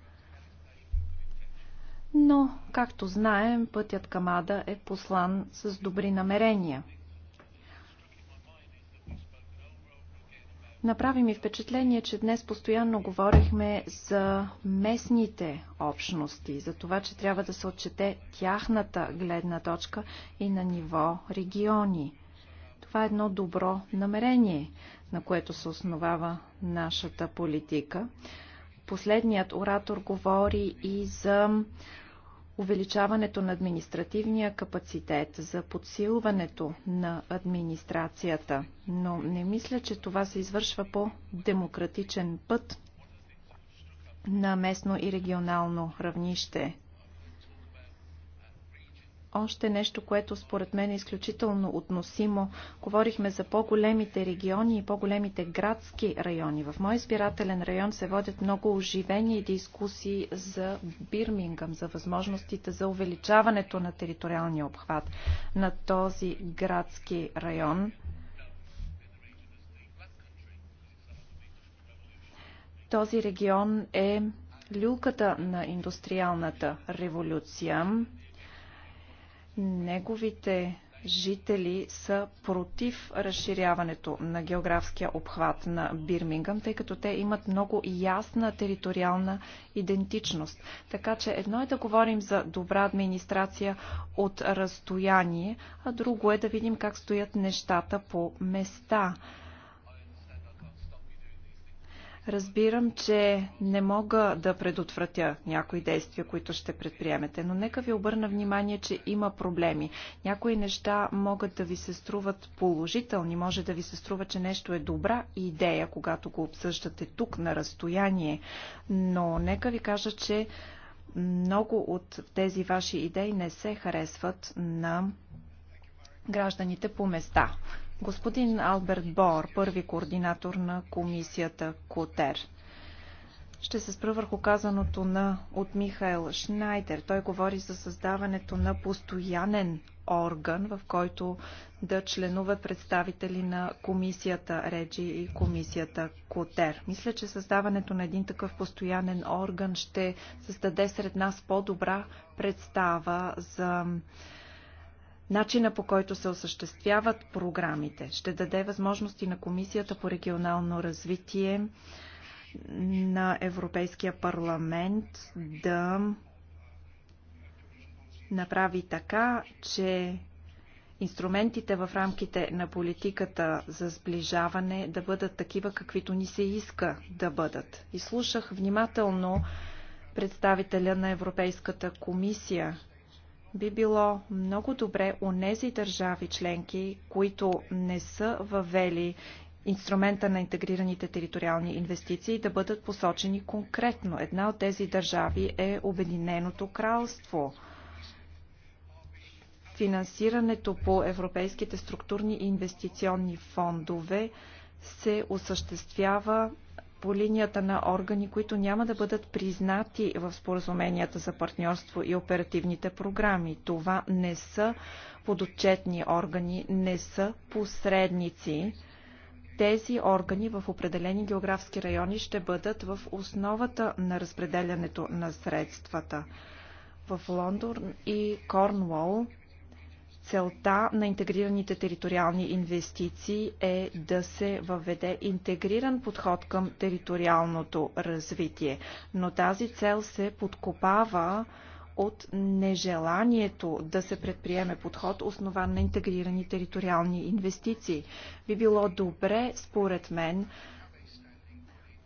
но, както знаем, пътят към Ада е послан с добри намерения – Направи ми впечатление, че днес постоянно говорихме за местните общности, за това, че трябва да се отчете тяхната гледна точка и на ниво региони. Това е едно добро намерение, на което се основава нашата политика. Последният оратор говори и за увеличаването на административния капацитет, за подсилването на администрацията, но не мисля, че това се извършва по демократичен път на местно и регионално равнище още нещо, което според мен е изключително относимо. Говорихме за по-големите региони и по-големите градски райони. В мой избирателен район се водят много оживени дискусии за Бирмингъм, за възможностите за увеличаването на териториалния обхват на този градски район. Този регион е люлката на индустриалната революция неговите жители са против разширяването на географския обхват на Бирмингъм, тъй като те имат много ясна териториална идентичност. Така че едно е да говорим за добра администрация от разстояние, а друго е да видим как стоят нещата по места. Разбирам, че не мога да предотвратя някои действия, които ще предприемете, но нека ви обърна внимание, че има проблеми. Някои неща могат да ви се струват положителни, може да ви се струва, че нещо е добра идея, когато го обсъждате тук на разстояние, но нека ви кажа, че много от тези ваши идеи не се харесват на гражданите по места. Господин Алберт Бор, първи координатор на комисията Котер. Ще се спра върху казаното на, от Михаил Шнайдер. Той говори за създаването на постоянен орган, в който да членуват представители на комисията Реджи и комисията Котер. Мисля, че създаването на един такъв постоянен орган ще създаде сред нас по-добра представа за начина по който се осъществяват програмите. Ще даде възможности на Комисията по регионално развитие на Европейския парламент да направи така, че инструментите в рамките на политиката за сближаване да бъдат такива, каквито ни се иска да бъдат. И слушах внимателно представителя на Европейската комисия би било много добре у нези държави членки, които не са въвели инструмента на интегрираните териториални инвестиции да бъдат посочени конкретно. Една от тези държави е Обединеното кралство. Финансирането по европейските структурни и инвестиционни фондове се осъществява по линията на органи, които няма да бъдат признати в споразуменията за партньорство и оперативните програми. Това не са подотчетни органи, не са посредници. Тези органи в определени географски райони ще бъдат в основата на разпределянето на средствата. В Лондон и Корнуол Целта на интегрираните териториални инвестиции е да се въведе интегриран подход към териториалното развитие, но тази цел се подкопава от нежеланието да се предприеме подход, основан на интегрирани териториални инвестиции. Би било добре, според мен,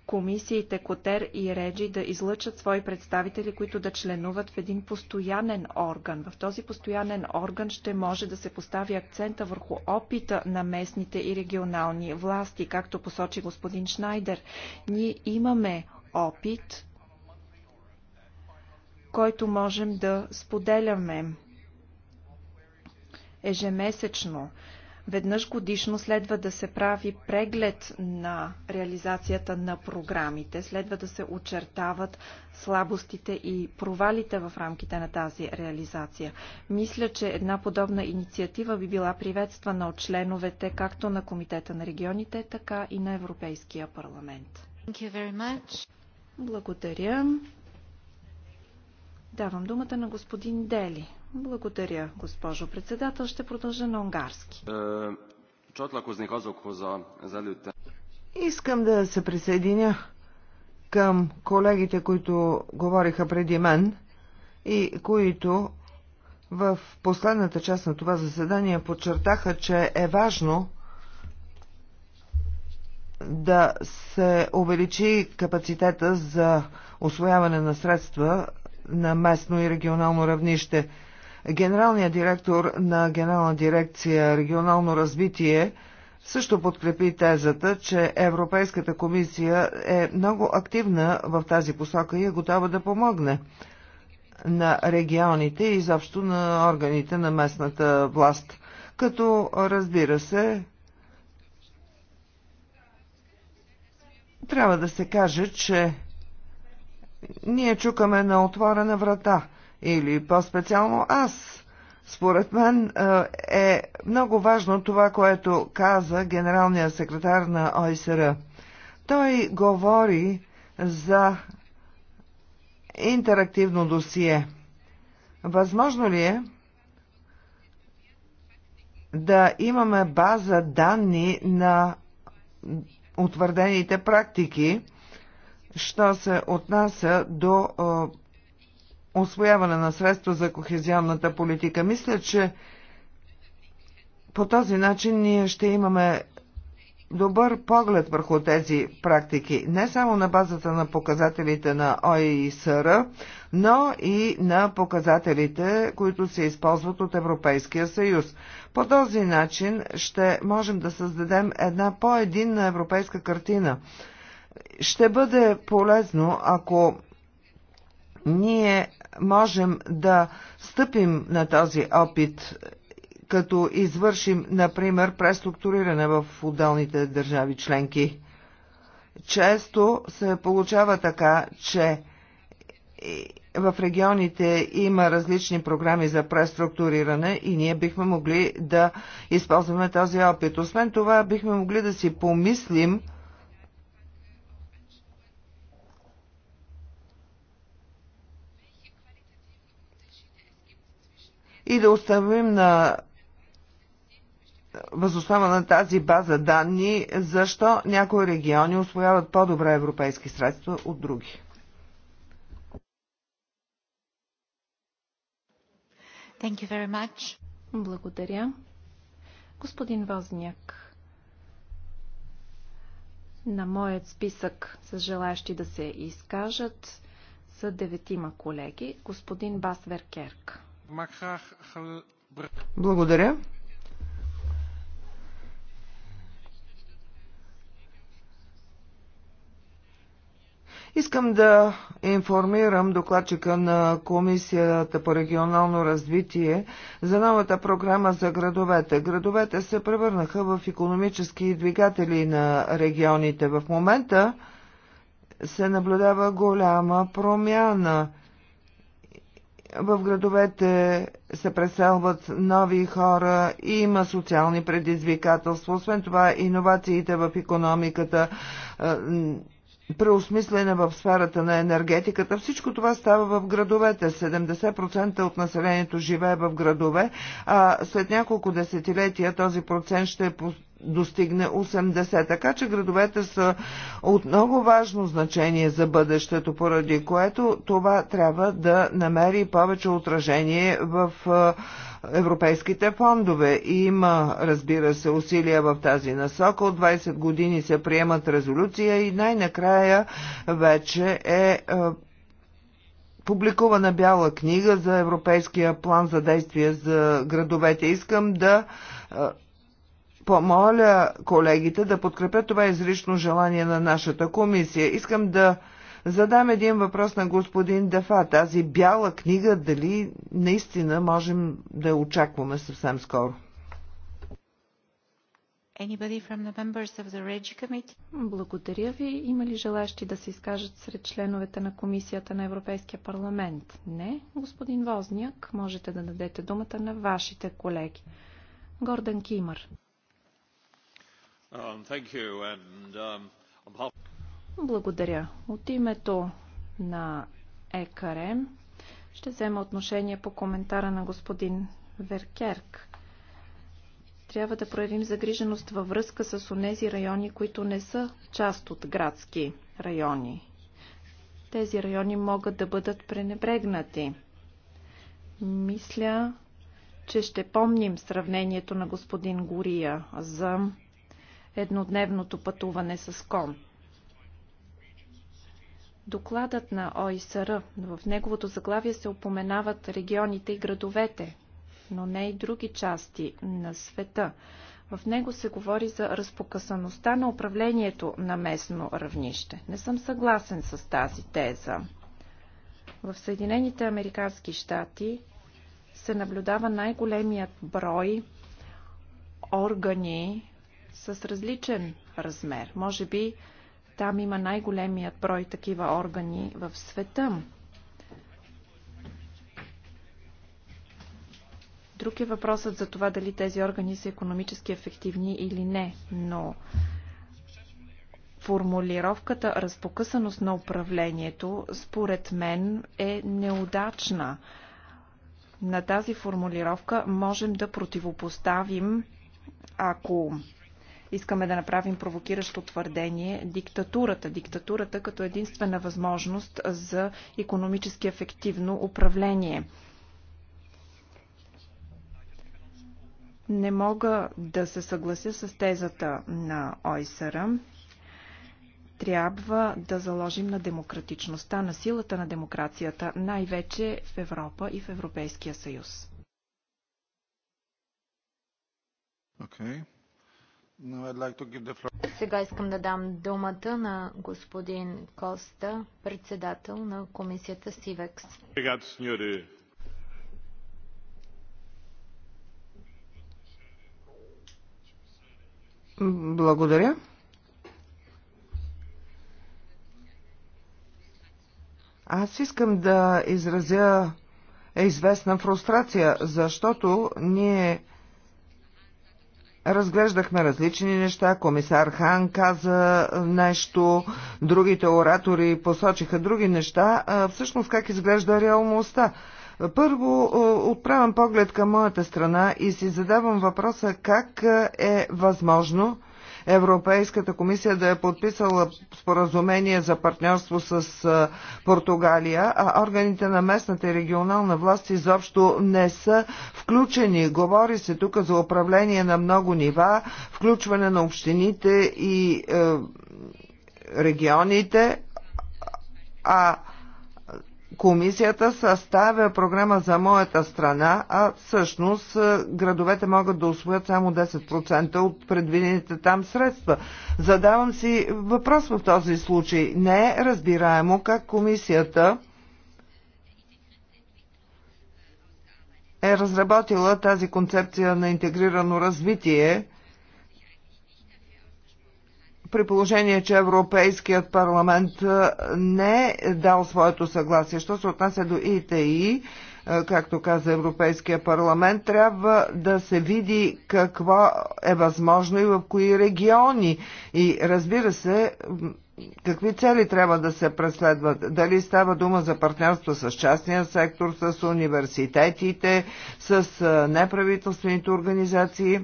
комисиите Котер и Реджи да излъчат свои представители, които да членуват в един постоянен орган. В този постоянен орган ще може да се постави акцента върху опита на местните и регионални власти, както посочи господин Шнайдер. Ние имаме опит, който можем да споделяме ежемесечно. Веднъж годишно следва да се прави преглед на реализацията на програмите, следва да се очертават слабостите и провалите в рамките на тази реализация. Мисля, че една подобна инициатива би била приветствана от членовете както на Комитета на регионите, така и на Европейския парламент. Благодаря. Давам думата на господин Дели. Благодаря, госпожо председател. Ще продължа на унгарски. Е, Искам да се присъединя към колегите, които говориха преди мен и които в последната част на това заседание подчертаха, че е важно да се увеличи капацитета за освояване на средства на местно и регионално равнище. Генералният директор на Генерална дирекция регионално развитие също подкрепи тезата, че Европейската комисия е много активна в тази посока и е готова да помогне на регионите и изобщо на органите на местната власт. Като, разбира се, трябва да се каже, че ние чукаме на отворена врата. Или по-специално аз. Според мен е, е много важно това, което каза генералният секретар на ОСР. Той говори за интерактивно досие. Възможно ли е да имаме база данни на утвърдените практики, що се отнася до освояване на средства за кохезионната политика. Мисля, че по този начин ние ще имаме добър поглед върху тези практики, не само на базата на показателите на ОИСР, но и на показателите, които се използват от Европейския съюз. По този начин ще можем да създадем една по-единна европейска картина – ще бъде полезно, ако ние можем да стъпим на този опит, като извършим, например, преструктуриране в отделните държави членки. Често се получава така, че в регионите има различни програми за преструктуриране и ние бихме могли да използваме този опит. Освен това, бихме могли да си помислим, и да оставим на възоснова на тази база данни, защо някои региони освояват по-добре европейски средства от други. Thank you very much. Благодаря. Господин Возняк, на моят списък с желаящи да се изкажат са деветима колеги. Господин Бас Веркерк. Благодаря. Искам да информирам докладчика на Комисията по регионално развитие за новата програма за градовете. Градовете се превърнаха в економически двигатели на регионите. В момента се наблюдава голяма промяна – в градовете се преселват нови хора и има социални предизвикателства. Освен това, иновациите в економиката, е, преосмислене в сферата на енергетиката. Всичко това става в градовете. 70% от населението живее в градове, а след няколко десетилетия този процент ще е достигне 80. Така че градовете са от много важно значение за бъдещето, поради което това трябва да намери повече отражение в европейските фондове. И има, разбира се, усилия в тази насока. От 20 години се приемат резолюция и най-накрая вече е публикувана бяла книга за Европейския план за действие за градовете. Искам да помоля колегите да подкрепят това изрично желание на нашата комисия. Искам да задам един въпрос на господин Дефа. Тази бяла книга, дали наистина можем да я очакваме съвсем скоро? Благодаря ви. Има ли желащи да се изкажат сред членовете на Комисията на Европейския парламент? Не. Господин Возняк, можете да дадете думата на вашите колеги. Гордан Кимър. Um, um, Благодаря. От името на ЕКРМ ще взема отношение по коментара на господин Веркерк. Трябва да проявим загриженост във връзка с онези райони, които не са част от градски райони. Тези райони могат да бъдат пренебрегнати. Мисля, че ще помним сравнението на господин Гория за еднодневното пътуване с кон. Докладът на ОИСР в неговото заглавие се упоменават регионите и градовете, но не и други части на света. В него се говори за разпокъсаността на управлението на местно равнище. Не съм съгласен с тази теза. В Съединените Американски щати се наблюдава най-големият брой органи, с различен размер. Може би там има най-големият брой такива органи в света. Друг е въпросът за това дали тези органи са економически ефективни или не, но формулировката разпокъсаност на управлението според мен е неудачна. На тази формулировка можем да противопоставим, ако искаме да направим провокиращо твърдение, диктатурата. Диктатурата като единствена възможност за економически ефективно управление. Не мога да се съглася с тезата на Ойсера. Трябва да заложим на демократичността, на силата на демокрацията, най-вече в Европа и в Европейския съюз. Okay. Сега искам да дам думата на господин Коста, председател на комисията СИВЕКС. Благодаря. Аз искам да изразя известна фрустрация, защото ние разглеждахме различни неща. Комисар Хан каза нещо, другите оратори посочиха други неща. Всъщност как изглежда реалността? Първо отправям поглед към моята страна и си задавам въпроса как е възможно Европейската комисия да е подписала споразумение за партньорство с Португалия, а органите на местната и регионална власт изобщо не са включени. Говори се тук за управление на много нива, включване на общините и е, регионите, а Комисията съставя програма за моята страна, а всъщност е, градовете могат да освоят само 10% от предвидените там средства. Задавам си въпрос в този случай. Не е разбираемо как комисията е разработила тази концепция на интегрирано развитие, при положение, че Европейският парламент не е дал своето съгласие. Що се отнася до ИТИ, както каза Европейския парламент, трябва да се види какво е възможно и в кои региони. И разбира се, какви цели трябва да се преследват? Дали става дума за партньорство с частния сектор, с университетите, с неправителствените организации?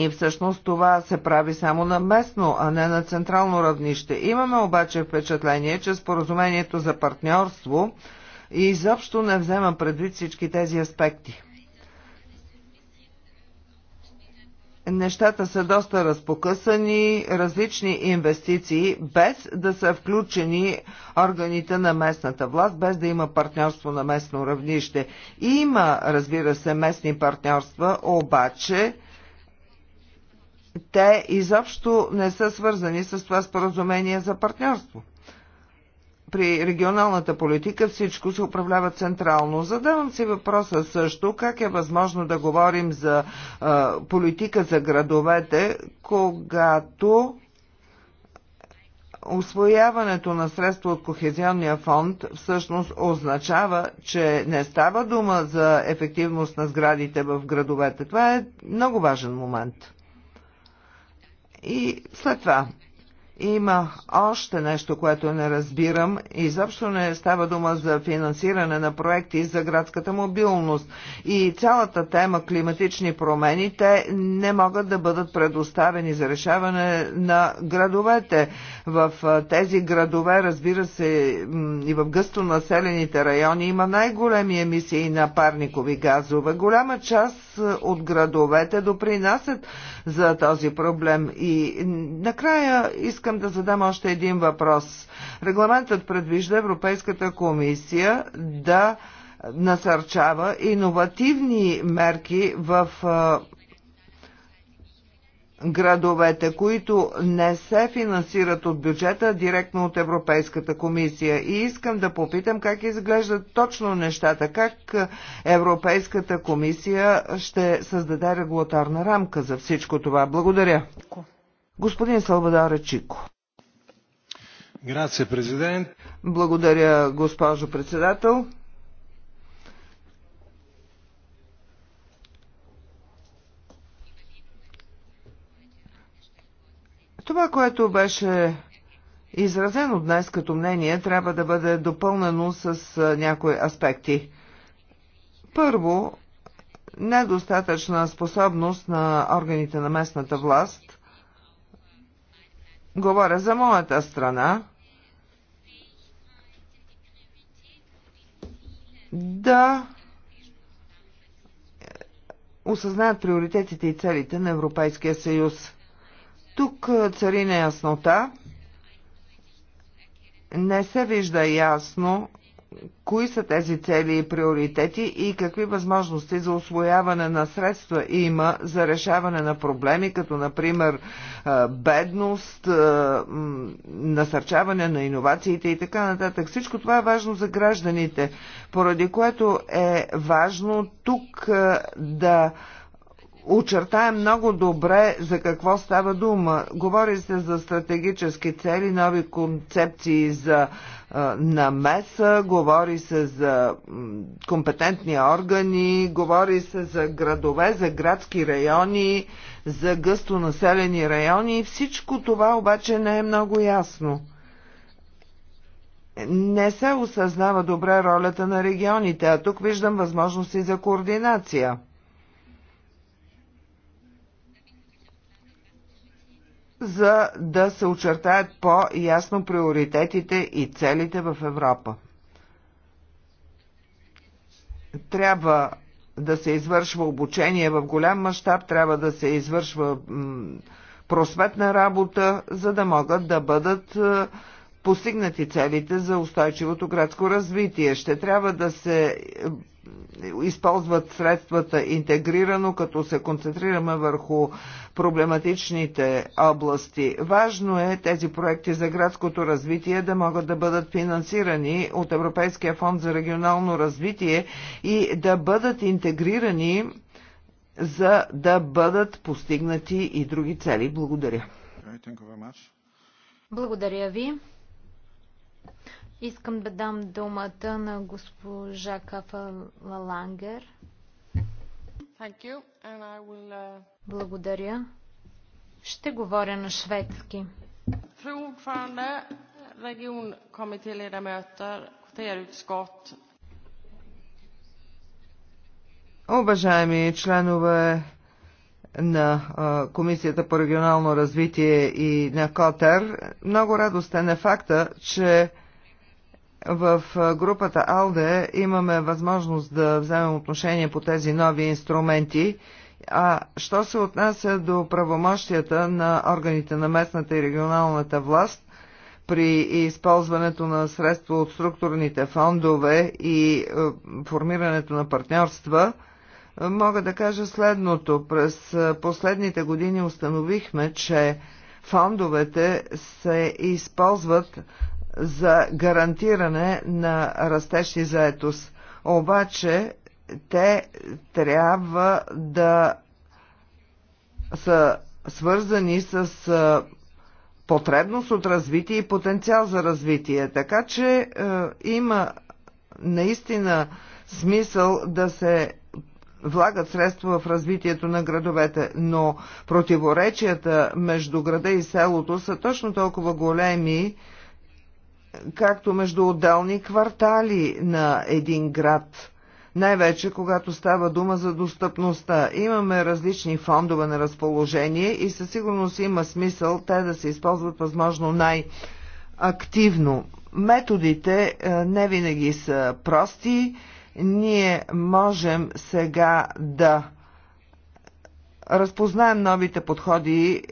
И всъщност това се прави само на местно, а не на централно равнище. Имаме обаче впечатление, че споразумението за партньорство изобщо не взема предвид всички тези аспекти. нещата са доста разпокъсани, различни инвестиции, без да са включени органите на местната власт, без да има партньорство на местно равнище. Има, разбира се, местни партньорства, обаче те изобщо не са свързани с това споразумение за партньорство. При регионалната политика всичко се управлява централно. Задавам си въпроса също как е възможно да говорим за а, политика за градовете, когато освояването на средства от Кохезионния фонд всъщност означава, че не става дума за ефективност на сградите в градовете. Това е много важен момент. И след това има още нещо, което не разбирам. Изобщо не става дума за финансиране на проекти за градската мобилност. И цялата тема климатични промени, те не могат да бъдат предоставени за решаване на градовете. В тези градове, разбира се, и в гъсто населените райони има най-големи емисии на парникови газове. Голяма част от градовете допринасят за този проблем. И накрая искам искам да задам още един въпрос. Регламентът предвижда Европейската комисия да насърчава иновативни мерки в градовете, които не се финансират от бюджета, директно от Европейската комисия. И искам да попитам как изглеждат точно нещата, как Европейската комисия ще създаде регулаторна рамка за всичко това. Благодаря. Господин Салвадоре Чико. Благодаря, госпожо председател. Това, което беше изразено днес като мнение, трябва да бъде допълнено с някои аспекти. Първо, недостатъчна способност на органите на местната власт Говоря за моята страна. Да осъзнаят приоритетите и целите на Европейския съюз. Тук цари неяснота. Не се вижда ясно кои са тези цели и приоритети и какви възможности за освояване на средства има за решаване на проблеми, като например бедност, насърчаване на иновациите и така нататък. Всичко това е важно за гражданите, поради което е важно тук да очертая много добре за какво става дума. Говори се за стратегически цели, нови концепции за намеса, говори се за компетентни органи, говори се за градове, за градски райони, за гъсто населени райони. Всичко това обаче не е много ясно. Не се осъзнава добре ролята на регионите, а тук виждам възможности за координация. за да се очертаят по-ясно приоритетите и целите в Европа. Трябва да се извършва обучение в голям мащаб, трябва да се извършва просветна работа, за да могат да бъдат е, постигнати целите за устойчивото градско развитие. Ще трябва да се е, използват средствата интегрирано, като се концентрираме върху проблематичните области. Важно е тези проекти за градското развитие да могат да бъдат финансирани от Европейския фонд за регионално развитие и да бъдат интегрирани за да бъдат постигнати и други цели. Благодаря. Благодаря ви. Искам да дам думата на госпожа Кафа Лалангер. Will... Uh, Благодаря. Ще говоря на шведски. Обажаеми Уважаеми членове на Комисията по регионално развитие и на КОТЕР, много радостен е факта, че в групата АЛДЕ имаме възможност да вземем отношение по тези нови инструменти. А що се отнася до правомощията на органите на местната и регионалната власт при използването на средства от структурните фондове и е, формирането на партньорства, мога да кажа следното. През е, последните години установихме, че фондовете се използват за гарантиране на растеж и заетост. Обаче те трябва да са свързани с потребност от развитие и потенциал за развитие. Така че е, има наистина смисъл да се влагат средства в развитието на градовете, но противоречията между града и селото са точно толкова големи, както между отделни квартали на един град, най-вече когато става дума за достъпността. Имаме различни фондове на разположение и със сигурност има смисъл те да се използват възможно най-активно. Методите е, не винаги са прости. Ние можем сега да разпознаем новите подходи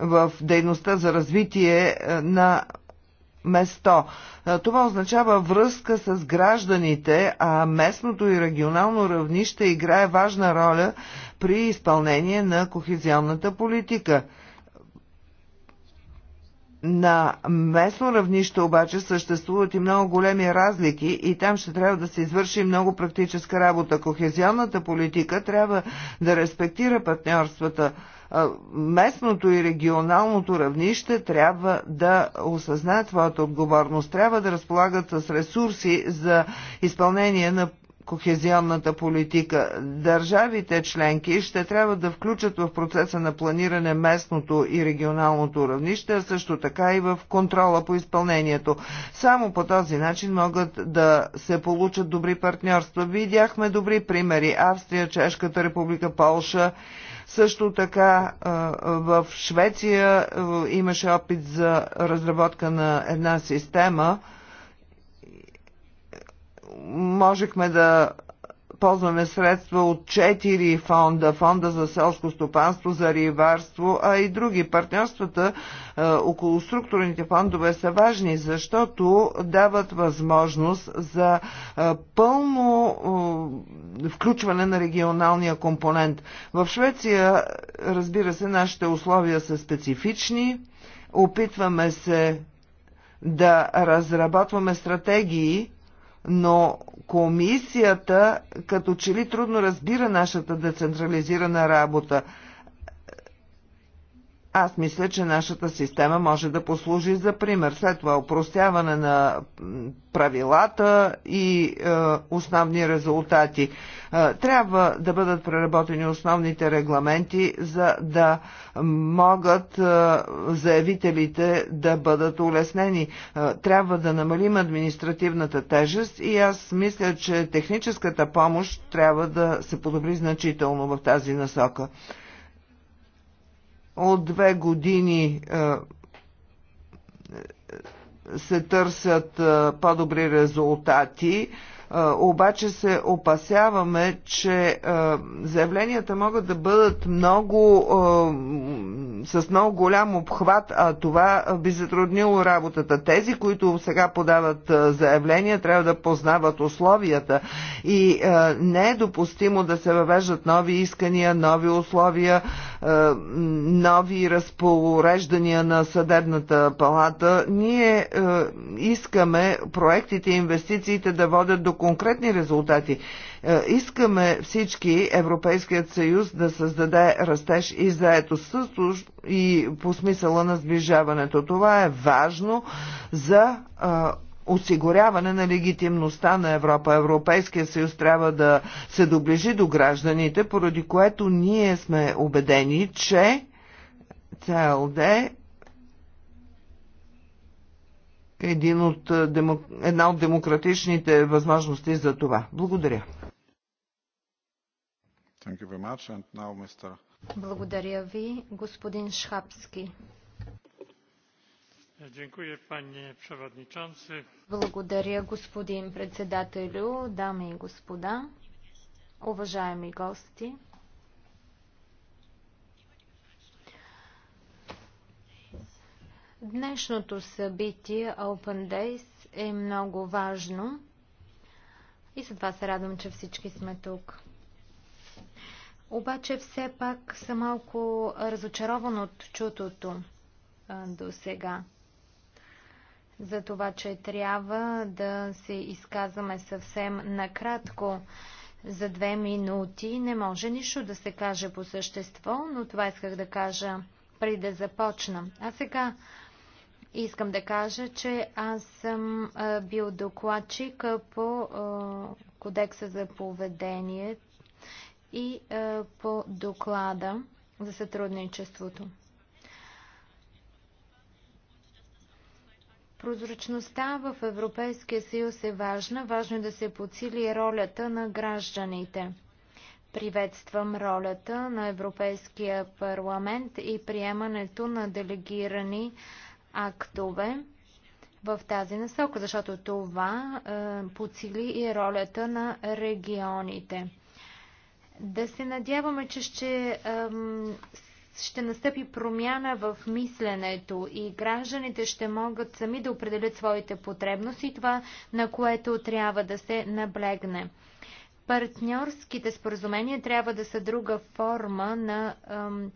в дейността за развитие е, на место. Е, това означава връзка с гражданите, а местното и регионално равнище играе важна роля при изпълнение на кохезионната политика – на местно равнище обаче съществуват и много големи разлики и там ще трябва да се извърши много практическа работа. Кохезионната политика трябва да респектира партньорствата. Местното и регионалното равнище трябва да осъзнаят твоята отговорност, трябва да разполагат с ресурси за изпълнение на кохезионната политика. Държавите членки ще трябва да включат в процеса на планиране местното и регионалното равнище, а също така и в контрола по изпълнението. Само по този начин могат да се получат добри партньорства. Видяхме добри примери. Австрия, Чешката република, Полша. Също така в Швеция имаше опит за разработка на една система – можехме да ползваме средства от 4 фонда, фонда за селско стопанство, за риварство, а и други. Партньорствата а, е, около структурните фондове са важни, защото дават възможност за а, е, пълно а, е, включване на регионалния компонент. В Швеция, разбира се, нашите условия са специфични. Опитваме се да разработваме стратегии, но комисията като че ли трудно разбира нашата децентрализирана работа. Аз мисля, че нашата система може да послужи за пример. След това упростяване на правилата и е, основни резултати. Е, трябва да бъдат преработени основните регламенти, за да могат е, заявителите да бъдат улеснени. Е, трябва да намалим административната тежест и аз мисля, че техническата помощ трябва да се подобри значително в тази насока. От две години се търсят по-добри резултати обаче се опасяваме, че заявленията могат да бъдат много с много голям обхват, а това би затруднило работата. Тези, които сега подават заявления, трябва да познават условията и не е допустимо да се въвеждат нови искания, нови условия, е, нови разпореждания на съдебната палата. Ние е, искаме проектите и инвестициите да водят до конкретни резултати. Е, искаме всички Европейският съюз да създаде растеж и заетост и по смисъла на сближаването. Това е важно за осигуряване на легитимността на Европа. Европейския съюз трябва да се доближи до гражданите, поради което ние сме убедени, че ЦЛД е един от, една от демократичните възможности за това. Благодаря. Благодаря ви, господин Шхапски. Благодаря, господин председателю, дами и господа, уважаеми гости. Днешното събитие Open Days е много важно и затова се радвам, че всички сме тук. Обаче все пак съм малко разочарован от чутото до сега за това, че трябва да се изказваме съвсем накратко. За две минути не може нищо да се каже по същество, но това исках да кажа преди да започна. А сега искам да кажа, че аз съм бил докладчик по кодекса за поведение и по доклада за сътрудничеството. Прозрачността в Европейския съюз е важна. Важно е да се подсили ролята на гражданите. Приветствам ролята на Европейския парламент и приемането на делегирани актове в тази насока, защото това е, подсили и ролята на регионите. Да се надяваме, че ще е, ще настъпи промяна в мисленето и гражданите ще могат сами да определят своите потребности, това на което трябва да се наблегне. Партньорските споразумения трябва да са друга форма на ем,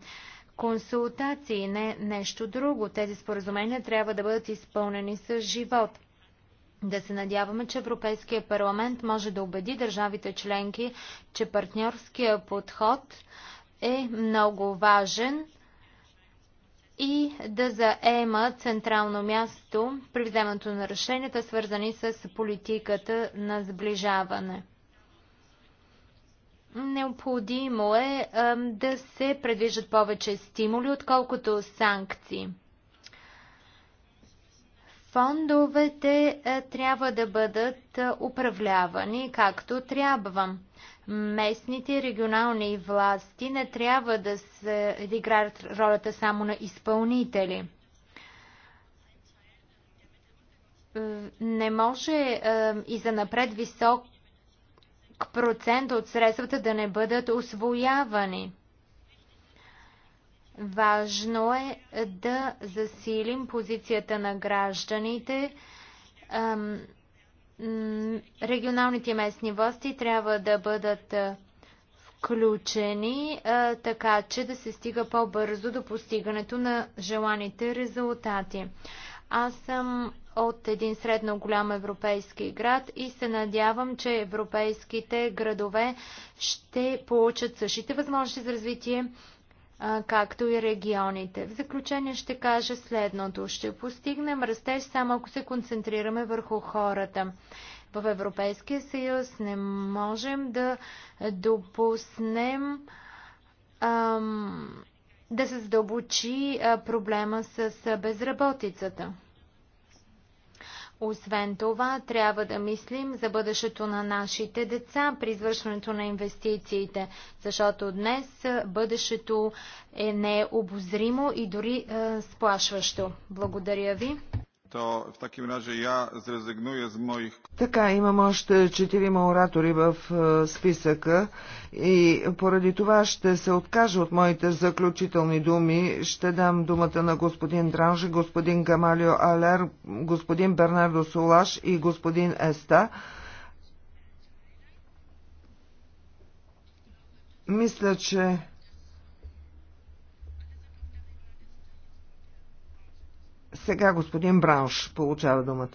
консултации, не нещо друго. Тези споразумения трябва да бъдат изпълнени с живот. Да се надяваме, че Европейския парламент може да убеди държавите членки, че партньорския подход е много важен и да заема централно място при вземането на решенията, свързани с политиката на сближаване. Необходимо е да се предвижат повече стимули, отколкото санкции. Фондовете е, трябва да бъдат е, управлявани както трябва местните регионални власти не трябва да, се, да играят ролята само на изпълнители. Не може е, и за напред висок процент от средствата да не бъдат освоявани. Важно е да засилим позицията на гражданите. Е, регионалните местни власти трябва да бъдат включени, така че да се стига по-бързо до постигането на желаните резултати. Аз съм от един средно голям европейски град и се надявам, че европейските градове ще получат същите възможности за развитие както и регионите. В заключение ще кажа следното. Ще постигнем растеж само ако се концентрираме върху хората. В Европейския съюз не можем да допуснем ам, да се задълбочи проблема с безработицата. Освен това, трябва да мислим за бъдещето на нашите деца при извършването на инвестициите, защото днес бъдещето е необозримо и дори е, сплашващо. Благодаря ви то в таким разе я zrezygnuję с моих... Така, имам още четирима оратори в е, списъка и поради това ще се откажа от моите заключителни думи. Ще дам думата на господин Дранжи, господин Камалио Алер, господин Бернардо Солаш и господин Еста. Мисля, че Сега господин Бранш получава думата.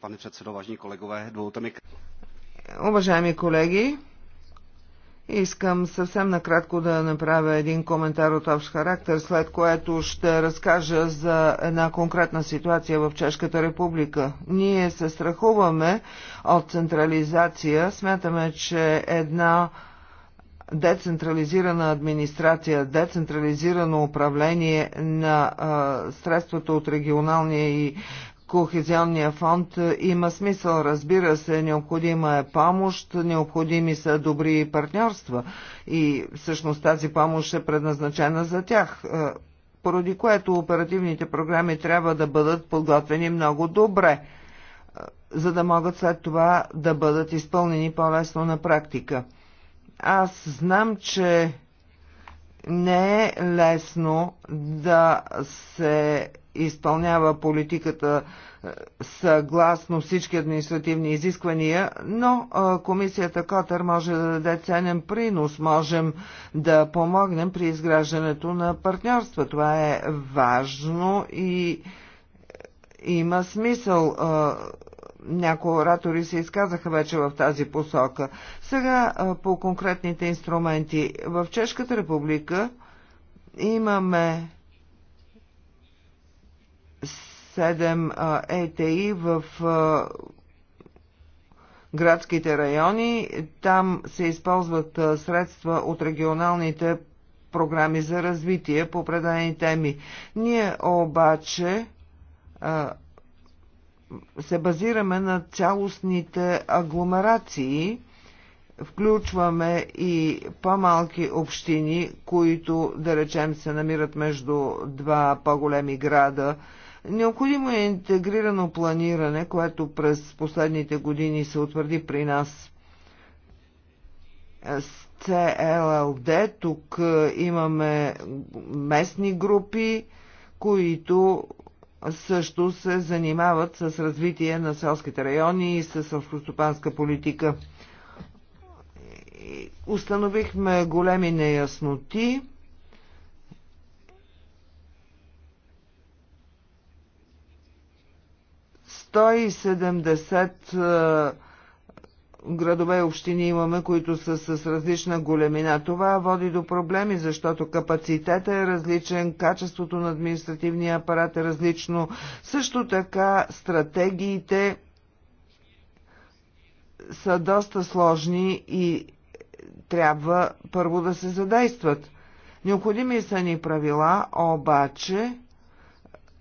Пане председател, важни колегове, ми... Е Уважаеми колеги, Искам съвсем накратко да направя един коментар от общ характер, след което ще разкажа за една конкретна ситуация в Чешката република. Ние се страхуваме от централизация. Смятаме, че една децентрализирана администрация, децентрализирано управление на а, средствата от регионалния и Кохезионния фонд има смисъл, разбира се, необходима е помощ, необходими са добри партньорства и всъщност тази помощ е предназначена за тях, поради което оперативните програми трябва да бъдат подготвени много добре, за да могат след това да бъдат изпълнени по-лесно на практика. Аз знам, че не е лесно да се изпълнява политиката е, съгласно всички административни изисквания, но е, комисията Котър може да даде ценен принос, можем да помогнем при изграждането на партньорства. Това е важно и е, има смисъл някои оратори се изказаха вече в тази посока. Сега по конкретните инструменти. В Чешката република имаме 7 ЕТИ в градските райони. Там се използват средства от регионалните програми за развитие по определени теми. Ние обаче се базираме на цялостните агломерации, включваме и по-малки общини, които, да речем, се намират между два по-големи града. Необходимо е интегрирано планиране, което през последните години се утвърди при нас с CLLD. Тук имаме местни групи, които също се занимават с развитие на селските райони и с селскостопанска политика. Установихме големи неясноти. Сто градове и общини имаме, които са с различна големина. Това води до проблеми, защото капацитета е различен, качеството на административния апарат е различно. Също така стратегиите са доста сложни и трябва първо да се задействат. Необходими са ни правила, обаче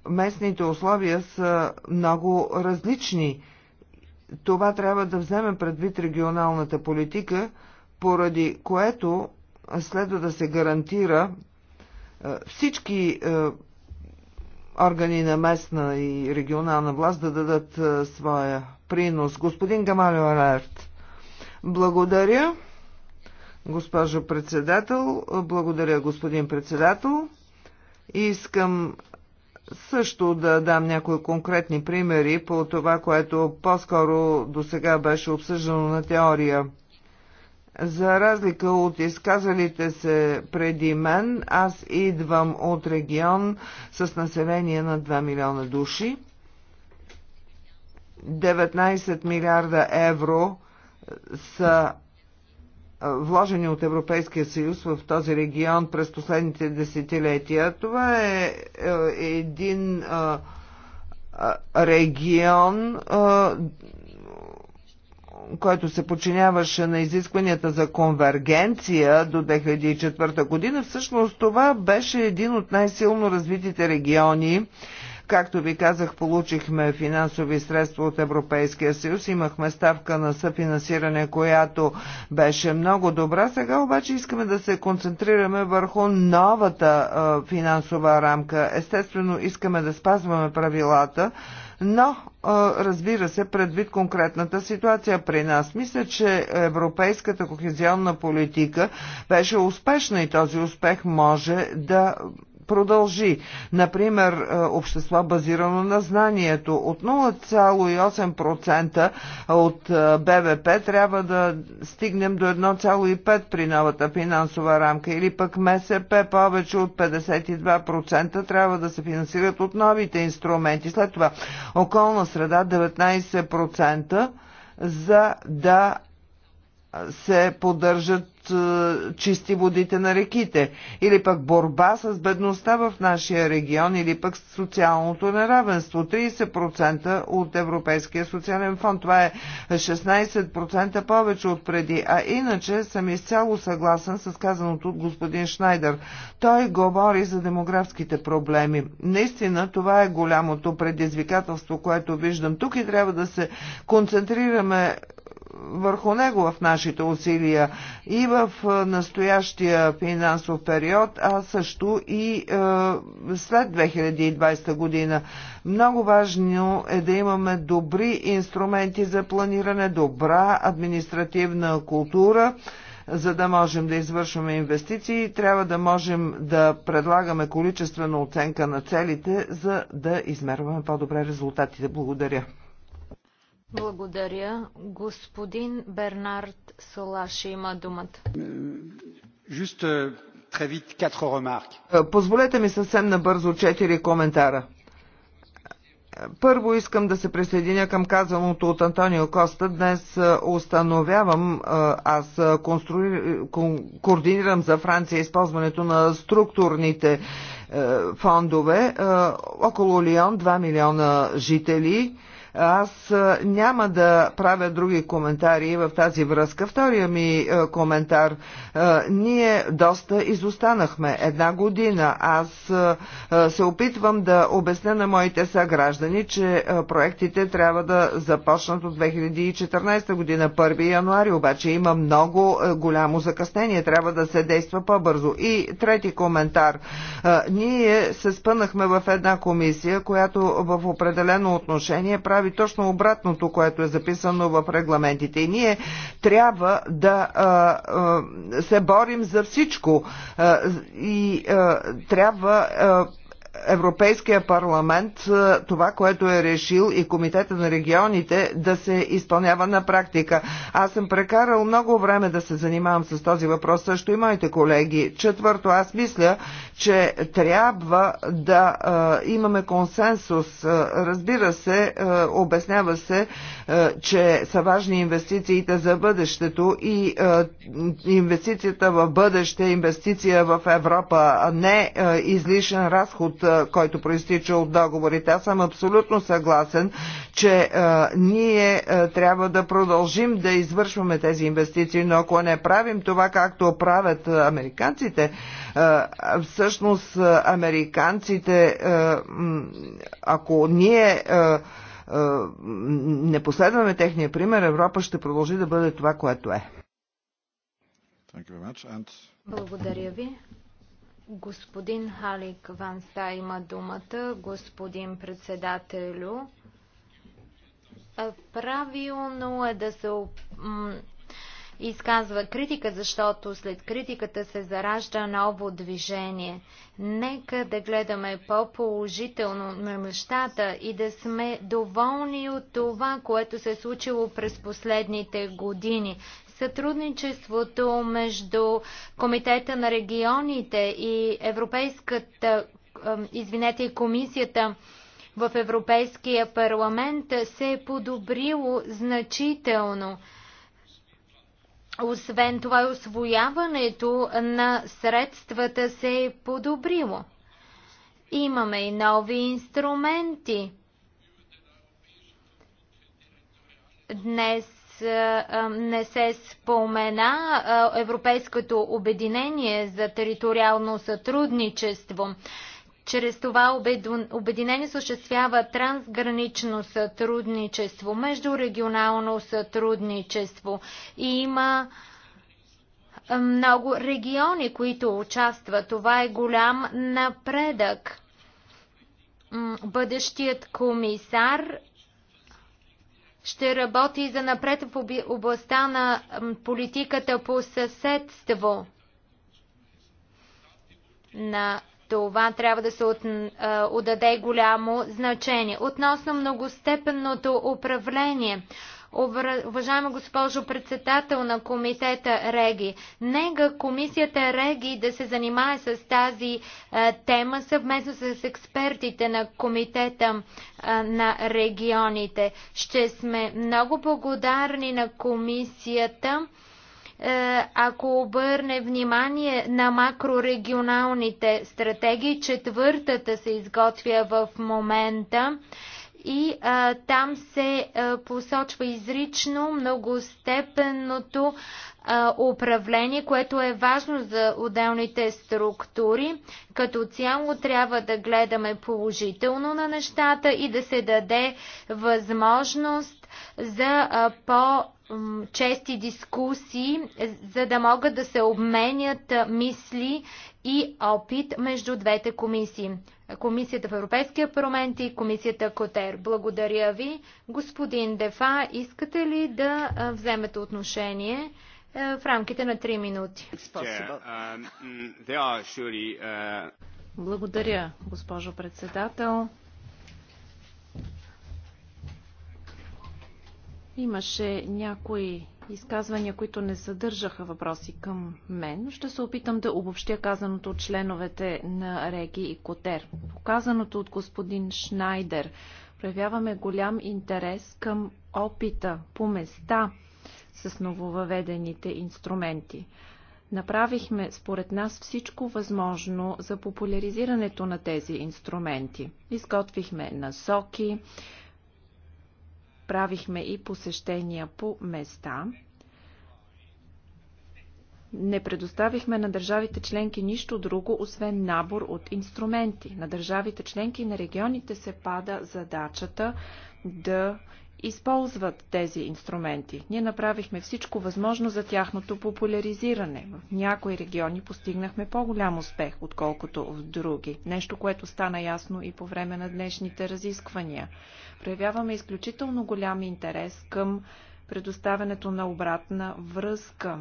местните условия са много различни – това трябва да вземем предвид регионалната политика, поради което следва да се гарантира е, всички е, органи на местна и регионална власт да дадат е, своя принос. Господин Гамалио Арарт, благодаря. Госпожо председател, благодаря господин председател. Искам също да дам някои конкретни примери по това, което по-скоро до сега беше обсъждано на теория. За разлика от изказалите се преди мен, аз идвам от регион с население на 2 милиона души. 19 милиарда евро са вложени от Европейския съюз в този регион през последните десетилетия. Това е, е един регион, който се подчиняваше на изискванията за конвергенция до 2004 година, всъщност това беше един от най-силно развитите региони Както ви казах, получихме финансови средства от Европейския съюз, имахме ставка на съфинансиране, която беше много добра. Сега обаче искаме да се концентрираме върху новата финансова рамка. Естествено, искаме да спазваме правилата, но разбира се, предвид конкретната ситуация при нас. Мисля, че европейската кохезионна политика беше успешна и този успех може да продължи. Например, е, общество базирано на знанието. От 0,8% от е, БВП трябва да стигнем до 1,5% при новата финансова рамка. Или пък МСП повече от 52% трябва да се финансират от новите инструменти. След това околна среда 19% за да се поддържат е, чисти водите на реките, или пък борба с бедността в нашия регион, или пък социалното неравенство. 30% от Европейския социален фонд. Това е 16% повече от преди. А иначе съм изцяло съгласен с казаното от господин Шнайдер. Той говори за демографските проблеми. Наистина това е голямото предизвикателство, което виждам тук и трябва да се концентрираме върху него в нашите усилия и в настоящия финансов период, а също и след 2020 година. Много важно е да имаме добри инструменти за планиране, добра административна култура, за да можем да извършваме инвестиции, трябва да можем да предлагаме количествена оценка на целите, за да измерваме по-добре резултатите. Благодаря. Благодаря. Господин Бернард Солаши има думата. Juste, uh, vite, е, Позволете ми съвсем набързо четири коментара. Първо искам да се присъединя към казаното от Антонио Коста. Днес е, установявам, е, аз конструи, координирам за Франция използването на структурните фондове. Около Лион 2 милиона жители аз няма да правя други коментари в тази връзка. Втория ми коментар. Ние доста изостанахме. Една година. Аз се опитвам да обясня на моите съграждани, че проектите трябва да започнат от 2014 година, 1 януари. Обаче има много голямо закъснение. Трябва да се действа по-бързо. И трети коментар. Ние се спънахме в една комисия, която в определено отношение прави прави точно обратното, което е записано в регламентите. И ние трябва да а, а, се борим за всичко а, и а, трябва. А, Европейския парламент е, това, което е решил и Комитета на регионите да се изпълнява на практика. Аз съм прекарал много време да се занимавам с този въпрос, също и моите колеги. Четвърто, аз мисля, че трябва да а, е, имаме консенсус. Е, разбира се, а, обяснява се, а, че са важни инвестициите за бъдещето и а, инвестицията в бъдеще, инвестиция в Европа, а не а, излишен разход който проистича от договорите. Аз съм абсолютно съгласен, че а, ние а, трябва да продължим да извършваме тези инвестиции, но ако не правим това, както правят американците, а, всъщност американците, а, ако ние а, а, не последваме техния пример, Европа ще продължи да бъде това, което е. Благодаря ви. Господин Халик Ванста има думата. Господин председателю, правилно е да се изказва критика, защото след критиката се заражда ново движение. Нека да гледаме по-положително на нещата и да сме доволни от това, което се е случило през последните години. Сътрудничеството между Комитета на регионите и Европейската, извинете, и Комисията в Европейския парламент се е подобрило значително. Освен това, освояването на средствата се е подобрило. Имаме и нови инструменти. Днес не се спомена Европейското обединение за териториално сътрудничество. Чрез това обединение съществява трансгранично сътрудничество, междурегионално сътрудничество и има много региони, които участват. Това е голям напредък. Бъдещият комисар ще работи за напред в областта на политиката по съседство. На това трябва да се отдаде голямо значение. Относно многостепенното управление, Уважаема госпожо председател на комитета Реги, нека комисията Реги да се занимае с тази е, тема съвместно с експертите на комитета е, на регионите. Ще сме много благодарни на комисията е, ако обърне внимание на макрорегионалните стратегии, четвъртата се изготвя в момента и а, там се а, посочва изрично многостепенното а, управление, което е важно за отделните структури. Като цяло трябва да гледаме положително на нещата и да се даде възможност за а, по чести дискусии, за да могат да се обменят мисли и опит между двете комисии. Комисията в Европейския парламент и Комисията Котер. Благодаря ви. Господин Дефа, искате ли да вземете отношение в рамките на 3 минути? Благодаря, госпожо председател. Имаше някои изказвания, които не съдържаха въпроси към мен, ще се опитам да обобщя казаното от членовете на Реги и Котер. Показаното от господин Шнайдер проявяваме голям интерес към опита по места с нововъведените инструменти. Направихме според нас всичко възможно за популяризирането на тези инструменти. Изготвихме насоки, Правихме и посещения по места. Не предоставихме на държавите членки нищо друго, освен набор от инструменти. На държавите членки и на регионите се пада задачата да използват тези инструменти. Ние направихме всичко възможно за тяхното популяризиране. В някои региони постигнахме по-голям успех, отколкото в други. Нещо, което стана ясно и по време на днешните разисквания проявяваме изключително голям интерес към предоставянето на обратна връзка.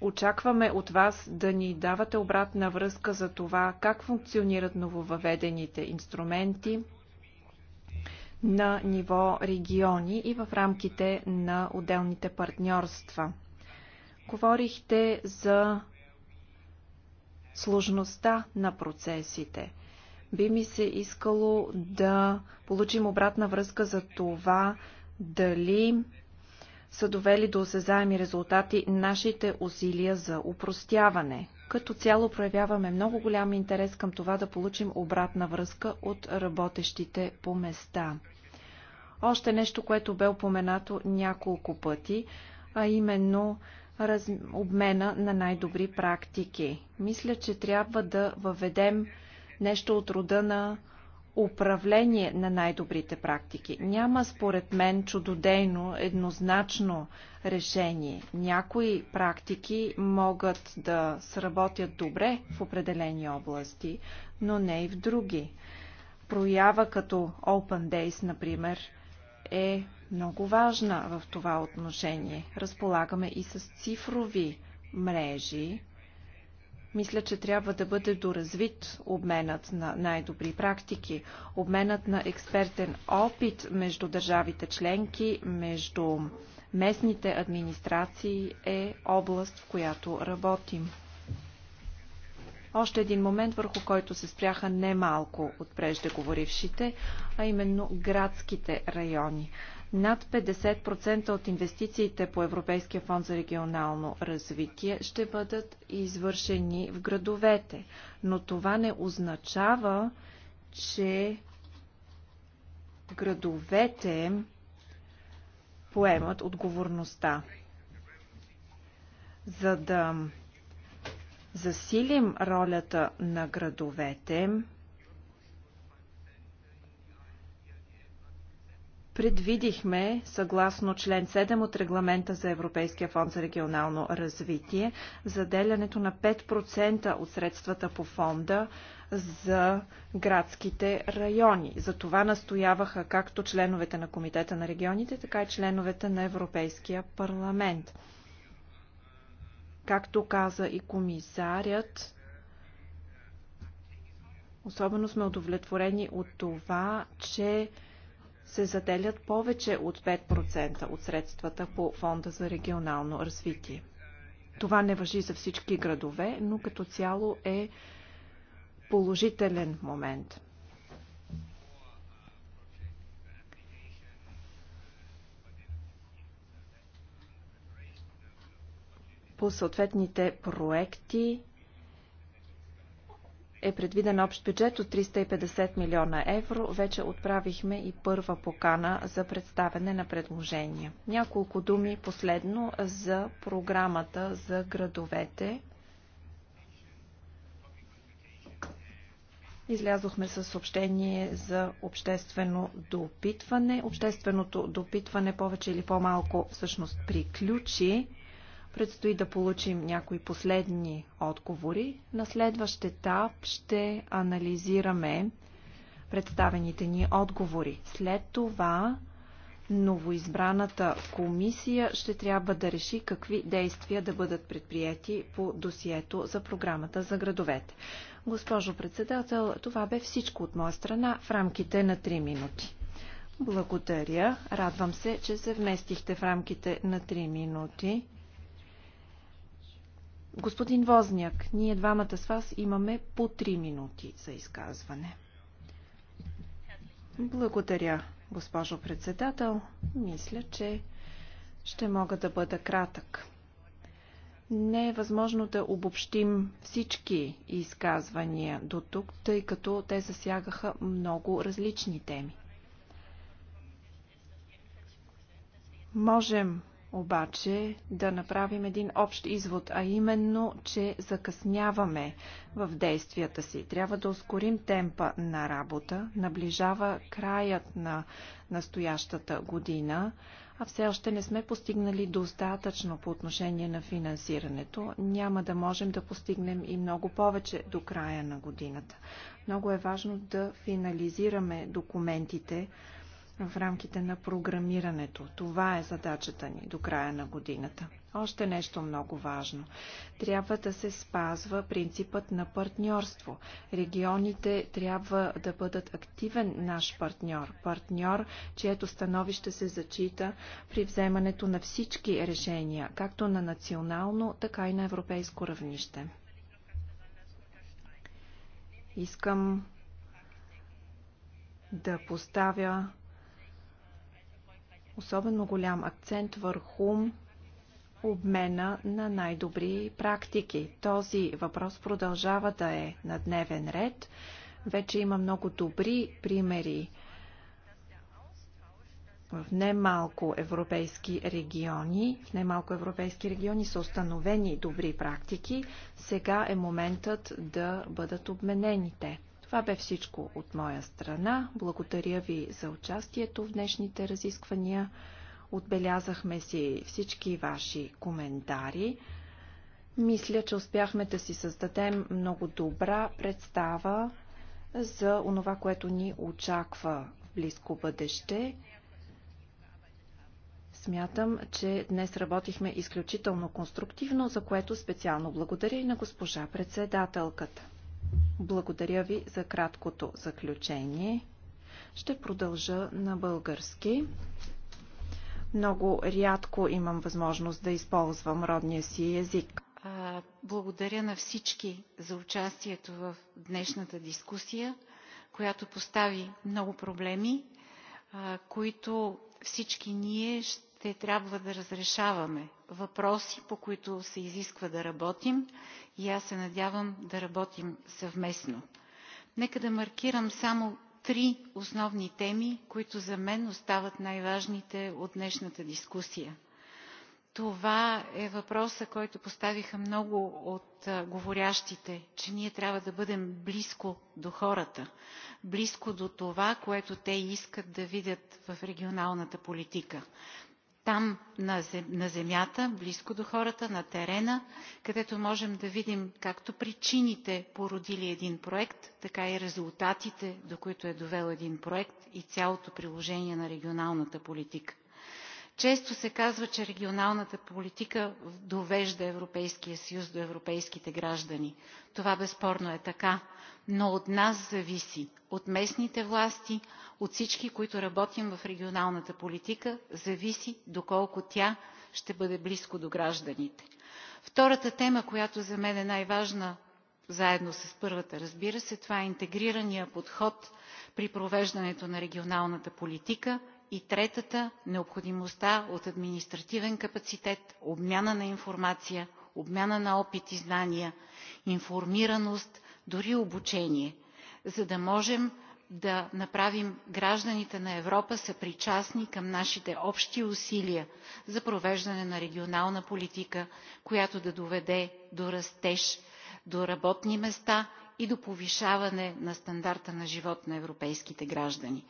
Очакваме от вас да ни давате обратна връзка за това как функционират нововъведените инструменти на ниво региони и в рамките на отделните партньорства. Говорихте за сложността на процесите – би ми се искало да получим обратна връзка за това дали са довели до осезаеми резултати нашите усилия за упростяване. Като цяло проявяваме много голям интерес към това да получим обратна връзка от работещите по места. Още нещо, което бе упоменато няколко пъти, а именно раз... обмена на най-добри практики. Мисля, че трябва да въведем нещо от рода на управление на най-добрите практики. Няма, според мен, чудодейно, еднозначно решение. Някои практики могат да сработят добре в определени области, но не и в други. Проява като Open Days, например, е много важна в това отношение. Разполагаме и с цифрови мрежи, мисля, че трябва да бъде доразвит обменът на най-добри практики, обменът на експертен опит между държавите членки, между местните администрации е област, в която работим. Още един момент, върху който се спряха немалко от преждеговорившите, а именно градските райони. Над 50% от инвестициите по Европейския фонд за регионално развитие ще бъдат извършени в градовете, но това не означава, че градовете поемат отговорността. За да засилим ролята на градовете, предвидихме, съгласно член 7 от регламента за Европейския фонд за регионално развитие, заделянето на 5% от средствата по фонда за градските райони. За това настояваха както членовете на Комитета на регионите, така и членовете на Европейския парламент. Както каза и комисарят, особено сме удовлетворени от това, че се заделят повече от 5% от средствата по Фонда за регионално развитие. Това не въжи за всички градове, но като цяло е положителен момент. По съответните проекти е предвиден общ бюджет от 350 милиона евро. Вече отправихме и първа покана за представене на предложения. Няколко думи последно за програмата за градовете. Излязохме със съобщение за обществено допитване. Общественото допитване повече или по-малко всъщност приключи. Предстои да получим някои последни отговори. На следващ етап ще анализираме представените ни отговори. След това новоизбраната комисия ще трябва да реши какви действия да бъдат предприяти по досието за програмата за градовете. Госпожо председател, това бе всичко от моя страна в рамките на 3 минути. Благодаря. Радвам се, че се вместихте в рамките на 3 минути. Господин Возняк, ние двамата с вас имаме по три минути за изказване. Благодаря, госпожо председател. Мисля, че ще мога да бъда кратък. Не е възможно да обобщим всички изказвания до тук, тъй като те засягаха много различни теми. Можем обаче да направим един общ извод, а именно, че закъсняваме в действията си. Трябва да ускорим темпа на работа. Наближава краят на настоящата година, а все още не сме постигнали достатъчно по отношение на финансирането. Няма да можем да постигнем и много повече до края на годината. Много е важно да финализираме документите, в рамките на програмирането. Това е задачата ни до края на годината. Още нещо много важно. Трябва да се спазва принципът на партньорство. Регионите трябва да бъдат активен наш партньор. Партньор, чието становище се зачита при вземането на всички решения, както на национално, така и на европейско равнище. Искам да поставя особено голям акцент върху обмена на най-добри практики. Този въпрос продължава да е на дневен ред. Вече има много добри примери в немалко европейски региони. В немалко европейски региони са установени добри практики. Сега е моментът да бъдат обменените. Това бе всичко от моя страна. Благодаря ви за участието в днешните разисквания. Отбелязахме си всички ваши коментари. Мисля, че успяхме да си създадем много добра представа за онова, което ни очаква в близко бъдеще. Смятам, че днес работихме изключително конструктивно, за което специално благодаря и на госпожа председателката. Благодаря ви за краткото заключение. Ще продължа на български. Много рядко имам възможност да използвам родния си език. Благодаря на всички за участието в днешната дискусия, която постави много проблеми, които всички ние ще трябва да разрешаваме въпроси, по които се изисква да работим и аз се надявам да работим съвместно. Нека да маркирам само три основни теми, които за мен остават най-важните от днешната дискусия. Това е въпроса, който поставиха много от а, говорящите, че ние трябва да бъдем близко до хората, близко до това, което те искат да видят в регионалната политика там на земята, близко до хората, на терена, където можем да видим както причините, породили един проект, така и резултатите, до които е довел един проект и цялото приложение на регионалната политика. Често се казва, че регионалната политика довежда Европейския съюз до европейските граждани. Това безспорно е така, но от нас зависи, от местните власти, от всички, които работим в регионалната политика, зависи доколко тя ще бъде близко до гражданите. Втората тема, която за мен е най-важна, заедно с първата, разбира се, това е интегрирания подход при провеждането на регионалната политика и третата – необходимостта от административен капацитет, обмяна на информация, обмяна на опит и знания, информираност, дори обучение, за да можем да направим гражданите на Европа съпричастни към нашите общи усилия за провеждане на регионална политика, която да доведе до растеж, до работни места и до повишаване на стандарта на живот на европейските граждани.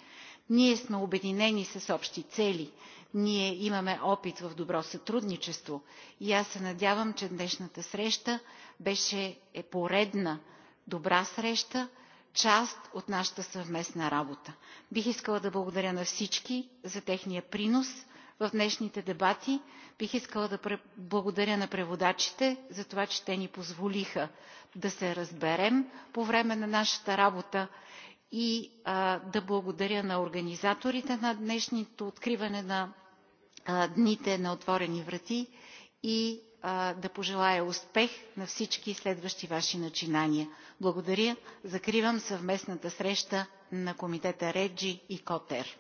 Ние сме обединени с общи цели. Ние имаме опит в добро сътрудничество и аз се надявам, че днешната среща беше е поредна добра среща, част от нашата съвместна работа. Бих искала да благодаря на всички за техния принос в днешните дебати. Бих искала да благодаря на преводачите за това, че те ни позволиха да се разберем по време на нашата работа и а, да благодаря на организаторите на днешното откриване на а, дните на отворени врати и а, да пожелая успех на всички следващи ваши начинания. Благодаря. Закривам съвместната среща на комитета Реджи и Котер.